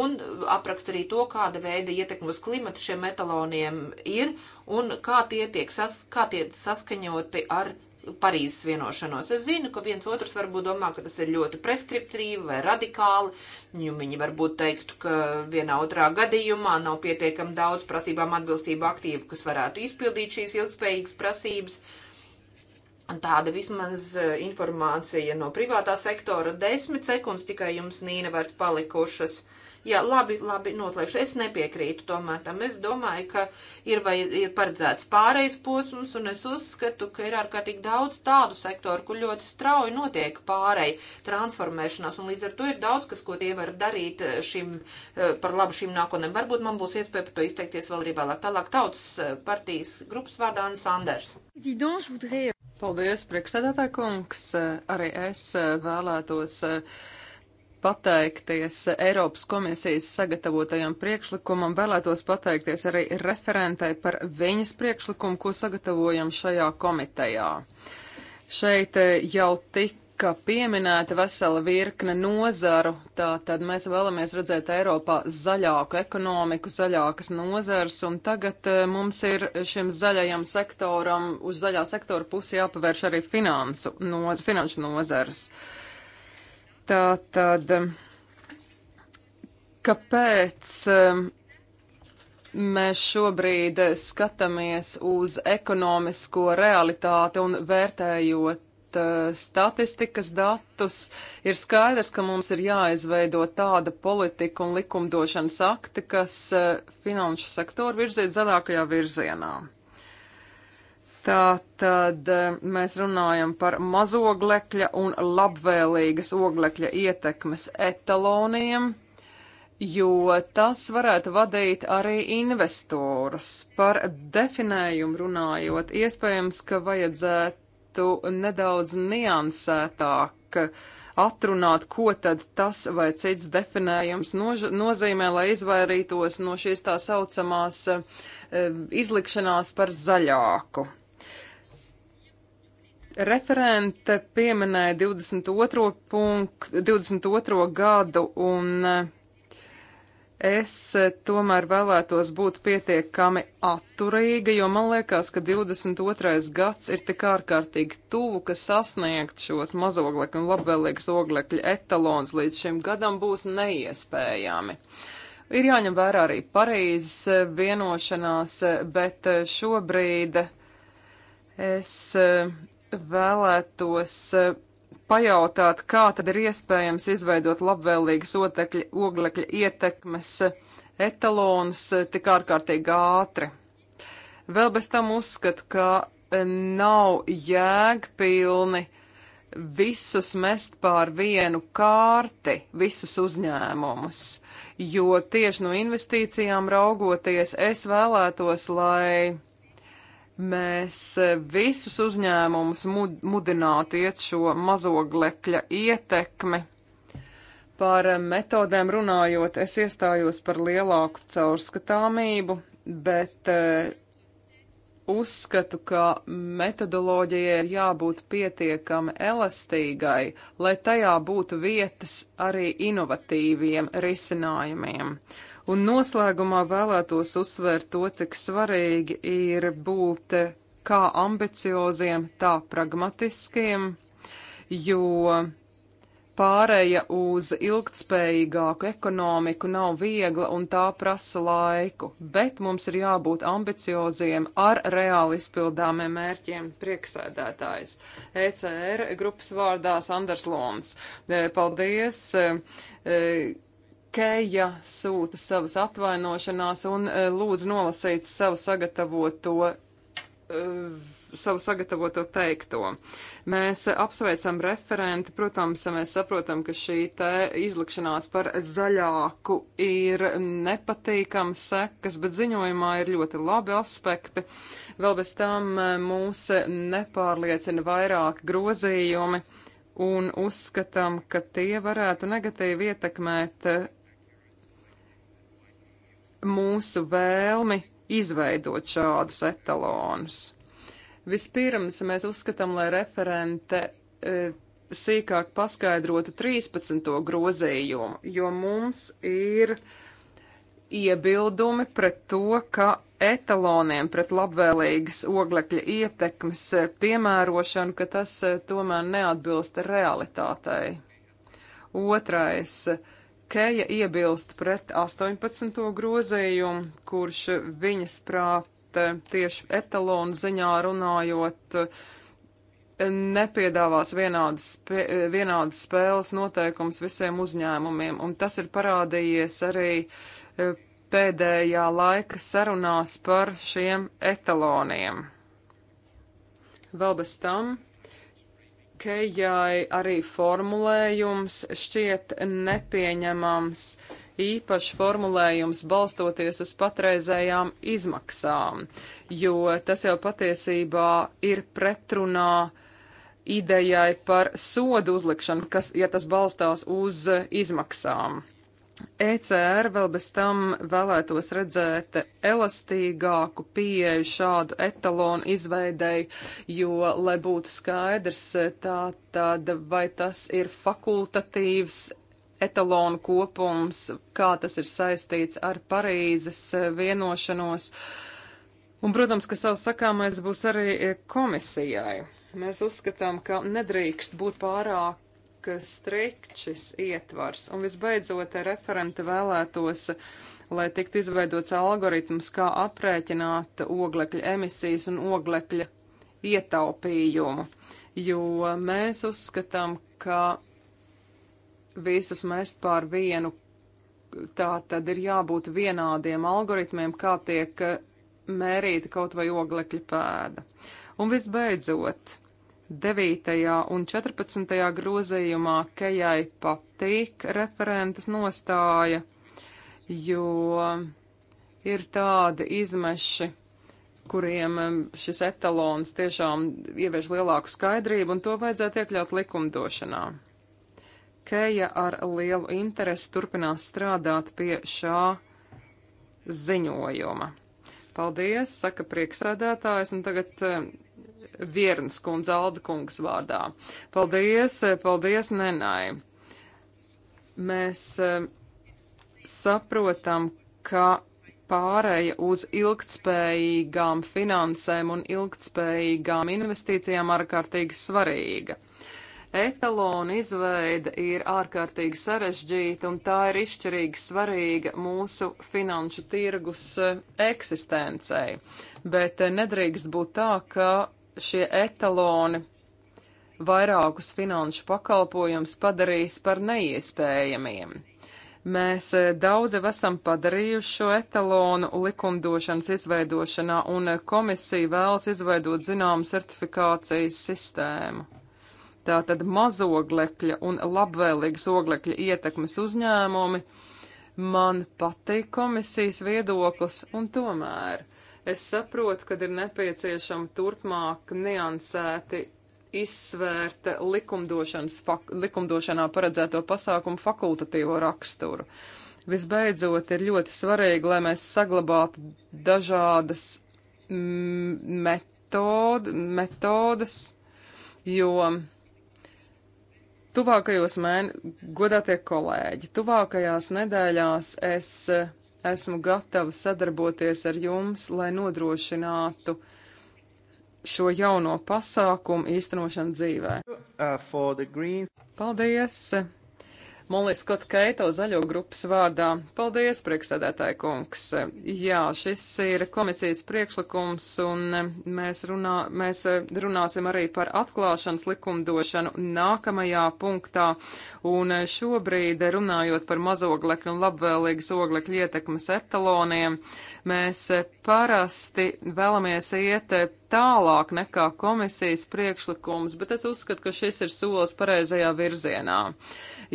Un apraksta arī to, kāda veida ietekmus klimatu šiem etaloniem ir un kā tie tiek sas, kā tie saskaņoti ar klimatu Parīzes vienošanos. Es zinu, ka viens otrs varbūt domā, ka tas ir ļoti preskriptīvi vai radikāli. Viņi varbūt teiktu, ka vienā otrā gadījumā nav pietiekami daudz prasībām atbilstību aktīvu, kas varētu izpildīt šīs ilgspējīgas prasības. Tāda vismaz eh, informācija no privātā sektora. Desmit sekundes tikai jums, Nīna, vairs palikušas. Uh, Jā, labi, labi, noslēgšu. Es nepiekrītu tomēr tam. Es domāju, ka ir, vai, ir paredzēts pārejas posms, un es uzskatu, ka ir ārkārtīgi daudz tādu sektoru, kur ļoti strauji notiek pāreja transformēšanās, un līdz ar to ir daudz, kas, ko tie var darīt eh, šim, eh, par labu šīm nākotnēm. Varbūt man būs iespēja par to izteikties vēl arī vēlāk. Tālāk tautas eh, partijas grupas vārdā Anna Sanders. Paldies, priekšsēdētāj kungs. Arī es vēlētos. Uh, pateikties Eiropas komisijas sagatavotajam priekšlikumam, vēlētos pateikties arī referentai par viņas priekšlikumu, ko sagatavojam šajā komitejā. Šeit eh, jau tika pieminēta vesela virkne nozaru, tātad mēs vēlamies redzēt Eiropā zaļāku ekonomiku, zaļākas nozars, un tagad eh, mums ir šim zaļajam sektoram, uz zaļā sektora pusi jāpavērš arī finansu, no, finanšu nozars. Uh, Tā tad, kāpēc um, mēs šobrīd skatāmies uz ekonomisko realitāti un vērtējot uh, statistikas datus, ir skaidrs, ka mums ir jāizveido tāda politika un likumdošanas akti, kas uh, finanšu sektoru virzītu zaļākajā virzienā. Tā tad eh, mēs runājam par mazoglekļa un labvēlīgas oglekļa ietekmes etaloniem, jo tas varētu vadīt arī investorus. Par definējumu runājot, iespējams, ka vajadzētu nedaudz niansētāk atrunāt, ko tad tas vai cits definējums nož nozīmē, lai izvairītos no šīs tā saucamās e, izlikšanās par zaļāku. Referente pieminēja 22. Punktu, 22. gadu un eh, es tomēr vēlētos būt pietiekami atturīga, jo man liekas, ka 22. gads ir tik ārkārtīgi tuvu, ka sasniegt šos mazoglekļu un labvēlīgas oglekļu etalons līdz šim gadam būs neiespējami. Ir jāņem vērā arī Parīzes eh, vienošanās, eh, bet šobrīd es vēlētos eh, pajautāt, kā tad ir iespējams izveidot labvēlīgas otekļa, oglekļa ietekmes eh, etalons eh, tik ārkārtīgi ātri. Vēl bez tam uzskatu, ka nav jēgpilni visus mest pār vienu kārti, visus uzņēmumus, jo tieši no investīcijām raugoties es vēlētos, lai mēs eh, visus uzņēmumus mudinātu iet šo mazoglekļa ietekmi. Par eh, metodēm runājot, es iestājos par lielāku caurskatāmību, bet eh, uzskatu, ka metodoloģijai ir jābūt pietiekami elastīgai, lai tajā būtu vietas arī inovatīviem risinājumiem. Uh, Un noslēgumā vēlētos uzsvērt to, cik svarīgi ir būt kā ambicioziem, tā pragmatiskiem, jo pāreja uz ilgtspējīgāku ekonomiku nav viegla un tā prasa laiku, bet mums ir jābūt ambicioziem ar reāli izpildāmiem mērķiem prieksēdētājs. ECR grupas vārdā Sanders Loms. E, paldies! E, Keja sūta savas atvainošanās un e, lūdz nolasīt savu sagatavoto. Uh, savu sagatavoto teikto. Mēs apsveicam referenti, protams, mēs saprotam, ka šī te izlikšanās par zaļāku ir nepatīkams sekas, bet ziņojumā ir ļoti labi aspekti. Vēl bez tam e, mūs nepārliecina vairāk grozījumi un uzskatām, ka tie varētu negatīvi ietekmēt mūsu vēlmi izveidot šādus etalonus. Vispirms mēs uzskatām, lai referente e, sīkāk paskaidrotu 13. grozījumu, jo mums ir iebildumi pret to, ka etaloniem pret labvēlīgas oglekļa ietekmes piemērošanu, ka tas e, tomēr neatbilst realitātei. Otrais Keja iebilst pret 18. grozījumu, kurš viņas prāt tieši etalonu ziņā runājot nepiedāvās vienādas, spē, vienādas spēles noteikums visiem uzņēmumiem, un tas ir parādījies arī e, pēdējā laika sarunās par šiem etaloniem. Vēl bez tam Kejai arī formulējums šķiet nepieņemams, īpaši formulējums balstoties uz patreizējām izmaksām, jo tas jau patiesībā ir pretrunā idejai par sodu uzlikšanu, kas, ja tas balstās uz izmaksām. ECR vēl bez tam vēlētos redzēt elastīgāku pieeju šādu etalonu izveidēji, jo, lai būtu skaidrs, tā tad vai tas ir fakultatīvs etalonu kopums, kā tas ir saistīts ar Parīzes vienošanos. Un, protams, ka savs sakāmais būs arī komisijai. Mēs uzskatām, ka nedrīkst būt pārāk strikčs ietvars. Un visbeidzot, referente vēlētos lai tiktu izveidots algoritms, kā aprēķināt oglekļa emisijas un oglekļa ietaupījumu, jo mēs uzskatām, ka visus mest pār vienu, tā tad ir jābūt vienādiem algoritmiem, kā tiek mērīta kaut vai oglekļa pēda. Un visbeidzot, 9. un 14. grozījumā Kejai patīk referentes nostāja, jo ir tādi izmeši, kuriem um, šis etalons tiešām ievieš lielāku skaidrību, un to vajadzētu iekļaut likumdošanā. Keja ar lielu interesi turpinās strādāt pie šā ziņojuma. Paldies, saka prieksēdētājs, un tagad um, Viernas kundze Alda kungas vārdā. Paldies, paldies Nenai. Mēs eh, saprotam, ka pārēja uz ilgtspējīgām finansēm un ilgtspējīgām investīcijām ārkārtīgi svarīga. Etalona izveida ir ārkārtīgi sarežģīta un tā ir izšķirīgi svarīga mūsu finanšu tirgus eh, eksistencei. Bet eh, nedrīkst būt tā, ka šie etaloni vairākus finanšu pakalpojumus padarīs par neiespējamiem. Mēs eh, daudz jau esam padarījuši šo etalonu likumdošanas izveidošanā, un eh, komisija vēlas izveidot zināmu certifikācijas sistēmu. Tātad mazoglekļa un labvēlīgas oglekļa ietekmes uzņēmumi. Man patīk komisijas viedoklis, un tomēr Es saprotu, ka ir nepieciešama turpmāk niansēti izsvērt likumdošanā paredzēto pasākumu fakultatīvo raksturu. Visbeidzot, ir ļoti svarīgi, lai mēs saglabātu dažādas metod, metodas, jo tuvākajos mēnešos, godātie kolēģi, tuvākajās nedēļās es uh, esmu gatava sadarboties ar jums, lai nodrošinātu šo jauno pasākumu īstenošanu dzīvē. Uh, Paldies! Mollis Skot Keito zaļo grupas vārdā. Paldies, priekšsēdētāji kungs. Jā, šis ir komisijas priekšlikums, un mēs, runā, mēs runāsim arī par atklāšanas likumdošanu nākamajā punktā. Un šobrīd, runājot par mazoglekļu un labvēlīgas oglekļu ietekmes etaloniem, mēs parasti vēlamies iet eh, tālāk nekā komisijas priekšlikums, bet es uzskatu, ka šis ir solis pareizajā virzienā.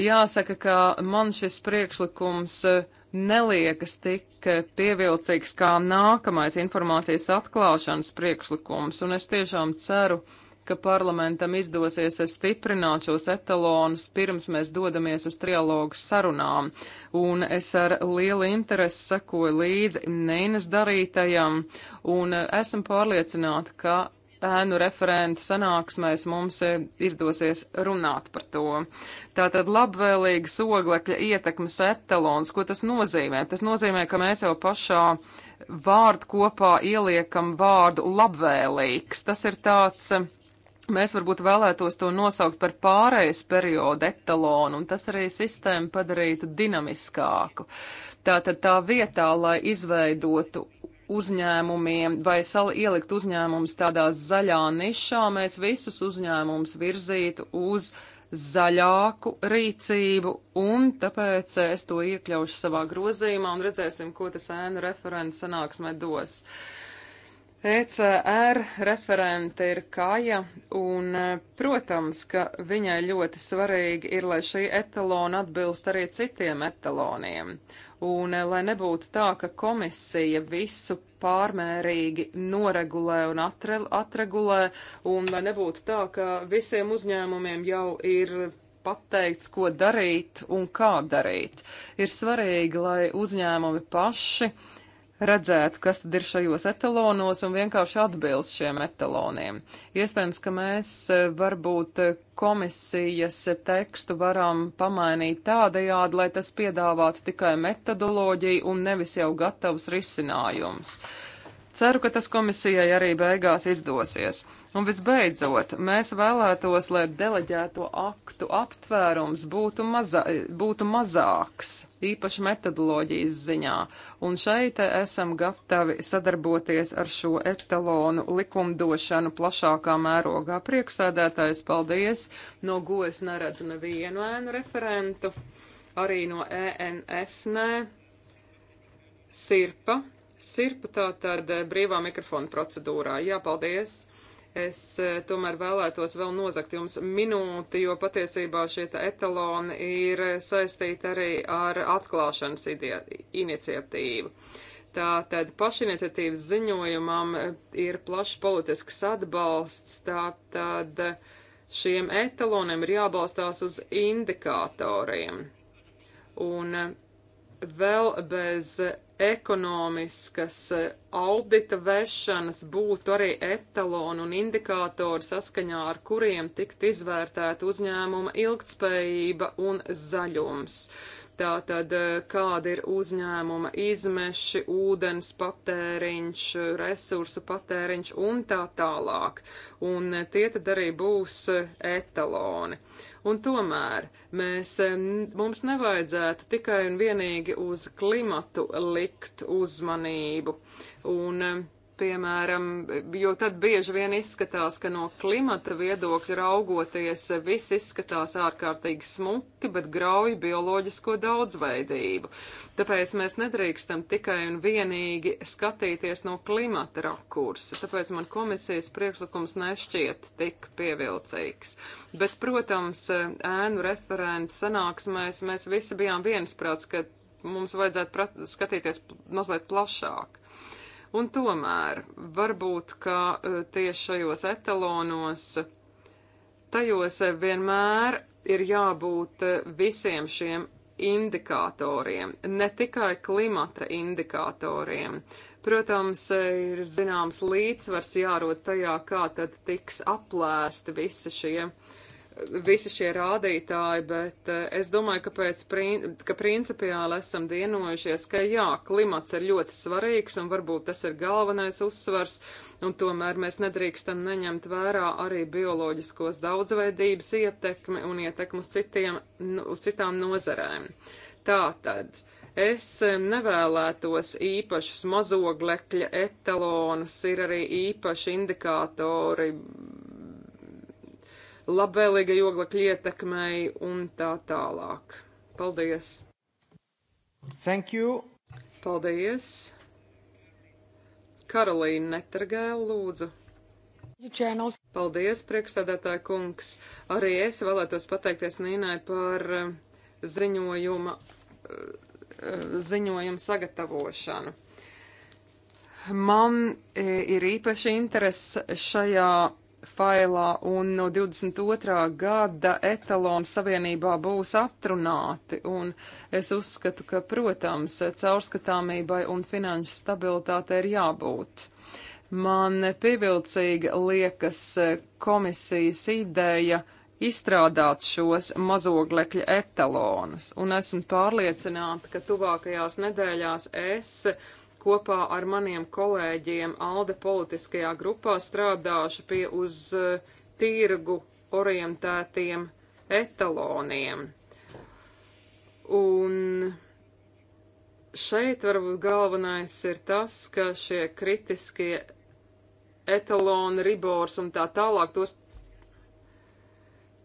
Jāsaka, ka man šis priekšlikums eh, neliekas tik eh, pievilcīgs kā nākamais informācijas atklāšanas priekšlikums, un es tiešām ceru, ka ka parlamentam izdosies stiprināt šos etalonus pirms mēs dodamies uz trialogu sarunām. Un es ar lielu interesi sekoju līdzi Neinas darītajam un esmu pārliecināta, ka ēnu referentu sanāksmēs mums izdosies runāt par to. Tātad labvēlīgas oglekļa ietekmes etalons, ko tas nozīmē? Tas nozīmē, ka mēs jau pašā vārdu kopā ieliekam vārdu labvēlīgs. Tas ir tāds Mēs varbūt vēlētos to nosaukt par pārējais periodu etalonu, un tas arī sistēmu padarītu dinamiskāku. Tātad tā vietā, lai izveidotu uzņēmumiem vai ielikt uzņēmumus tādā zaļā nišā, mēs visus uzņēmumus virzītu uz zaļāku rīcību, un tāpēc es to iekļaušu savā grozījumā un redzēsim, ko tas ēnu referents sanāksmē dos. Uh, ECR referente ir Kāja, un, e, protams, ka viņai ļoti svarīgi ir, lai šī etalona atbilst arī citiem etaloniem, un e, lai nebūtu tā, ka komisija visu pārmērīgi noregulē un atre, atregulē, un lai nebūtu tā, ka visiem uzņēmumiem jau ir pateikts, ko darīt un kā darīt. Ir svarīgi, lai uzņēmumi paši redzētu, kas tad ir šajos etalonos un vienkārši atbilst šiem etaloniem. Iespējams, ka mēs e, varbūt e, komisijas tekstu varam pamainīt tādajādi, lai tas piedāvātu tikai metodoloģiju un nevis jau gatavus risinājumus. Ceru, ka tas komisijai arī beigās izdosies. Un visbeidzot, mēs vēlētos, lai deleģēto aktu aptvērums būtu, maza, būtu mazāks, īpaši metodoloģijas ziņā. Un šeit esam gatavi sadarboties ar šo etalonu likumdošanu plašākā mērogā. Prieksēdētājs, paldies! No gojas neredzu nevienu ēnu referentu, arī no ENF nē. Sirpa. Sirpa tātad brīvā mikrofona procedūrā. Jā, paldies! Es e, tomēr vēlētos vēl nozakt jums minūti, jo patiesībā šie etaloni ir saistīti arī ar atklāšanas idea, iniciatīvu. Tātad pašiniciatīvas ziņojumam ir plašs politisks atbalsts, tātad šiem etaloniem ir jābalstās uz indikatoriem. Un vēl bez ekonomiskas audita vešanas būtu arī etaloni un indikātori, saskaņā ar kuriem tiktu izvērtēta uzņēmuma ilgtspējība un zaļums tātad eh, kāda ir uzņēmuma izmeši, ūdens patēriņš, resursu patēriņš un tā tālāk. Un eh, tie tad arī būs eh, etaloni. Un tomēr mēs, mums nevajadzētu tikai un vienīgi uz klimatu likt uzmanību. Un, piemēram, jo tad bieži vien izskatās, ka no klimata viedokļa raugoties viss izskatās ārkārtīgi smuki, bet grauj bioloģisko daudzveidību. Tāpēc mēs nedrīkstam tikai un vienīgi skatīties no klimata rakursa, tāpēc man komisijas priekšlikums nešķiet tik pievilcīgs. Bet, protams, ēnu referentu sanāksmēs mēs visi bijām viensprāts, ka mums vajadzētu skatīties mazliet plašāk. Un tomēr varbūt, ka eh, tieši šajos etalonos, tajos eh, vienmēr ir jābūt eh, visiem šiem indikatoriem, ne tikai klimata indikatoriem. Protams, ir zināms līdzsvars jārod tajā, kā tad tiks aplēsti visi šie visi šie rādītāji, bet eh, es domāju, ka, pēc, ka principiāli esam vienojušies, ka jā, klimats ir ļoti svarīgs un varbūt tas ir galvenais uzsvars, un tomēr mēs nedrīkstam neņemt vērā arī bioloģiskos daudzveidības ietekmi un ietekmi uz, citiem, nu, uz citām nozerēm. Tātad. Es eh, nevēlētos īpašus mazoglekļa etalonus, ir arī īpaši indikātori labvēlīgai oglekļa ietekmei un tā tālāk. Paldies! Thank you! Paldies! Karolīna Netragēla lūdzu. Paldies, priekšstādātāja kungs. Arī es vēlētos pateikties Nīnai par eh, ziņojuma, eh, ziņojuma sagatavošanu. Man eh, ir īpaši interesi šajā failā un no 22. gada etalona savienībā būs atrunāti. Un es uzskatu, ka, protams, caurskatāmībai un finanšu stabilitātei ir jābūt. Man pievilcīga liekas komisijas ideja izstrādāt šos mazoglekļa etalonus, un esmu pārliecināta, ka tuvākajās nedēļās es kopā ar maniem kolēģiem ALDE politiskajā grupā strādāšu pie uz eh, tirgu orientētiem etaloniem. Un šeit varbūt galvenais ir tas, ka šie kritiskie etaloni, ribors un tā tālāk, tos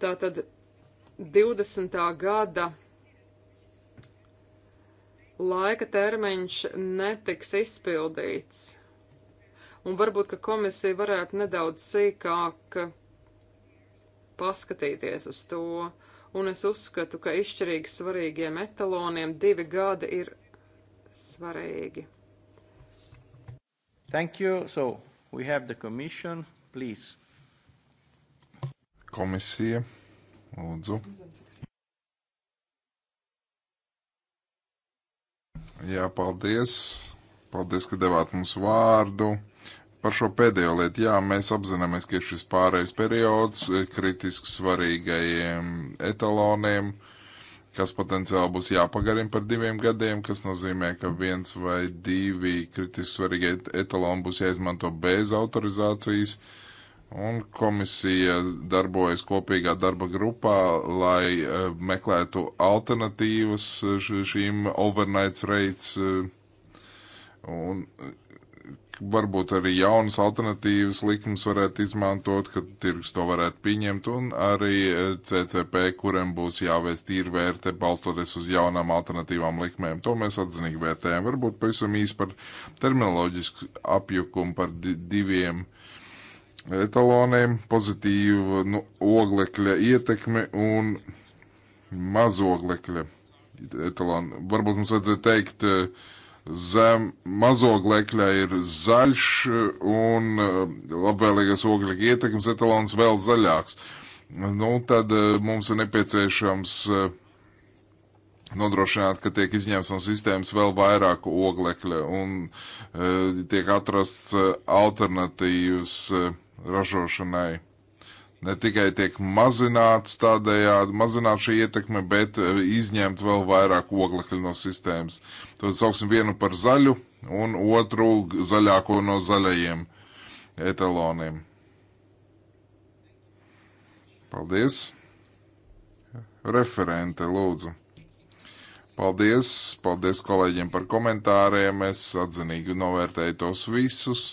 tā tad 20. gada laika termiņš netiks izpildīts. Un varbūt, ka komisija varētu nedaudz sīkāk paskatīties uz to. Un es uzskatu, ka izšķirīgi svarīgiem etaloniem divi gadi ir svarīgi. Thank you. So we have the commission, please. Komisija, lūdzu. Zinu. Jā, paldies. Paldies, ka devāt mums vārdu. Par šo pēdējo lietu, jā, mēs apzināmies, ka šis pārējais periods kritiski svarīgajiem etaloniem, kas potenciāli būs jāpagarina par diviem gadiem, kas nozīmē, ka viens vai divi kritiski svarīgi etaloni būs jāizmanto bez autorizācijas. Uh, Un komisija darbojas kopīgā darba grupā, lai e, meklētu alternatīvas e, šīm overnight rates e. un varbūt arī jaunas alternatīvas likums varētu izmantot, ka tirgus to varētu pieņemt, un arī CCP, kuriem būs jāvēst tīri vērte, balstoties uz jaunām alternatīvām likmēm. To mēs atzinīgi vērtējam. Varbūt pavisam īsi par terminoloģisku apjukumu par di diviem etaloniem, pozitīva nu, oglekļa ietekme un mazoglekļa etalonu. Varbūt mums vajadzētu teikt, eh, zem mazoglekļa ir zaļš eh, un eh, labvēlīgais oglekļa ietekmes etalons vēl zaļāks. Nu, tad mums ir nepieciešams nodrošināt, ka tiek izņemts no sistēmas vēl vairāk oglekļa un e, tiek atrasts alternatīvas e, ražošanai. Ne tikai tiek mazināts tādējādi, mazināt šī ietekme, bet eh, izņemt vēl vairāk oglekļu no sistēmas. Tad sauksim vienu par zaļu un otru zaļāko no zaļajiem etaloniem. Paldies! Referente, lūdzu! Paldies, paldies kolēģiem par komentāriem. Es atzinīgi novērtēju tos visus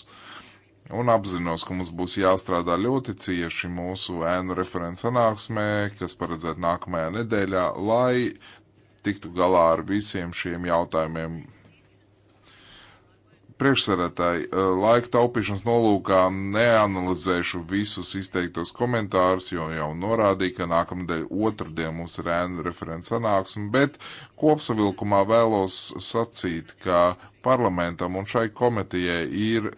un apzinos, ka mums būs jāstrādā ļoti cieši mūsu ēnu referents sanāksmē, kas paredzēt nākamajā nedēļā, lai tiktu galā ar visiem šiem jautājumiem. Priekšsarētāji, eh, laika taupīšanas nolūkā neanalizēšu visus izteiktos komentārus, jo jau norādīju, ka nākamnedēļ otrdien mums ir ēnu referents sanāksme, bet kopsavilkumā vēlos sacīt, ka parlamentam un šai komitejai ir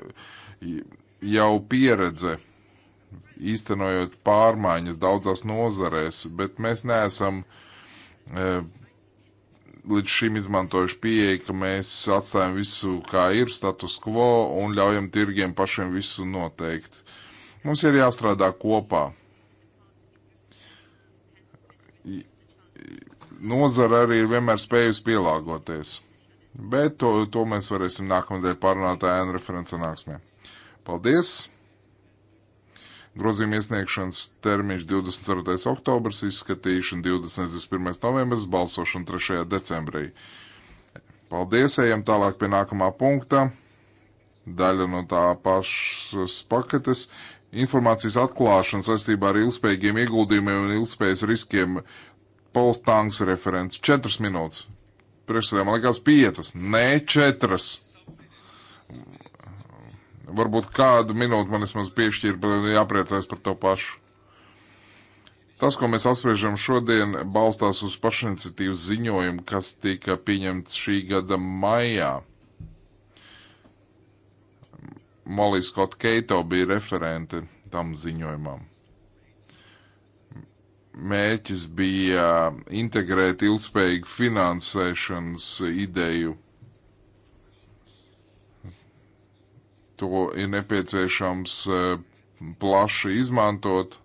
jau pieredze īstenojot pārmaiņas daudzās nozarēs, bet mēs neesam e, līdz šim izmantojuši pieeja, ka mēs atstājam visu kā ir, status quo, un ļaujam tirgiem pašiem visu noteikt. Mums ir jāstrādā kopā. Nozara arī ir vienmēr spējusi pielāgoties, bet to, to mēs varēsim nākamnedēļ pārunāt ēnu referents sanāksmē. Paldies! Grozījuma iesniegšanas termiņš 24. oktobrs, izskatīšana 21. novembris, balsošana 3. decembrī. Paldies, ejam tālāk pie nākamā punkta. Daļa no tā pašas paketes - informācijas atklāšana saistībā ar ilgspējīgiem ieguldījumiem un ilgspējas riskiem. Pols Tanks referents - 4 minūtes. Priekšsēdē, man liekas, 5, ne 4 Varbūt kādu minūti man vismaz piešķir, bet jāpriecājas par to pašu. Tas, ko mēs apspriežam šodien, balstās uz pašiniciatīvas ziņojumu, kas tika pieņemts šī gada maijā. Molija Skotta Keito bija referente tam ziņojumam. Mēķis bija integrēt ilgspējīgu finansēšanas ideju to ir nepieciešams e, plaši izmantot.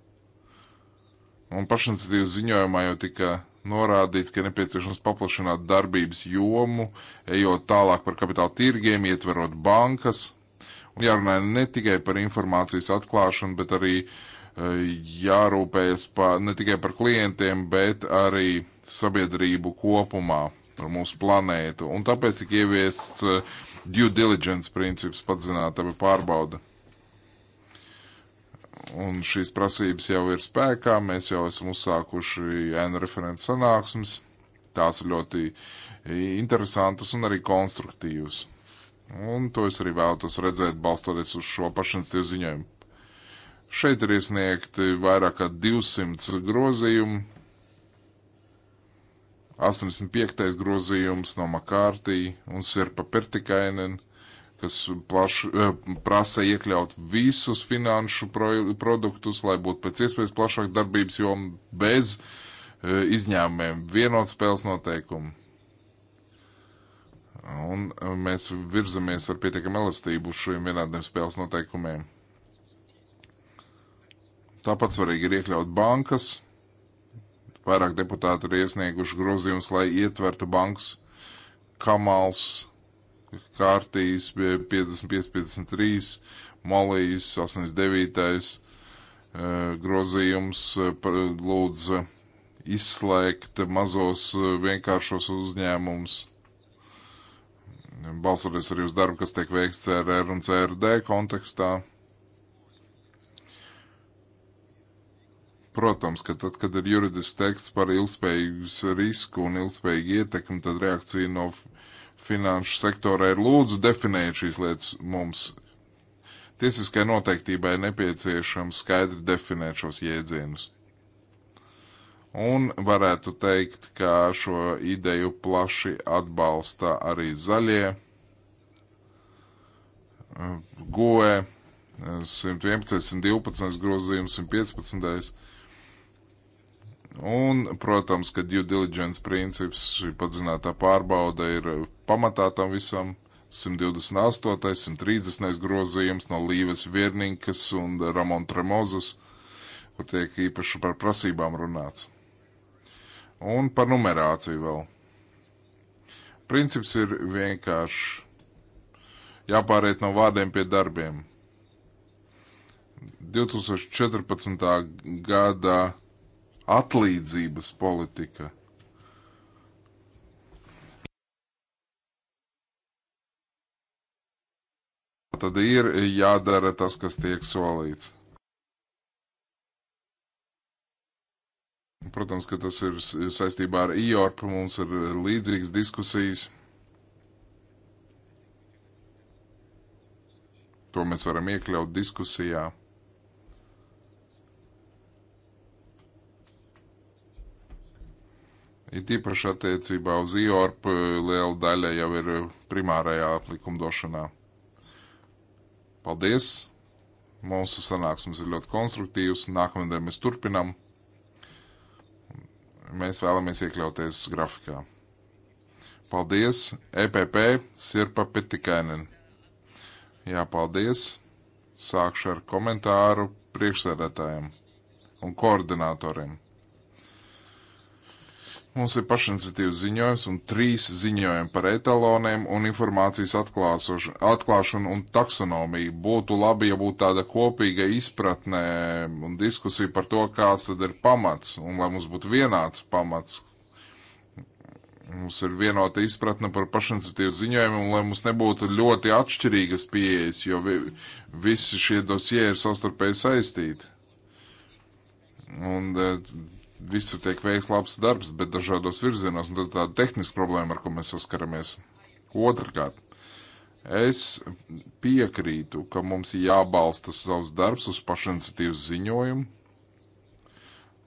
Un pašiniciatīvu ziņojumā jau tika norādīts, ka nepieciešams paplašināt darbības jomu, ejot tālāk par kapitāla tirgiem, ietverot bankas. Un jārunā ne tikai par informācijas atklāšanu, bet arī e, jārūpējas pa, ne tikai par klientiem, bet arī sabiedrību kopumā, par mūsu planētu. Un tāpēc tika ieviests uh, due diligence princips, padzināta pārbauda. Un šīs prasības jau ir spēkā, mēs jau esam uzsākuši N referents sanāksmes. Tās ir ļoti interesantas un arī konstruktīvas. Un to es arī vēlētos redzēt, balstoties uz šo pašinstīvu ziņojumu. Šeit ir iesniegti vairāk kā 200 grozījumu, 85. grozījums no Makārtī un Sirpa Pertikainen, kas plaš, eh, prasa iekļaut visus finanšu pro, produktus, lai būtu pēc iespējas plašāk darbības joma bez eh, izņēmumiem, vienot spēles noteikumu. Un eh, mēs virzamies ar pietiekam elastību uz šiem vienādiem spēles noteikumiem. Tāpat svarīgi ir iekļaut bankas, Vairāk deputāti ir iesnieguši grozījumus, lai ietvertu bankas Kamals kārtīs 55-53, Molijas 89. Eh, grozījums eh, lūdza izslēgt mazos eh, vienkāršos uzņēmumus. Balsoties arī uz darbu, kas tiek veikts CRR un CRD kontekstā. Protams, ka tad, kad ir juridisks teksts par ilgspējīgus risku un ilgspējīgu ietekmi, tad reakcija no finanšu sektora ir lūdzu definēt šīs lietas mums. Tiesiskai noteiktībai nepieciešams skaidri definēt šos jēdzienus. Un varētu teikt, ka šo ideju plaši atbalsta arī zaļie, eh, goe, 111, eh, 112 grozījums, 115 Un, protams, ka due diligence princips, šī padzinātā pārbauda ir pamatā tam visam. 128, 130 grozījums no Līves Vierninkas un Ramona Tremozas, kur tiek īpaši par prasībām runāts. Un par numerāciju vēl. Princips ir vienkārši jāpāriet no vārdiem pie darbiem. 2014. gada atlīdzības politika. Tad ir jādara tas, kas tiek solīts. Protams, ka tas ir saistībā ar IORP, mums ir līdzīgas diskusijas. To mēs varam iekļaut diskusijā. It īpaši attiecībā uz IORP eh, liela daļa jau ir eh, primārajā likumdošanā. Paldies! Mūsu sanāksmes ir ļoti konstruktīvas. Nākamnedēļ mēs turpinam. Mēs vēlamies iekļauties grafikā. Paldies! EPP Sirpa Petikainen. Jā, paldies! Sākšu ar komentāru priekšsēdētājiem un koordinatoriem. Mums ir pašiniciatīvas ziņojums un trīs ziņojumi par etaloniem un informācijas atklāšanu un taksonomiju. Būtu labi, ja būtu tāda kopīga izpratnē un diskusija par to, kāds tad ir pamats un lai mums būtu vienāds pamats. Mums ir vienota izpratne par pašiniciatīvas ziņojumiem un lai mums nebūtu ļoti atšķirīgas pieejas, jo vi visi šie dosie ir savstarpēji saistīti. Un, eh, visu tiek veikts labs darbs, bet dažādos virzienos, un tad tāda tehniska problēma, ar ko mēs saskaramies. Otrakārt, es piekrītu, ka mums jābalsta savs darbs uz pašiniciatīvas ziņojumu,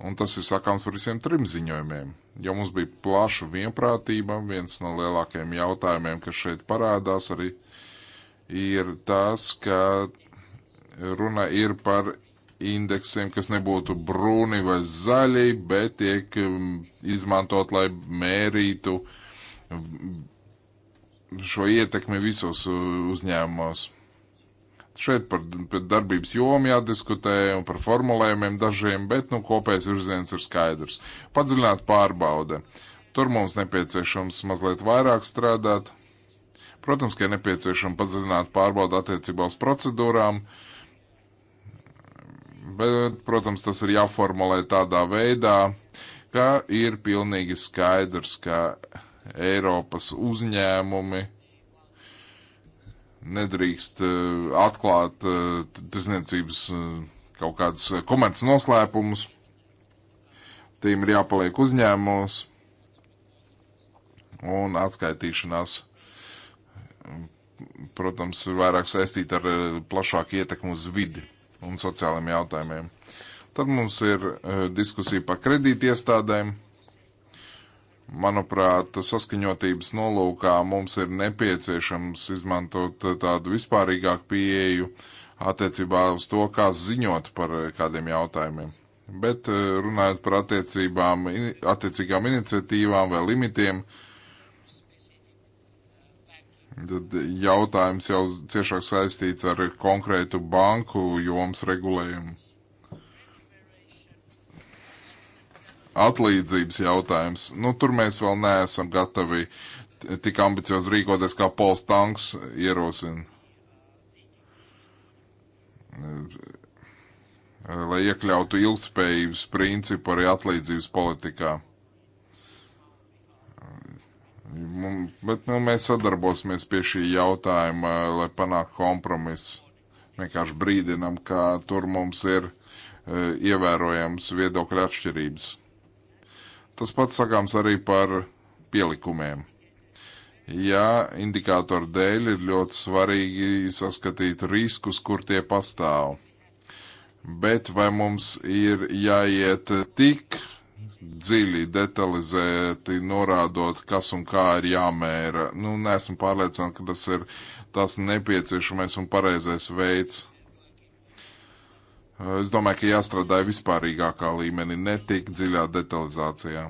un tas ir sakāms par visiem trim ziņojumiem, jo mums bija plaša vienprātība, viens no lielākajiem jautājumiem, kas šeit parādās arī, ir tas, ka runa ir par indeksiem, kas nebūtu brūni vai zaļi, bet tiek mm, izmantot, lai mērītu mm, šo ietekmi visos uh, uzņēmumos. Šeit par, par darbības jomu jādiskutē un par formulējumiem dažiem, bet nu, kopējais virziens ir skaidrs. Padziļināt pārbaude. Tur mums nepieciešams mazliet vairāk strādāt. Protams, ka ir nepieciešama padziļināta pārbauda attiecībā uz procedūrām. Uh, Bet, protams, tas ir jāformulē tādā veidā, ka ir pilnīgi skaidrs, ka Eiropas uzņēmumi nedrīkst eh, atklāt eh, tirzniecības eh, kaut kādas komerces noslēpumus. Tiem ir jāpaliek uzņēmumos un atskaitīšanās, protams, vairāk saistīta ar plašāku ietekmu uz vidi un sociāliem jautājumiem. Tad mums ir eh, diskusija par kredītiestādēm. Manuprāt, saskaņotības nolūkā mums ir nepieciešams izmantot eh, tādu vispārīgāku pieeju attiecībā uz to, kā ziņot par eh, kādiem jautājumiem. Bet runājot par attiecībām, attiecīgām iniciatīvām vai limitiem, uh, Tad jautājums jau ciešāk saistīts ar konkrētu banku jomas regulējumu. Atlīdzības jautājums. Nu, tur mēs vēl neesam gatavi tik ambiciozi rīkoties, kā Pols Tanks ierosina. Lai iekļautu ilgspējības principu arī atlīdzības politikā. Bet nu, mēs sadarbosimies pie šī jautājuma, lai panāktu kompromisu. Vienkārši brīdinam, ka tur mums ir e, ievērojams viedokļa atšķirības. Tas pats sakāms arī par pielikumiem. Ja indikātoru dēļ ir ļoti svarīgi saskatīt riskus, kur tie pastāv. Bet vai mums ir jāiet tik dziļi, detalizēti norādot, kas un kā ir jāmēra. Nu, nesmu pārliecināts, ka tas ir tas nepieciešamais un pareizais veids. Es domāju, ka jāstrādā vispārīgākā līmenī, ne tik dziļā detalizācijā.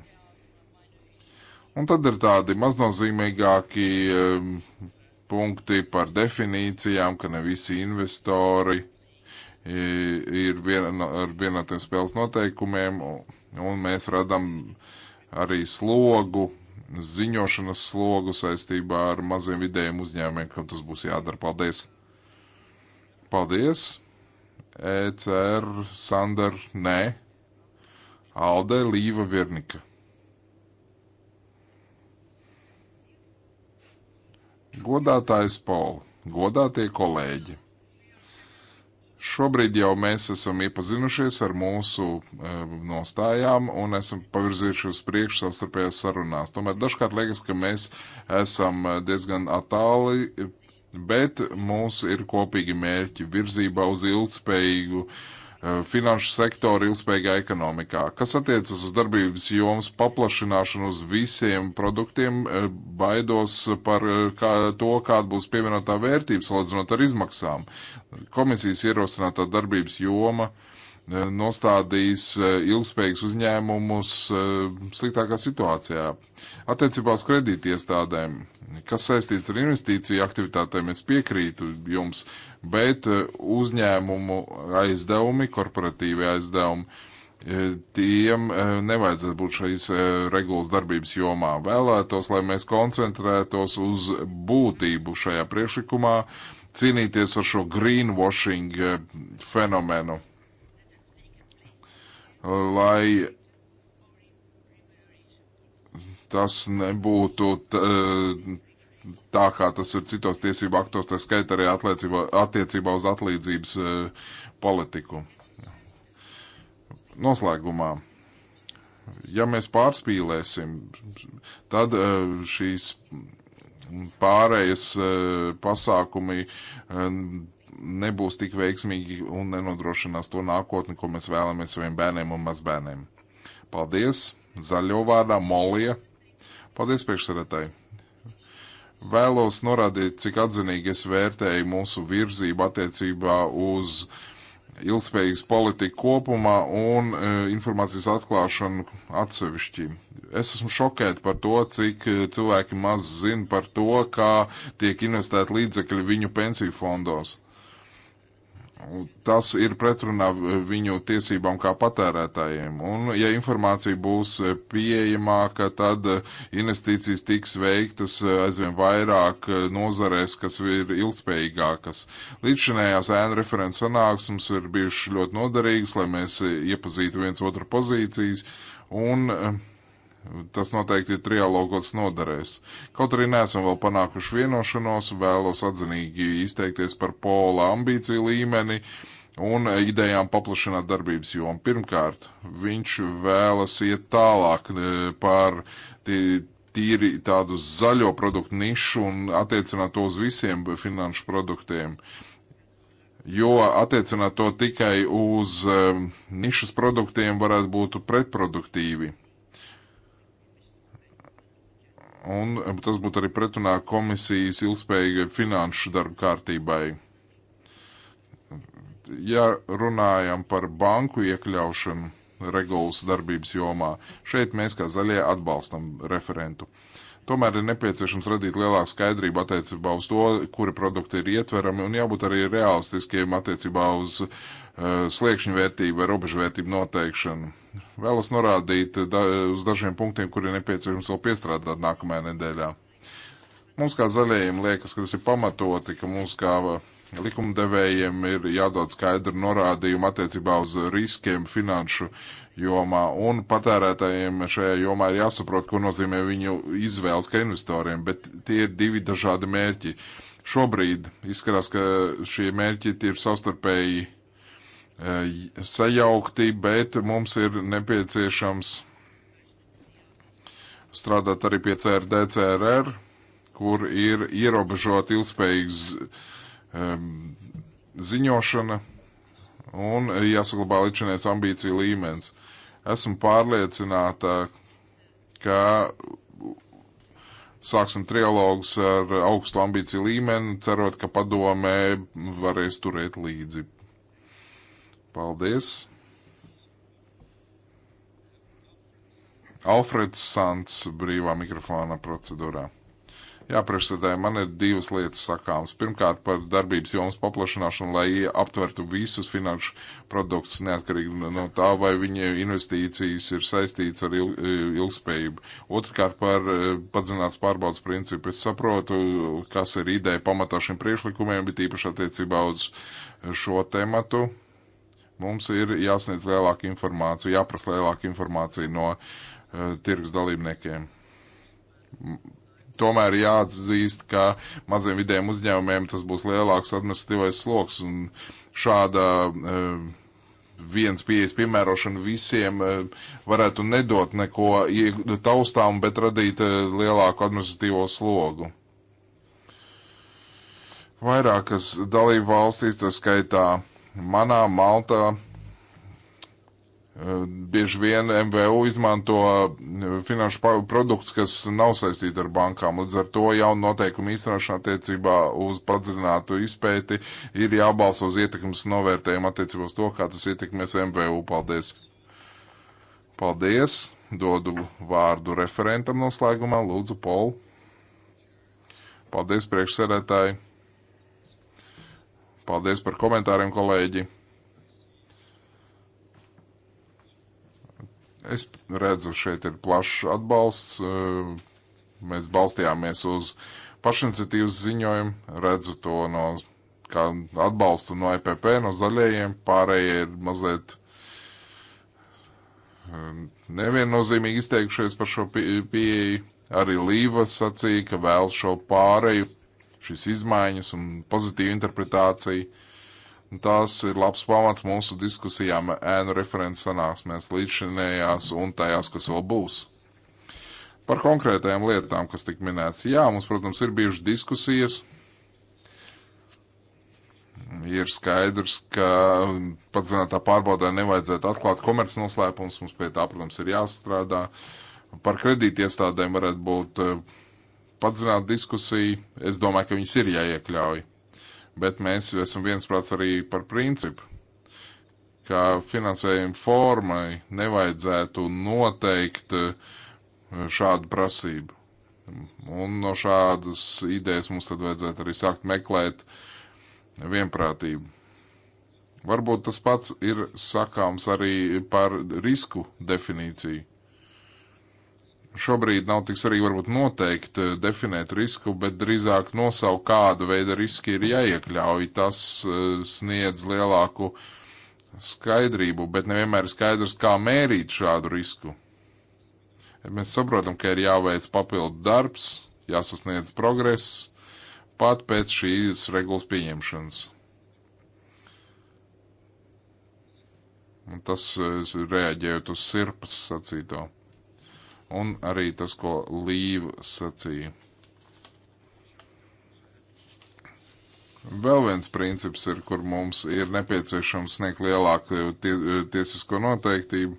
Un tad ir tādi maznozīmīgāki punkti par definīcijām, ka ne visi investori ir viena, ar vienotiem spēles noteikumiem, un mēs radam arī slogu, ziņošanas slogu saistībā ar maziem vidējiem uzņēmumiem, kam tas būs jādara. Paldies! Paldies! ECR, Sander, nē, Alde, Līva, Virnika. Godātājs Paul, godātie kolēģi! Šobrīd jau mēs esam iepazinušies ar mūsu e, nostājām un esam pavirzījuši uz priekšu savstarpējās sarunās. Tomēr dažkārt liekas, ka mēs esam e, diezgan attāli, bet mūs ir kopīgi mērķi virzībā uz ilgspējīgu uh, Eh, finanšu sektoru ilgspējīgā ekonomikā. Kas attiecas uz darbības jomas paplašināšanu uz visiem produktiem, eh, baidos par eh, kā, to, kāda būs pievienotā vērtība salīdzinot ar izmaksām. Komisijas ierosinātā darbības joma nostādīs ilgspējīgus uzņēmumus sliktākā situācijā. Attiecībā uz kredītiestādēm, kas saistīts ar investīciju aktivitātēm, es piekrītu jums bet eh, uzņēmumu aizdevumi, korporatīvi aizdevumi, eh, tiem eh, nevajadzētu būt šīs regulas darbības jomā. Vēlētos, lai mēs koncentrētos uz būtību šajā priekšlikumā, cīnīties ar šo greenwashing fenomenu, lai tas nebūtu tā kā tas ir citos tiesību aktos, tā skaita arī attiecībā uz atlīdzības e, politiku. Noslēgumā, ja mēs pārspīlēsim, tad e, šīs pārējas e, pasākumi nebūs tik veiksmīgi un nenodrošinās to nākotni, ko mēs vēlamies saviem bērniem un mazbērniem. Paldies! Zaļo vārdā Molija. Paldies priekšsarētāji! vēlos norādīt, cik atzinīgi es vērtēju mūsu virzību attiecībā uz ilgspējīgas politiku kopumā un e, informācijas atklāšanu atsevišķi. Es esmu šokēta par to, cik e, cilvēki maz zina par to, kā tiek investēti līdzekļi viņu pensiju fondos. Un tas ir pretrunā viņu tiesībām kā patērētājiem. Un, ja informācija būs pieejamāka, tad investīcijas tiks veiktas aizvien vairāk nozarēs, kas ir ilgspējīgākas. Līdzšinējās ēna referents sanāksmes ir bijušas ļoti noderīgas, lai mēs iepazītu viens otru pozīcijas. Un, uh, Tas noteikti trialogos noderēs. Kaut arī neesam vēl panākuši vienošanos, vēlos atzinīgi izteikties par pola ambīciju līmeni un idejām paplašināt darbības jomu. Pirmkārt, viņš vēlas iet tālāk e, par tīri tādu zaļo produktu nišu un attiecināt to uz visiem finanšu produktiem. Jo attiecināt to tikai uz e, nišas produktiem varētu būt pretproduktīvi un eh, tas būtu arī pretrunā komisijas ilgspējīgai finanšu darba kārtībai. Ja runājam par banku iekļaušanu regulas darbības jomā, šeit mēs kā zaļie atbalstam referentu. Tomēr ir nepieciešams radīt lielāku skaidrību attiecībā uz to, kuri produkti ir ietverami, un jābūt arī realistiskiem attiecībā uz uh, Eh, sliekšņu vērtību vai robežvērtību noteikšanu. Vēlos norādīt eh, da, uz dažiem punktiem, kuriem nepieciešams vēl piestrādāt nākamajā nedēļā. Mums kā zaļajiem liekas, ka tas ir pamatoti, ka mums kā likumdevējiem ir jādod skaidru norādījumu attiecībā uz riskiem finanšu jomā, un patērētājiem šajā jomā ir jāsaprot, ko nozīmē viņu izvēles kā investoriem, bet tie ir divi dažādi mērķi. Šobrīd izskatās, ka šie mērķi ir savstarpēji Eh, sajaukti, bet mums ir nepieciešams strādāt arī pie CRD, CRR, kur ir ierobežota ilgspējīgas um, ziņošana un jāsaglabā līdzinies ambīcija līmenis. Esmu pārliecināta, ka sāksim trialogus ar augstu ambīciju līmeni, cerot, ka padomē varēs turēt līdzi Paldies! Alfreds Sants brīvā mikrofona procedūrā. Jā, priekšsēdētāji, man ir divas lietas sakāmas. Pirmkārt, par darbības jomas paplašināšanu, lai aptvertu visus finanšu produktus, neatkarīgi no tā, vai viņa investīcijas ir saistīts ar ilg e, ilgspējību. Otrkārt, par e, padzināts pārbaudas principu. Es saprotu, kas ir ideja pamatā šiem priešlikumiem, bet īpaši attiecībā uz šo tematu. Mums ir jāsniedz lielāka informācija, jāprasa lielāka informācija no uh, tirgus dalībniekiem. Tomēr jāatzīst, ka maziem vidējiem uzņēmumiem tas būs lielāks administratīvais sloks un šāda uh, viens pieejas piemērošana visiem eh, varētu nedot neko taustām, bet radīt lielāku administratīvo slogu. Vairākas dalību valstīs, tā skaitā Manā Maltā eh, bieži vien MVU izmanto eh, finanšu produktus, kas nav saistīti ar bankām. Līdz ar to jaunu noteikumu īstenošanā attiecībā uz padziļinātu izpēti ir jābalso uz ietekmes novērtējumu attiecībā uz to, kā tas ietekmēs MVU. Paldies! Paldies! Dodu vārdu referentam noslēgumā. Lūdzu, Pol! Paldies, priekšsēdētāji! Paldies par komentāriem, kolēģi. Es redzu, šeit ir plašs atbalsts. Mēs balstījāmies uz pašiniciatīvas ziņojumu. Redzu to no kā atbalstu no EPP, no zaļajiem. Pārējie ir mazliet neviennozīmīgi izteikušies par šo pieeju. Arī Līva sacīja, ka vēl šo pāreju šīs izmaiņas un pozitīva interpretācija. Un tās ir labs pamats mūsu diskusijām ēnu referents sanāksmēs līdzinējās un tajās, kas vēl būs. Par konkrētajām lietām, kas tik minēts. Jā, mums, protams, ir bijušas diskusijas. Ir skaidrs, ka padzinātā pārbaudē nevajadzētu atklāt komercnoslēpums, mums pie tā, protams, ir jāstrādā. Par kredītiestādēm varētu būt uh, padzināt diskusiju. Es domāju, ka viņas ir jāiekļauj. Bet mēs esam viensprāts arī par principu, ka finansējuma formai nevajadzētu noteikt eh, šādu prasību. Un no šādas idejas mums tad vajadzētu arī sākt meklēt vienprātību. Varbūt tas pats ir sakāms arī par risku definīciju šobrīd nav tik svarīgi varbūt noteikti eh, definēt risku, bet drīzāk nosaukt, kāda veida riski ir jāiekļauj. Tas eh, sniedz lielāku skaidrību, bet nevienmēr ir skaidrs, kā mērīt šādu risku. Mēs saprotam, ka ir jāveic papildu darbs, jāsasniedz progress pat pēc šīs regulas pieņemšanas. Un tas eh, reaģējot uz sirpas sacīto un arī tas, ko Līva sacīja. Vēl viens princips ir, kur mums ir nepieciešams sniegt lielāku tie, tiesisko noteiktību.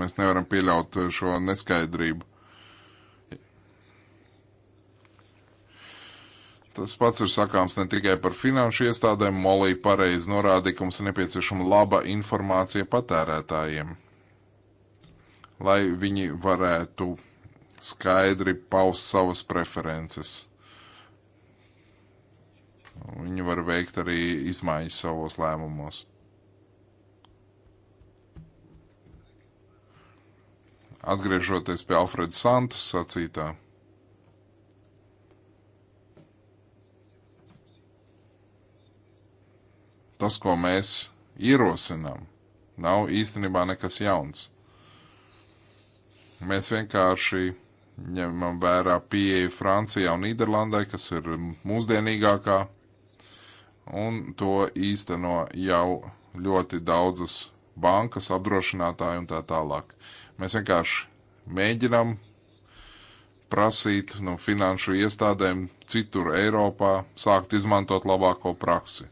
Mēs nevaram pieļaut šo neskaidrību. Tas pats ir sakāms ne tikai par finanšu iestādēm, Molī pareizi norādīja, ka mums ir nepieciešama laba informācija patērētājiem lai viņi varētu skaidri paust savas preferences. Viņi var veikt arī izmaiņas savos lēmumos. Atgriežoties pie Alfreda Santu sacītā, tas, ko mēs ierosinām, nav īstenībā nekas jauns. Mēs vienkārši ņemam vērā pieeju Francijā un Nīderlandē, kas ir mūsdienīgākā, un to īsteno jau ļoti daudzas bankas, apdrošinātāji un tā tālāk. Mēs vienkārši mēģinam prasīt no finanšu iestādēm citur Eiropā sākt izmantot labāko praksi.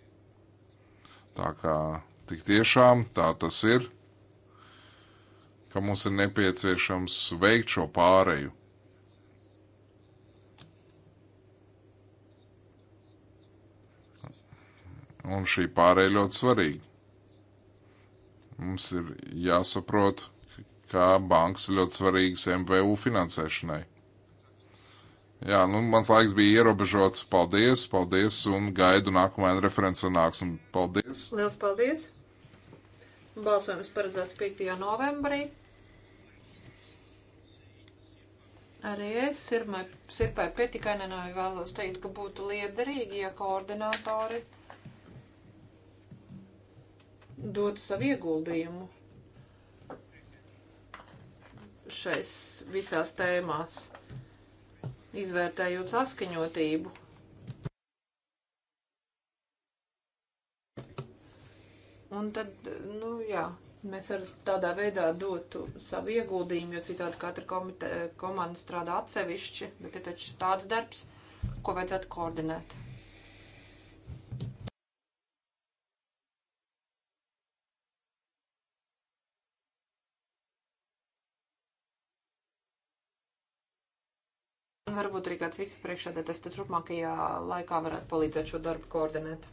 Tā kā tik tiešām tā tas ir ka mums ir nepieciešams veikt šo pāreju. Un šī pārēja ļoti svarīga. Mums ir jāsaprot, kā bankas ir ļoti svarīgas MVU finansēšanai. Jā, nu, mans laiks bija ierobežots. Paldies, paldies, un gaidu nākamajā referents sanāksim. Paldies! Liels paldies! Balsojums paredzēts 5. novembrī. Arī es sirmai, sirpai pietikainenai vēlos teikt, ka būtu liederīgi, ja koordinātori dod savu ieguldījumu šais visās tēmās, izvērtējot saskaņotību Un tad, nu jā, mēs ar tādā veidā dotu savu ieguldījumu, jo citādi katra komite, komanda strādā atsevišķi, bet ir taču tāds darbs, ko vajadzētu koordinēt. Varbūt arī kāds vicepriekšādētājs tad turpmākajā laikā varētu palīdzēt šo darbu koordinēt.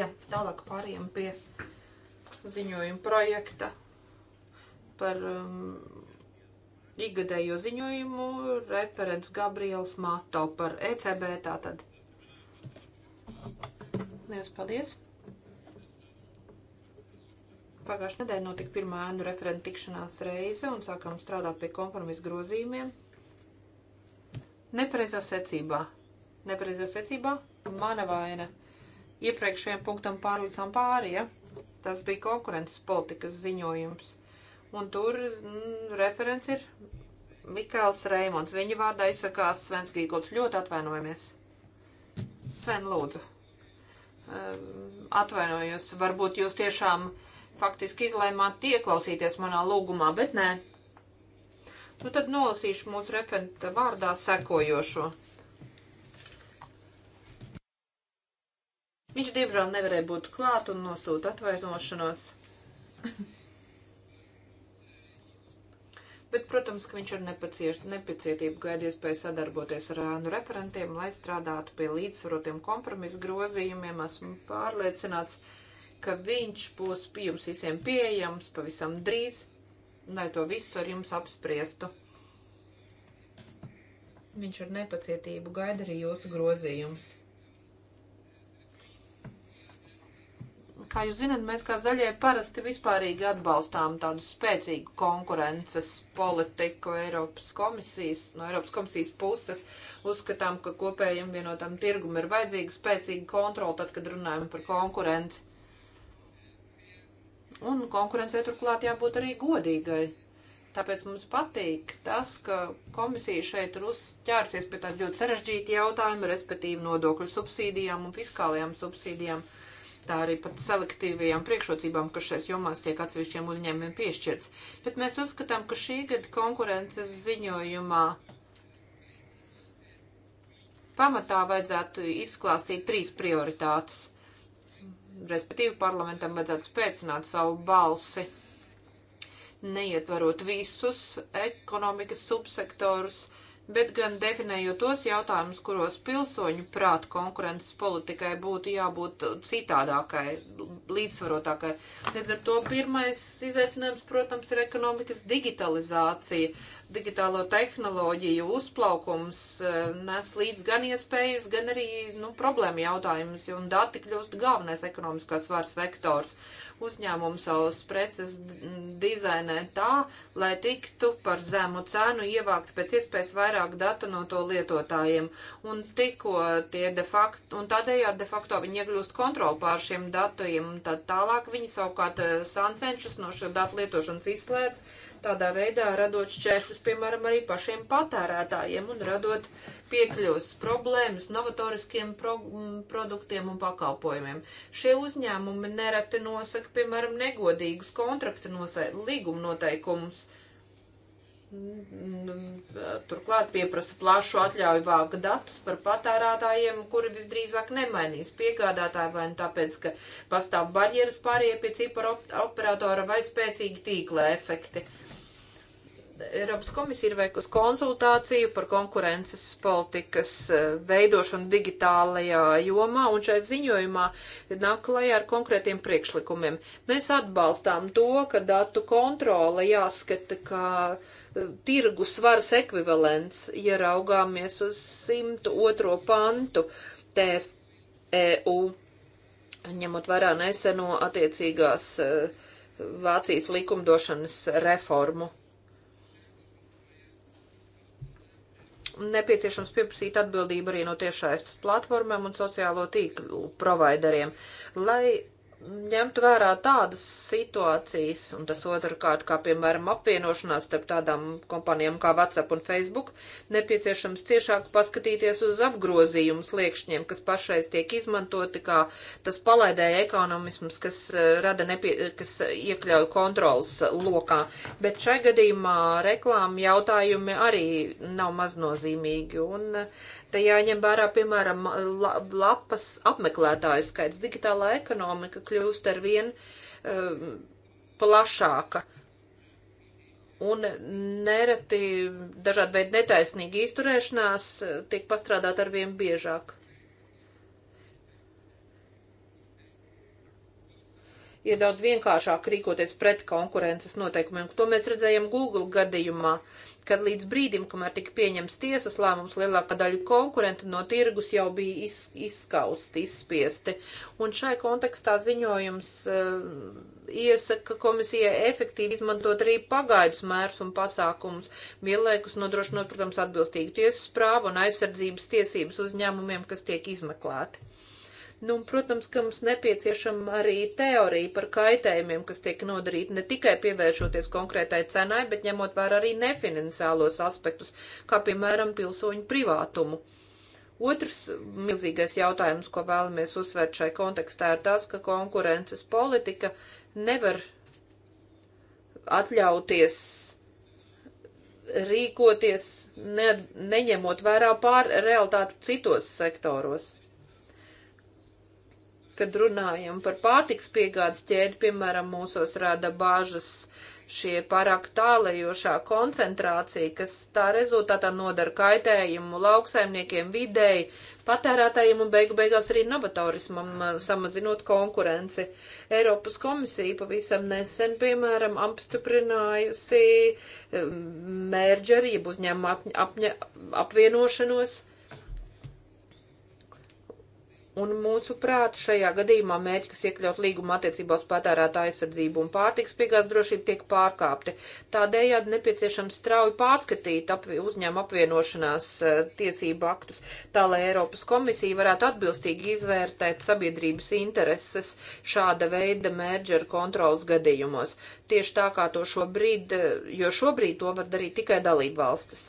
Jā, tālāk pārējām pie ziņojuma projekta par um, ikgadējo ziņojumu referents Gabriels Mato par ECB tātad. Lielas paldies! Pagājušajā nedēļā notika pirmā ēnu referenta tikšanās reize un sākām strādāt pie kompromisa grozījumiem. Nepareizā secībā. Nepareizā secībā mana vaina. Iepriekšējiem punktam pārlicām pāri, ja? Tas bija konkurences politikas ziņojums. Un tur mm, referents ir Mikls Reimons. Viņa vārdā izsakās Svens Gīglots. Ļoti atvainojamies. Sven, lūdzu. Um, atvainojos. Varbūt jūs tiešām faktiski izlēmāt ieklausīties manā lūgumā, bet nē. Nu tad nolasīšu mūsu referenta vārdā sekojošo. Viņš, diemžēl, nevarēja būt klāt un nosūta atvainošanos. Bet, protams, ka viņš ar nepacietību gaida iespēju sadarboties ar ēnu referentiem, lai strādātu pie līdzsvarotiem kompromisu grozījumiem. Esmu pārliecināts, ka viņš būs pie jums visiem pieejams pavisam drīz, lai to visu ar jums apspriestu. Viņš ar nepacietību gaida arī jūsu grozījumus. Kā jūs zināt, mēs kā zaļie parasti vispārīgi atbalstām tādu spēcīgu konkurences politiku Eiropas komisijas, no Eiropas komisijas puses. Uzskatām, ka kopējiem vienotam tirgum ir vajadzīga spēcīga kontrola, tad, kad runājam par konkurenci. Un konkurencei turklāt jābūt arī godīgai. Tāpēc mums patīk tas, ka komisija šeit ir uzķērsies pie tāda ļoti sarežģīta jautājuma, respektīvi nodokļu subsīdijām un fiskālajām subsīdijām. Uh, kontekstā arī pat selektīvajām priekšrocībām, kas šais jomās tiek atsevišķiem uzņēmumiem piešķirts. Bet mēs uzskatām, ka šī gada konkurences ziņojumā pamatā vajadzētu izklāstīt trīs prioritātes. Respektīvi, parlamentam vajadzētu spēcināt savu balsi, neietvarot visus ekonomikas subsektorus, uh, bet gan definējot tos jautājumus, kuros pilsoņu prāt konkurences politikai būtu jābūt citādākai, līdzsvarotākai. Līdz ar to pirmais izaicinājums, protams, ir ekonomikas digitalizācija, digitālo tehnoloģiju uzplaukums eh, nes līdz gan iespējas, gan arī nu, problēma jautājumus, un dati kļūst galvenais ekonomiskās svars vektors uzņēmumu savus preces dizainē tā, lai tiktu par zemu cenu ievākt pēc iespējas vairāk datu no to lietotājiem. Un tikko tie de facto, un tādējādi de facto viņi iegļūst kontroli pār šiem datiem, un tad tālāk viņi savukārt eh, sancenšus no šo datu lietošanas izslēdz tādā veidā radot šķēršļus, piemēram, arī pašiem patērētājiem un radot piekļuvas problēmas novatoriskiem pro produktiem un pakalpojumiem. Šie uzņēmumi nereti nosaka, piemēram, negodīgus kontraktu līguma noteikumus. Turklāt pieprasa plašu atļauju vāka datus par patērētājiem, kuri visdrīzāk nemainīs piegādātāju vai nu tāpēc, ka pastāv barjeras pārējie pie cipara operatora vai spēcīgi tīkla efekti. Uh, Eiropas komisija ir veikusi konsultāciju par konkurences politikas eh, veidošanu digitālajā jomā, un šeit ziņojumā nāk klajā ar konkrētiem priekšlikumiem. Mēs atbalstām to, ka datu kontrole jāskata kā eh, tirgus varas ekvivalents, ja raugāmies uz 102. pantu TFEU, ņemot vērā neseno attiecīgās eh, Vācijas likumdošanas reformu. nepieciešams pieprasīt atbildību arī no tiešaistas platformām un sociālo tīklu provideriem, lai ņemtu vērā tādas situācijas, un tas otrkārt, kā piemēram apvienošanās starp tādām kompānijām kā WhatsApp un Facebook, nepieciešams ciešāk paskatīties uz apgrozījumu sliekšņiem, kas pašreiz tiek izmantoti kā tas palaidēja ekonomisms, kas, eh, rada nepie, kas iekļauj kontrolas lokā. Bet šai gadījumā reklāma jautājumi arī nav maznozīmīgi, un eh, Te jāņem vērā, piemēram, lapas apmeklētāju skaits. Digitālā ekonomika kļūst ar vien um, plašāka. Un nereti dažādi veidi netaisnīgi izturēšanās uh, tiek pastrādāt ar vien biežāk. ir daudz vienkāršāk rīkoties pret konkurences noteikumiem. To mēs redzējām Google gadījumā, kad līdz brīdim, kamēr tika pieņems tiesas lēmums, lielākā daļa konkurentu no tirgus jau bija iz, izskausti, izspiesti. Un šai kontekstā ziņojums uh, iesaka komisijai efektīvi izmantot arī pagaidus mērus un pasākumus, vienlaikus nodrošinot, protams, atbilstīgu tiesas prāvu un aizsardzības tiesības uzņēmumiem, kas tiek izmeklēti. Nu, un, protams, ka mums nepieciešama arī teorija par kaitējumiem, kas tiek nodarīti ne tikai pievēršoties konkrētai cenai, bet ņemot vērā arī nefinanciālos aspektus, kā piemēram pilsoņu privātumu. Otrs milzīgais jautājums, ko vēlamies uzsvērt šai kontekstā, ir tas, ka konkurences politika nevar atļauties rīkoties, ne, neņemot vērā pār realitātu citos sektoros kad runājam par pārtiks piegādes ķēdi, piemēram, mūsos rada bāžas šie pārāk tālajošā koncentrācija, kas tā rezultātā nodara kaitējumu lauksaimniekiem vidēji, patērētājiem un beigu beigās arī novatorismam, eh, samazinot konkurenci. Eiropas komisija pavisam nesen, piemēram, apstiprinājusi eh, mērģerību uzņēmumu apvienošanos Un mūsu prāt šajā gadījumā mērķi, kas iekļaut līguma attiecībā uz patērētā aizsardzību un pārtiks piegādes drošību, tiek pārkāpti. Tādējādi nepieciešams strauji pārskatīt apvi, uzņēmu apvienošanās uh, tiesību aktus, tā lai Eiropas komisija varētu atbilstīgi izvērtēt sabiedrības intereses šāda veida mērģeru kontrolas gadījumos. Tieši tā kā to šobrīd, eh, jo šobrīd to var darīt tikai dalību valstis.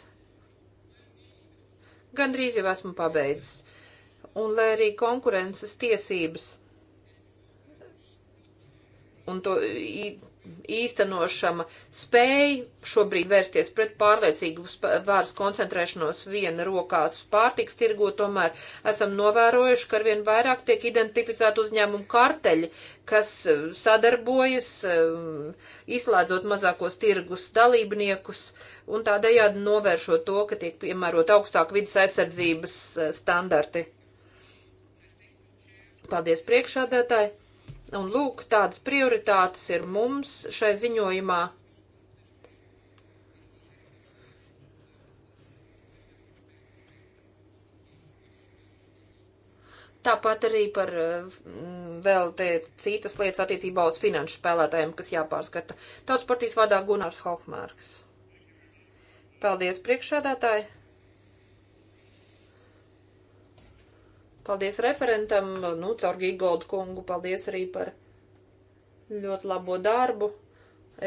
Gan drīz jau esmu pabeidzis un lai arī konkurences tiesības un to īstenošama spēja šobrīd vērsties pret pārliecīgu vāras koncentrēšanos viena rokās uz pārtiks tirgu, tomēr esam novērojuši, ka arvien vairāk tiek identificēti uzņēmumu karteļi, kas e, sadarbojas, e, izslēdzot mazākos tirgus dalībniekus un tādējādi novēršot to, ka tiek piemērot augstāk vidas aizsardzības e, standarti. Paldies priekšādētāji. Un lūk, tādas prioritātes ir mums šai ziņojumā. Tāpat arī par mm, vēl te citas lietas attiecībā uz finanšu spēlētājiem, kas jāpārskata. Tautas partijas vārdā Gunārs Hofmārks. Paldies priekšādātāji! Paldies referentam, nu, caur Gigoldu kungu, paldies arī par ļoti labo darbu.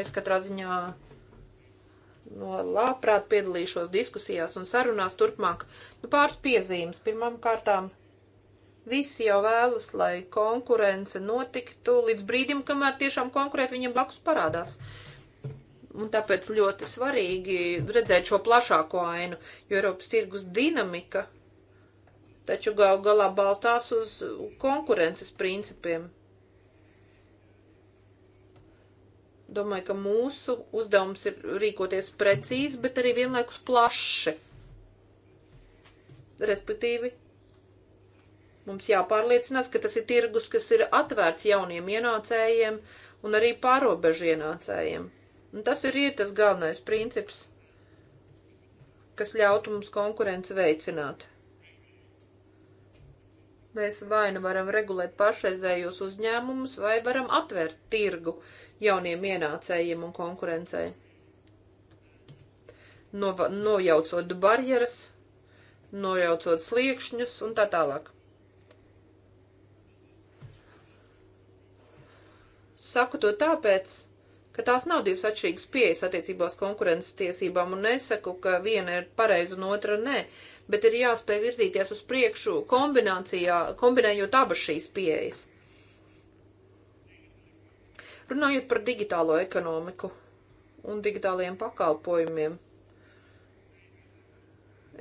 Es katrā ziņā no labprāt piedalīšos diskusijās un sarunās turpmāk. Nu, pāris piezīmes. Pirmām kārtām visi jau vēlas, lai konkurence notiktu līdz brīdim, kamēr tiešām konkurēt viņiem blakus parādās. Un tāpēc ļoti svarīgi redzēt šo plašāko ainu, jo Eiropas tirgus dinamika taču gal galā balstās uz konkurences principiem. Domāju, ka mūsu uzdevums ir rīkoties precīzi, bet arī vienlaikus plaši. Respektīvi, mums jāpārliecinās, ka tas ir tirgus, kas ir atvērts jauniem ienācējiem un arī pārobežu ienācējiem. Un tas ir, ir tas galvenais princips, kas ļautu mums konkurence veicināt. Mēs vai nu varam regulēt pašreizējos uzņēmumus, vai varam atvērt tirgu jauniem ienācējiem un konkurencei. No, nojaucot barjeras, nojaucot sliekšņus un tā tālāk. Saku to tāpēc, ka tās nav divas atšķirīgas pieejas attiecībās konkurences tiesībām, un nesaku, ka viena ir pareiza un otra nē bet ir jāspēj virzīties uz priekšu kombinācijā, kombinējot abas šīs pieejas. Runājot par digitālo ekonomiku un digitālajiem pakalpojumiem,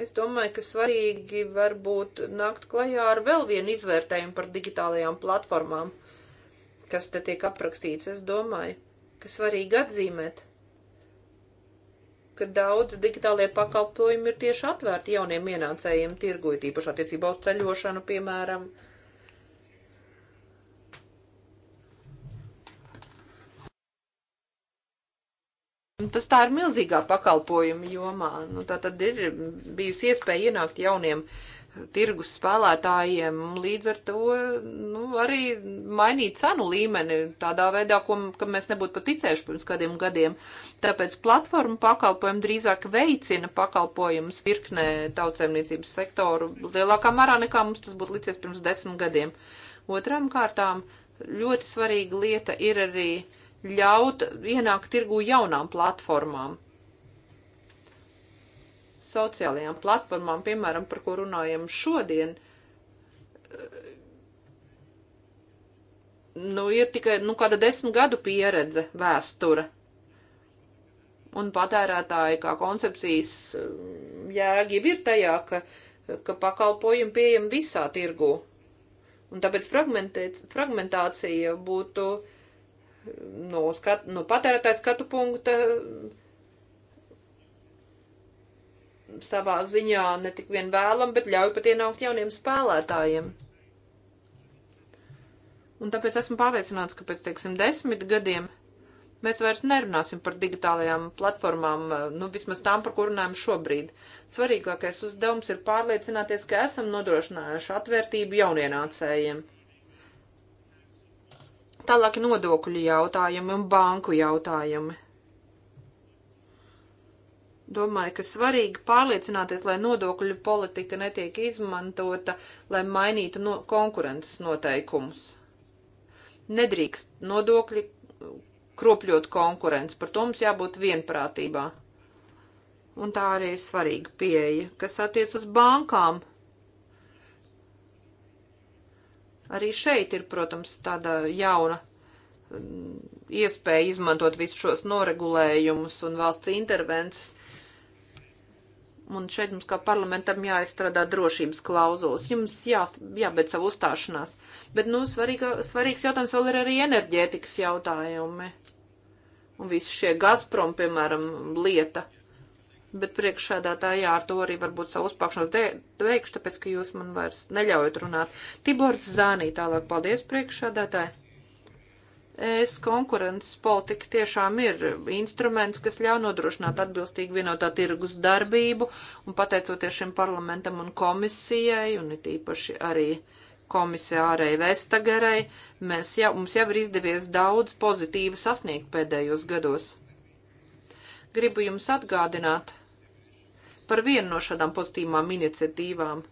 es domāju, ka svarīgi varbūt nākt klajā ar vēl vienu izvērtējumu par digitālajām platformām, kas te tiek aprakstīts. Es domāju, ka svarīgi atzīmēt ka daudz digitālie pakalpojumi ir tieši atvērti jauniem ienācējiem tirgu, it īpaši attiecībā uz ceļošanu, piemēram. Tas tā ir milzīgā pakalpojuma jomā. Nu, tā tad ir bijusi iespēja ienākt jauniem ienācējiem tirgus spēlētājiem, līdz ar to nu, arī mainīt cenu līmeni tādā veidā, ko, ko mēs nebūtu paticējuši pirms kādiem gadiem. Tāpēc platforma pakalpojumi drīzāk veicina pakalpojumus virknē tautsēmniecības sektoru lielākā mērā nekā mums tas būtu licies pirms desmit gadiem. Otram kārtām ļoti svarīga lieta ir arī ļaut ienākt tirgu jaunām platformām sociālajām platformām, piemēram, par ko runājam šodien, nu, ir tikai nu, kāda desmit gadu pieredze, vēsture. Un patērētāji kā koncepcijas mm, jēga ir tajā, ka, ka pakalpojumi pieejami visā tirgu. Un tāpēc fragmentācija būtu mm, no, skat, no patērētāja skatu punkta savā ziņā ne tik vien vēlam, bet ļauj pat ienākt jauniem spēlētājiem. Un tāpēc esmu pārliecināts, ka pēc, teiksim, desmit gadiem mēs vairs nerunāsim par digitālajām platformām, nu vismaz tām, par kur runājam šobrīd. Svarīgākais uzdevums ir pārliecināties, ka esam nodrošinājuši atvērtību jaunienācējiem. Tālāk nodokļu jautājumi un banku jautājumi. Domāju, ka svarīgi pārliecināties, lai nodokļu politika netiek izmantota, lai mainītu no konkurences noteikumus. Nedrīkst nodokļi kropļot konkurences, par to mums jābūt vienprātībā. Un tā arī ir svarīga pieeja, kas attiec uz bankām. Arī šeit ir, protams, tāda jauna mm, iespēja izmantot visus šos noregulējumus un valsts intervences Un šeit mums kā parlamentam jāizstrādā drošības klauzulas. Jums jā, jābeidz savu uzstāšanās. Bet, nu, svarīga, svarīgs jautājums vēl ir arī enerģētikas jautājumi. Un visi šie Gazprom, piemēram, lieta. Bet priekšādātāji ar to arī varbūt savu uzpākšanos veikšu, tāpēc, ka jūs man vairs neļaujat runāt. Tibors Zānī tālāk. Paldies, priekšādātāji! Es konkurences politika tiešām ir instruments, kas ļauj nodrošināt atbilstīgu vienotā tirgus darbību, un pateicoties šim parlamentam un komisijai, un it īpaši arī komisārei Vestagerei, mēs jau, mums jau ir izdevies daudz pozitīvu sasniegt pēdējos gados. Gribu jums atgādināt par vienu no šādām pozitīvām iniciatīvām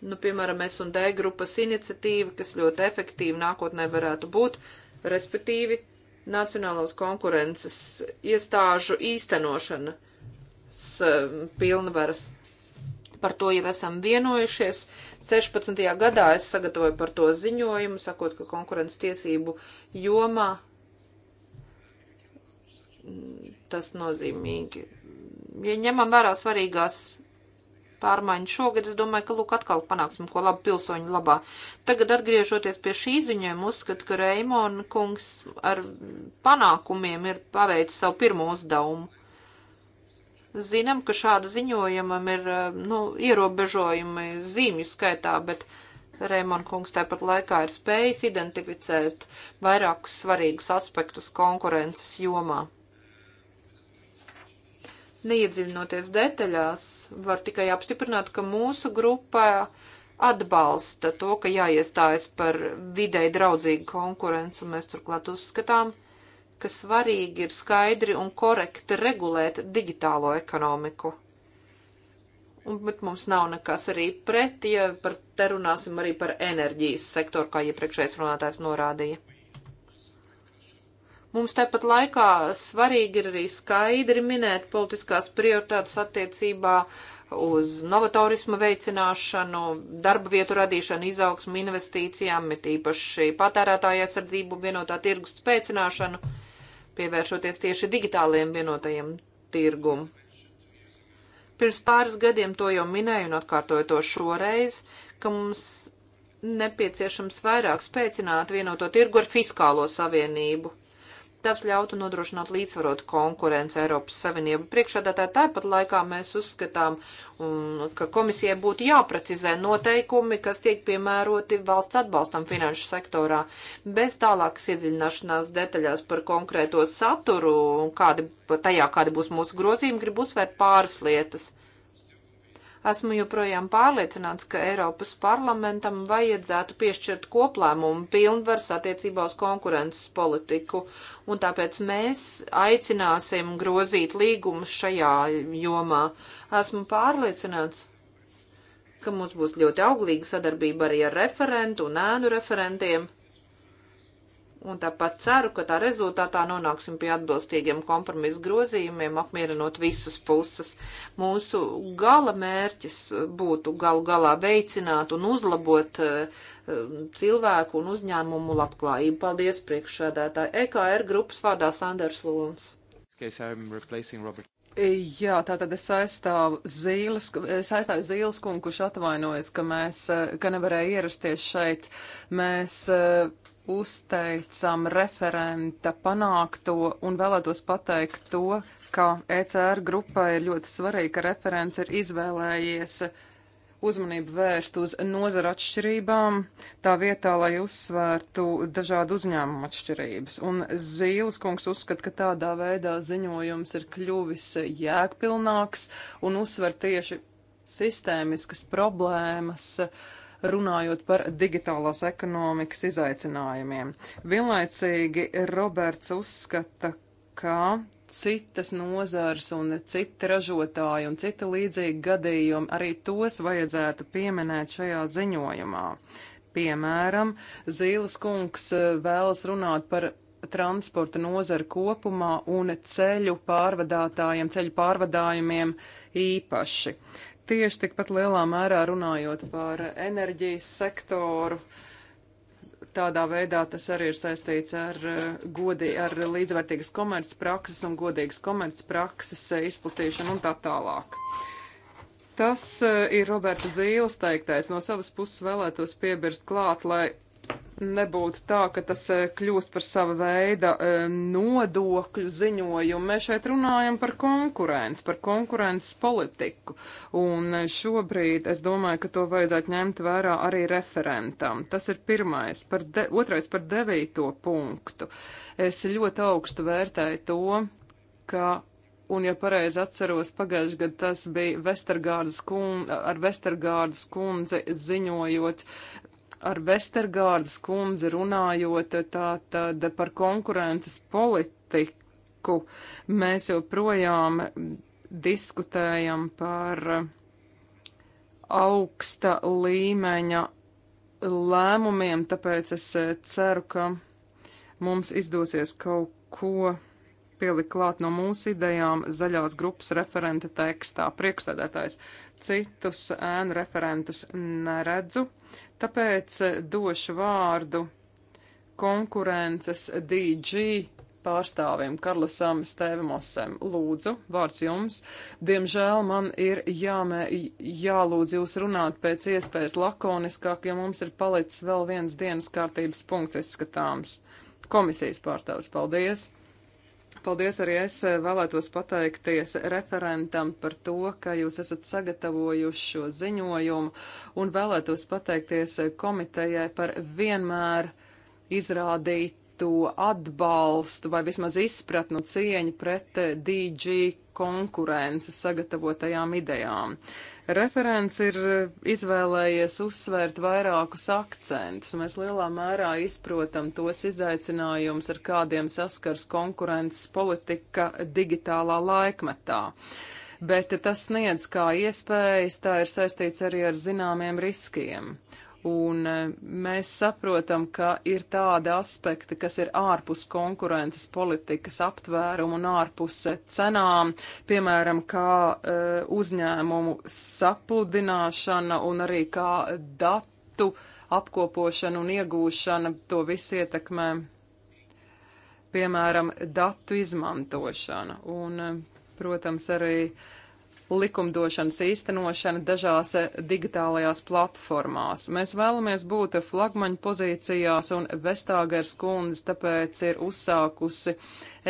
nu, piemēram, S&D grupas iniciatīva, kas ļoti efektīva nākotnē varētu būt respektīvi nacionālos konkurences iestāžu īstenošanas um, pilnvaras. Par to jau esam vienojušies. 16. gadā es sagatavoju par to ziņojumu, sakot, ka konkurences tiesību jomā mm, tas nozīmīgi. Ja ņemam vērā svarīgās pārmaiņu šogad, es domāju, ka lūk atkal panāksim ko labu pilsoņu labā. Tagad atgriežoties pie šī ziņojuma, uzskatu, ka Reimona kungs ar panākumiem ir paveicis savu pirmo uzdevumu. Zinām, ka šāda ziņojumam ir, nu, ierobežojumi zīmju skaitā, bet. Reimon kungs tāpat laikā ir spējis identificēt vairākus svarīgus aspektus konkurences jomā. Neiedziļinoties detaļās, var tikai apstiprināt, ka mūsu grupā atbalsta to, ka jāiestājas par videi draudzīgu konkurenci, un mēs turklāt uzskatām, ka svarīgi ir skaidri un korekti regulēt digitālo ekonomiku. Un, bet mums nav nekas arī pret, ja par te runāsim arī par enerģijas sektoru, kā iepriekšējais runātājs norādīja. Mums tāpat laikā svarīgi ir arī skaidri minēt politiskās prioritātes attiecībā uz novatorismu veicināšanu, darba vietu radīšanu, izaugsmu, investīcijām, it īpaši patērētāja aizsardzību, vienotā tirgus spēcināšanu, pievēršoties tieši digitāliem vienotajiem tirgum. Pirms pāris gadiem to jau minēju un atkārtoju to šoreiz, ka mums nepieciešams vairāk spēcināt vienoto tirgu ar fiskālo savienību Tas ļautu nodrošināt līdzsvarotu konkurenci Eiropas Savienību. Priekšādātāji tāpat laikā mēs uzskatām, un, ka komisijai būtu jāprecizē noteikumi, kas tiek piemēroti valsts atbalstam finanšu sektorā, bez tālākas iedziļināšanās detaļās par konkrēto saturu un kādi, tajā, kādi būs mūsu grozījumi, grib uzsvērt pāris lietas. Esmu joprojām pārliecināts, ka Eiropas parlamentam vajadzētu piešķirt koplēmumu pilnvars attiecībā uz konkurences politiku, un tāpēc mēs aicināsim grozīt līgumus šajā jomā. Esmu pārliecināts ka mums būs ļoti auglīga sadarbība arī ar referentu un ēnu referentiem un tāpat ceru, ka tā rezultātā nonāksim pie atbilstīgiem kompromisu grozījumiem, apmierinot visas puses. Mūsu gala mērķis būtu galu galā veicināt un uzlabot eh, cilvēku un uzņēmumu labklājību. Paldies priekšsēdētāji. EKR grupas vārdā Sanders Lūns. E, jā, tā tad es aizstāvu Zīles, es aizstāvu Zīles kungu, kurš atvainojas, ka mēs, eh, ka nevarēja ierasties šeit. Mēs eh, uzteicam referenta panākto un vēlētos pateikt to, ka ECR grupai ir ļoti svarīgi, ka referents ir izvēlējies uzmanību vērst uz nozara atšķirībām, tā vietā, lai uzsvērtu dažādu uzņēmumu atšķirības. Un Zīles kungs uzskata, ka tādā veidā ziņojums ir kļuvis jēgpilnāks un uzsver tieši sistēmiskas problēmas, uh, runājot par digitālās ekonomikas izaicinājumiem. Vienlaicīgi Roberts uzskata, ka citas nozars un citi ražotāji un citi līdzīgi gadījumi arī tos vajadzētu pieminēt šajā ziņojumā. Piemēram, Zīles kungs eh, vēlas runāt par transporta nozara kopumā un ceļu pārvadātājiem, ceļu pārvadājumiem īpaši tieši tikpat lielā mērā runājot par enerģijas sektoru. Tādā veidā tas arī ir saistīts ar, eh, godi, ar līdzvērtīgas komercprakses un godīgas komercprakses eh, izplatīšanu un tā tālāk. Tas eh, ir Roberta Zīles teiktais. No savas puses vēlētos piebirst klāt, lai nebūtu tā, ka tas eh, kļūst par sava veida eh, nodokļu ziņojumu. Mēs šeit runājam par konkurenci, par konkurences politiku. Un eh, šobrīd es domāju, ka to vajadzētu ņemt vērā arī referentam. Tas ir pirmais. Par de, otrais par devīto punktu. Es ļoti augstu vērtēju to, ka un, ja pareizi atceros, pagājušajā gadā tas bija Vestergārdas kundze, ar Vestergārdas kundzi ziņojot ar Vestergārdas kundzi runājot tātad par konkurences politiku, mēs joprojām diskutējam par augsta līmeņa lēmumiem, tāpēc es ceru, ka mums izdosies kaut ko pielikt klāt no mūsu idejām zaļās grupas referenta tekstā. Priekšsēdētājs citus ēnu referentus neredzu, tāpēc došu vārdu konkurences DG pārstāvim Karlasam Stēvamosem. Lūdzu, vārds jums. Diemžēl man ir jāmē, jālūdz jūs runāt pēc iespējas lakoniskāk, jo mums ir palicis vēl viens dienas kārtības punkts izskatāms. Komisijas pārstāvis, paldies! Paldies arī es eh, vēlētos pateikties referentam par to, ka jūs esat sagatavojuši šo ziņojumu un vēlētos pateikties eh, komitejai par vienmēr izrādīt to atbalstu vai vismaz izpratnu cieņu pret eh, DG konkurences sagatavotajām idejām. Uh, Referents ir eh, izvēlējies uzsvērt vairākus akcentus. Mēs lielā mērā izprotam tos izaicinājumus, ar kādiem saskars konkurences politika digitālā laikmetā bet tas sniedz kā iespējas, tā ir saistīts arī ar zināmiem riskiem. Un e, mēs saprotam, ka ir tādi aspekti, kas ir ārpus konkurences politikas aptvērumu un ārpus e, cenām, piemēram, kā uh, uzņēmumu sapludināšana un arī kā datu apkopošana un iegūšana to visu ietekmē, piemēram, datu izmantošana. Un, protams, arī uh, likumdošanas īstenošana dažās eh, digitālajās platformās. Mēs vēlamies būt flagmaņu pozīcijās un Vestāgers kundze tāpēc ir uzsākusi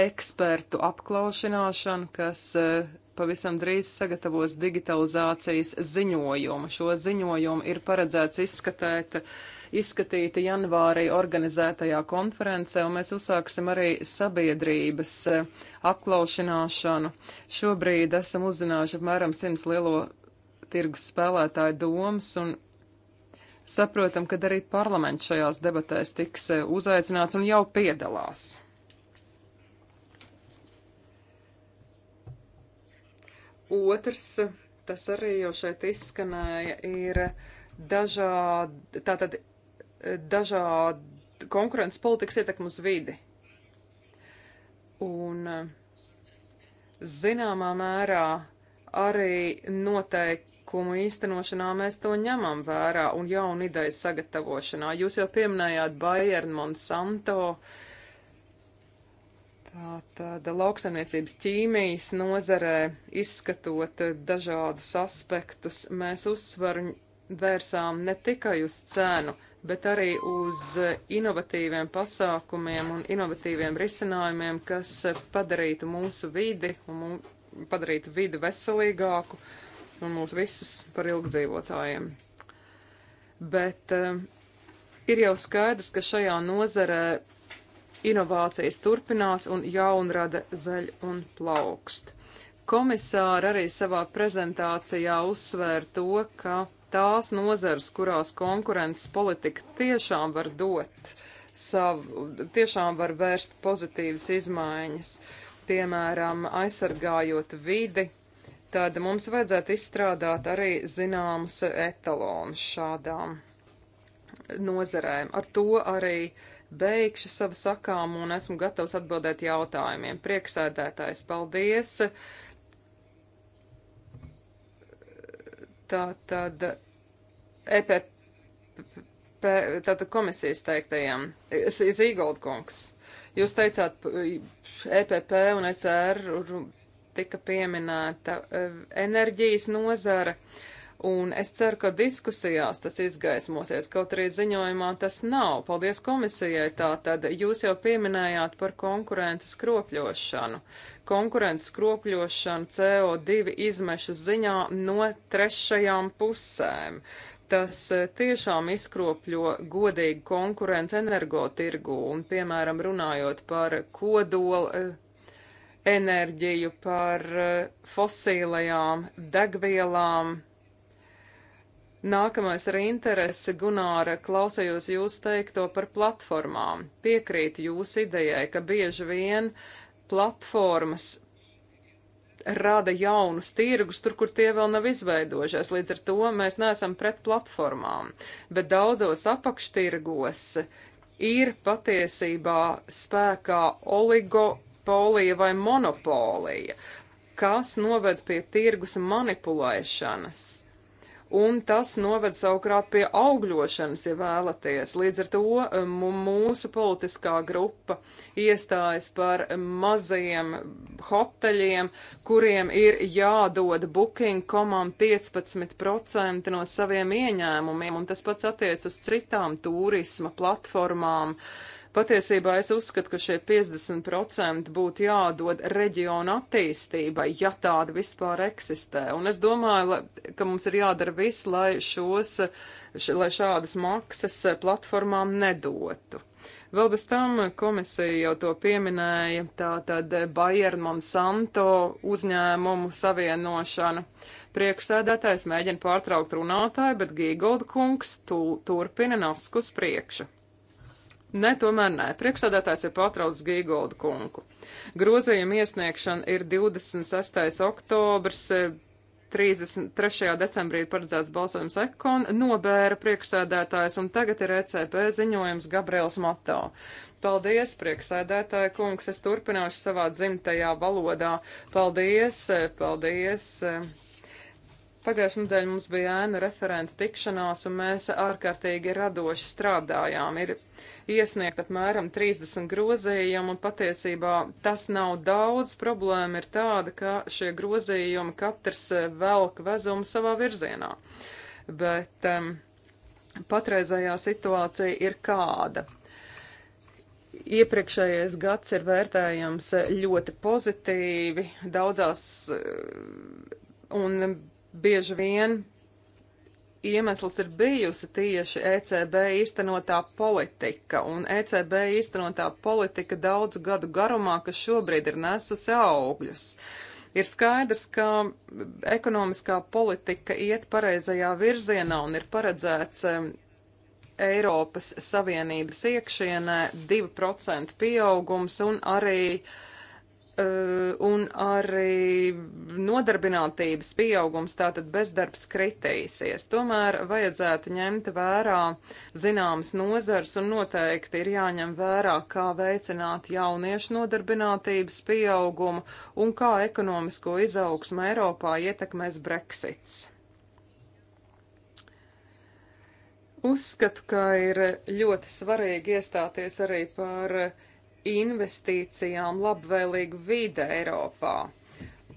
ekspertu apklaušināšanu, kas eh, pavisam drīz sagatavos digitalizācijas ziņojumu. Šo ziņojumu ir paredzēts izskatēt uh, izskatīta janvārī organizētajā konferencē, un mēs uzsāksim arī sabiedrības eh, apklaušanāšanu. Šobrīd esam uzzinājuši apmēram 100 lielo tirgus spēlētāju domas, un saprotam, ka arī parlaments šajās debatēs tiks eh, uzaicināts un jau piedalās. Otrs, tas arī jau šeit izskanēja, ir dažādi, tātad dažādu konkurences politikas ietekmu uz vidi. Un eh, zināmā mērā arī noteikumu īstenošanā mēs to ņemam vērā un jaunu ideju sagatavošanā. Jūs jau pieminējāt Bayern Monsanto, tātad lauksaimniecības ķīmijas nozarē izskatot dažādus aspektus, mēs uzsvaru vērsām ne tikai uz cenu, bet arī uz eh, inovatīviem pasākumiem un inovatīviem risinājumiem, kas eh, padarītu mūsu vidi un mū, padarītu vidi veselīgāku un mūs visus par ilgdzīvotājiem. Bet uh, ir jau skaidrs, ka šajā nozarē inovācijas turpinās un jaunrada zeļ un plaukst. Komisāri arī savā prezentācijā uzsvēra to, ka tās nozars, kurās konkurences politika tiešām var dot savu, tiešām var vērst pozitīvas izmaiņas, piemēram, aizsargājot vidi, tad mums vajadzētu izstrādāt arī zināmus etalonus šādām nozerēm. Ar to arī beigšu savu sakām un esmu gatavs atbildēt jautājumiem. Prieksēdētājs, paldies! tā tad EPP, tātad komisijas teiktajam, Zīgoldkungs. Jūs teicāt, EPP e un ECR tika pieminēta e, enerģijas nozara. Uh, un es ceru, ka diskusijās tas izgaismosies, kaut arī ziņojumā tas nav. Paldies komisijai tātad. Jūs jau pieminējāt par konkurences kropļošanu. Konkurences kropļošanu CO2 izmešu ziņā no trešajām pusēm. Tas eh, tiešām izkropļo godīgu konkurenci energotirgu un, piemēram, runājot par kodolu eh, enerģiju, par eh, fosīlajām degvielām Nākamais ar interesi, Gunāra, klausējos jūs teikto par platformām. Piekrītu jūsu idejai, ka bieži vien platformas rada jaunus tirgus, tur, kur tie vēl nav izveidojušies. Līdz ar to mēs neesam pret platformām, bet daudzos apakštirgos ir patiesībā spēkā oligopolija vai monopolija, kas noved pie tirgus manipulēšanas un tas noved savukārt pie augļošanas, ja vēlaties. Līdz ar to um, mūsu politiskā grupa iestājas par mazajiem hoteļiem, kuriem ir jādod booking komam 15% no saviem ieņēmumiem, un tas pats attiec uz citām turisma platformām. Uh, Patiesībā es uzskatu, ka šie 50% būtu jādod reģionu attīstībai, ja tāda vispār eksistē. Un es domāju, ka mums ir jādara viss, lai, šos, š, lai šādas maksas platformām nedotu. Vēl bez tam komisija jau to pieminēja, tā tad Bayern Monsanto uzņēmumu savienošana. Priekšsēdētājs mēģina pārtraukt runātāju, bet Gīgolda kungs tu, turpina nasku uz priekšu. Nē, tomēr nē. Priekšsādātājs ir pārtraucis Gīgoldu kungu. Grozījuma iesniegšana ir 26. oktobrs, 33. E, decembrī ir paredzēts balsojums ekon, nobēra priekšsēdētājs un tagad ir ECP ziņojums Gabriels Mato. Paldies, priekšsēdētāja kungs, es turpināšu savā dzimtajā valodā. Paldies, e, paldies. paldies Pagājušajā nedēļā mums bija ēna referenta tikšanās, un mēs ārkārtīgi radoši strādājām. Ir iesniegt apmēram 30 grozījumu, un patiesībā tas nav daudz. Problēma ir tāda, ka šie grozījumi katrs e, velk vezumu savā virzienā. Bet um, patreizējā situācija ir kāda. Iepriekšējais gads ir vērtējams ļoti pozitīvi, daudzās e, un bieži vien iemesls ir bijusi tieši ECB īstenotā politika, un ECB īstenotā politika daudzu gadu garumā, kas šobrīd ir nesusi augļus. Ir skaidrs, ka ekonomiskā politika iet pareizajā virzienā un ir paredzēts Eiropas Savienības iekšienē 2% pieaugums un arī uh, Eh, un arī nodarbinātības pieaugums, tātad bezdarbs kritīsies. Tomēr vajadzētu ņemt vērā zināmas nozars un noteikti ir jāņem vērā, kā veicināt jauniešu nodarbinātības pieaugumu un kā ekonomisko izaugsmu Eiropā ietekmēs Brexits. Uzskatu, ka ir ļoti svarīgi iestāties arī par uh, investīcijām labvēlīgu vide Eiropā.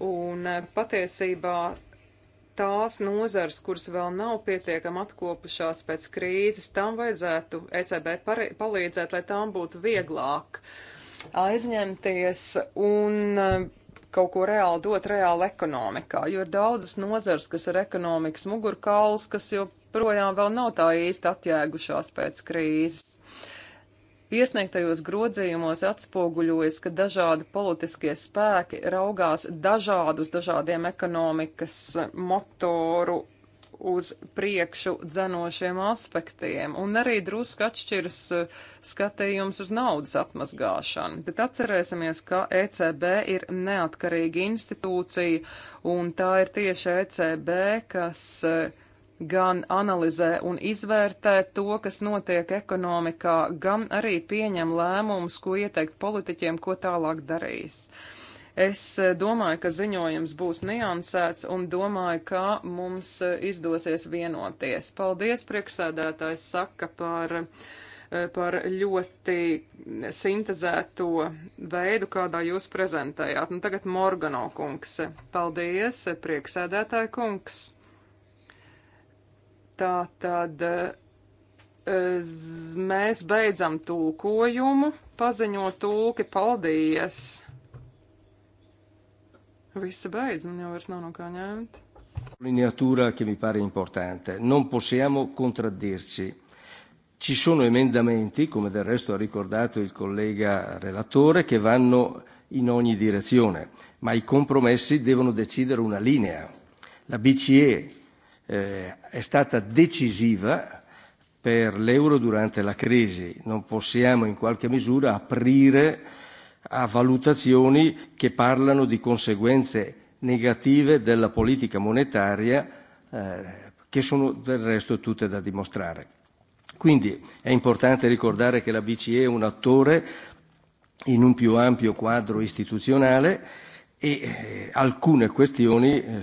Un eh, patiesībā tās nozars, kuras vēl nav pietiekami atkopušās pēc krīzes, tam vajadzētu ECB palīdzēt, lai tām būtu vieglāk aizņemties un eh, kaut ko reāli dot reāli ekonomikā, jo ir daudzas nozars, kas ir ekonomikas mugurkauls, kas joprojām vēl nav tā īsti atjēgušās pēc krīzes. Iesniegtajos grozījumos atspoguļojas, ka dažādi politiskie spēki raugās dažādus dažādiem ekonomikas motoru uz priekšu dzenošiem aspektiem, un arī drusku atšķiras eh, skatījums uz naudas atmazgāšanu. Bet atcerēsimies, ka ECB ir neatkarīga institūcija, un tā ir tieši ECB, kas uh, gan analizē un izvērtē to, kas notiek ekonomikā, gan arī pieņem lēmumus, ko ieteikt politiķiem, ko tālāk darīs. Es eh, domāju, ka ziņojums būs niansēts un domāju, ka mums eh, izdosies vienoties. Paldies, priekšsēdētājs saka par, eh, par ļoti sintezēto veidu, kādā jūs prezentējāt. Nu, tagad Morgano kungs. Paldies, priekšsēdētāja kungs. Tā tad e, mēs beidzam tūkojumu, paziņo tūki, paldies! Visi beidz, man jau vairs nav no kā ņemt. Lineatura che mi pare importante. Non possiamo contraddirci. Ci sono emendamenti, come del resto ha ricordato il collega relatore, che vanno in ogni direzione, ma i compromessi devono decidere una linea. La BCE eh, è stata decisiva per l'euro durante la crisi. Non possiamo in qualche misura aprire a valutazioni che parlano di conseguenze negative della politica monetaria, eh, che sono del resto tutte da dimostrare. Quindi è importante ricordare che la BCE è un attore in un più ampio quadro istituzionale e eh, alcune questioni eh,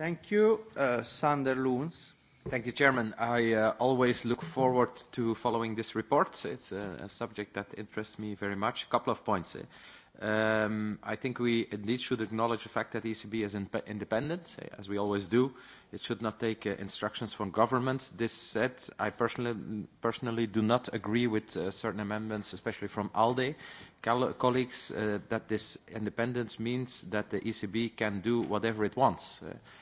Thank you. Uh, Sander Loons. Thank you, Chairman. I uh, always look forward to following this report. It's a, a subject that interests me very much. A couple of points. Eh? Um, I think we indeed should acknowledge the fact that the ECB is in, independent, as we always do. It should not take uh, instructions from governments. This said, I personally, personally do not agree with uh, certain amendments, especially from ALDE Col colleagues, uh, that this independence means that the ECB can do whatever it wants. Uh,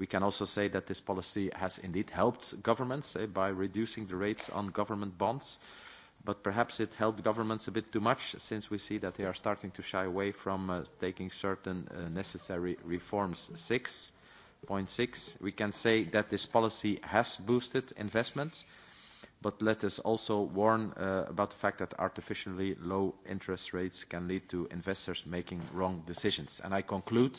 We can also say that this policy has indeed helped governments eh, by reducing the rates on government bonds. But perhaps it helped governments a bit too much since we see that they are starting to shy away from uh, taking certain uh, necessary reforms. 6.6, we can say that this policy has boosted investments but let us also warn uh, about the fact that artificially low interest rates can lead to investors making wrong decisions. And I conclude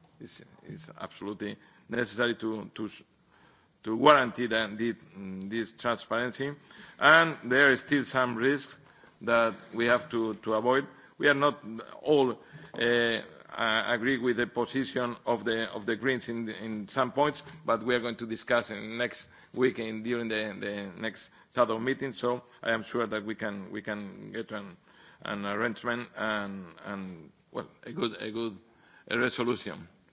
is, is absolutely necessary to, to, to guarantee that the, this transparency. And there are still some risks that we have to, to avoid. We are not all uh, uh, agree with the position of the, of the Greens in, in some points, but we are going to discuss in next week in, during the, the next SADC meeting. So I am sure that we can, we can get an, an arrangement and, and well, a good, a good a resolution.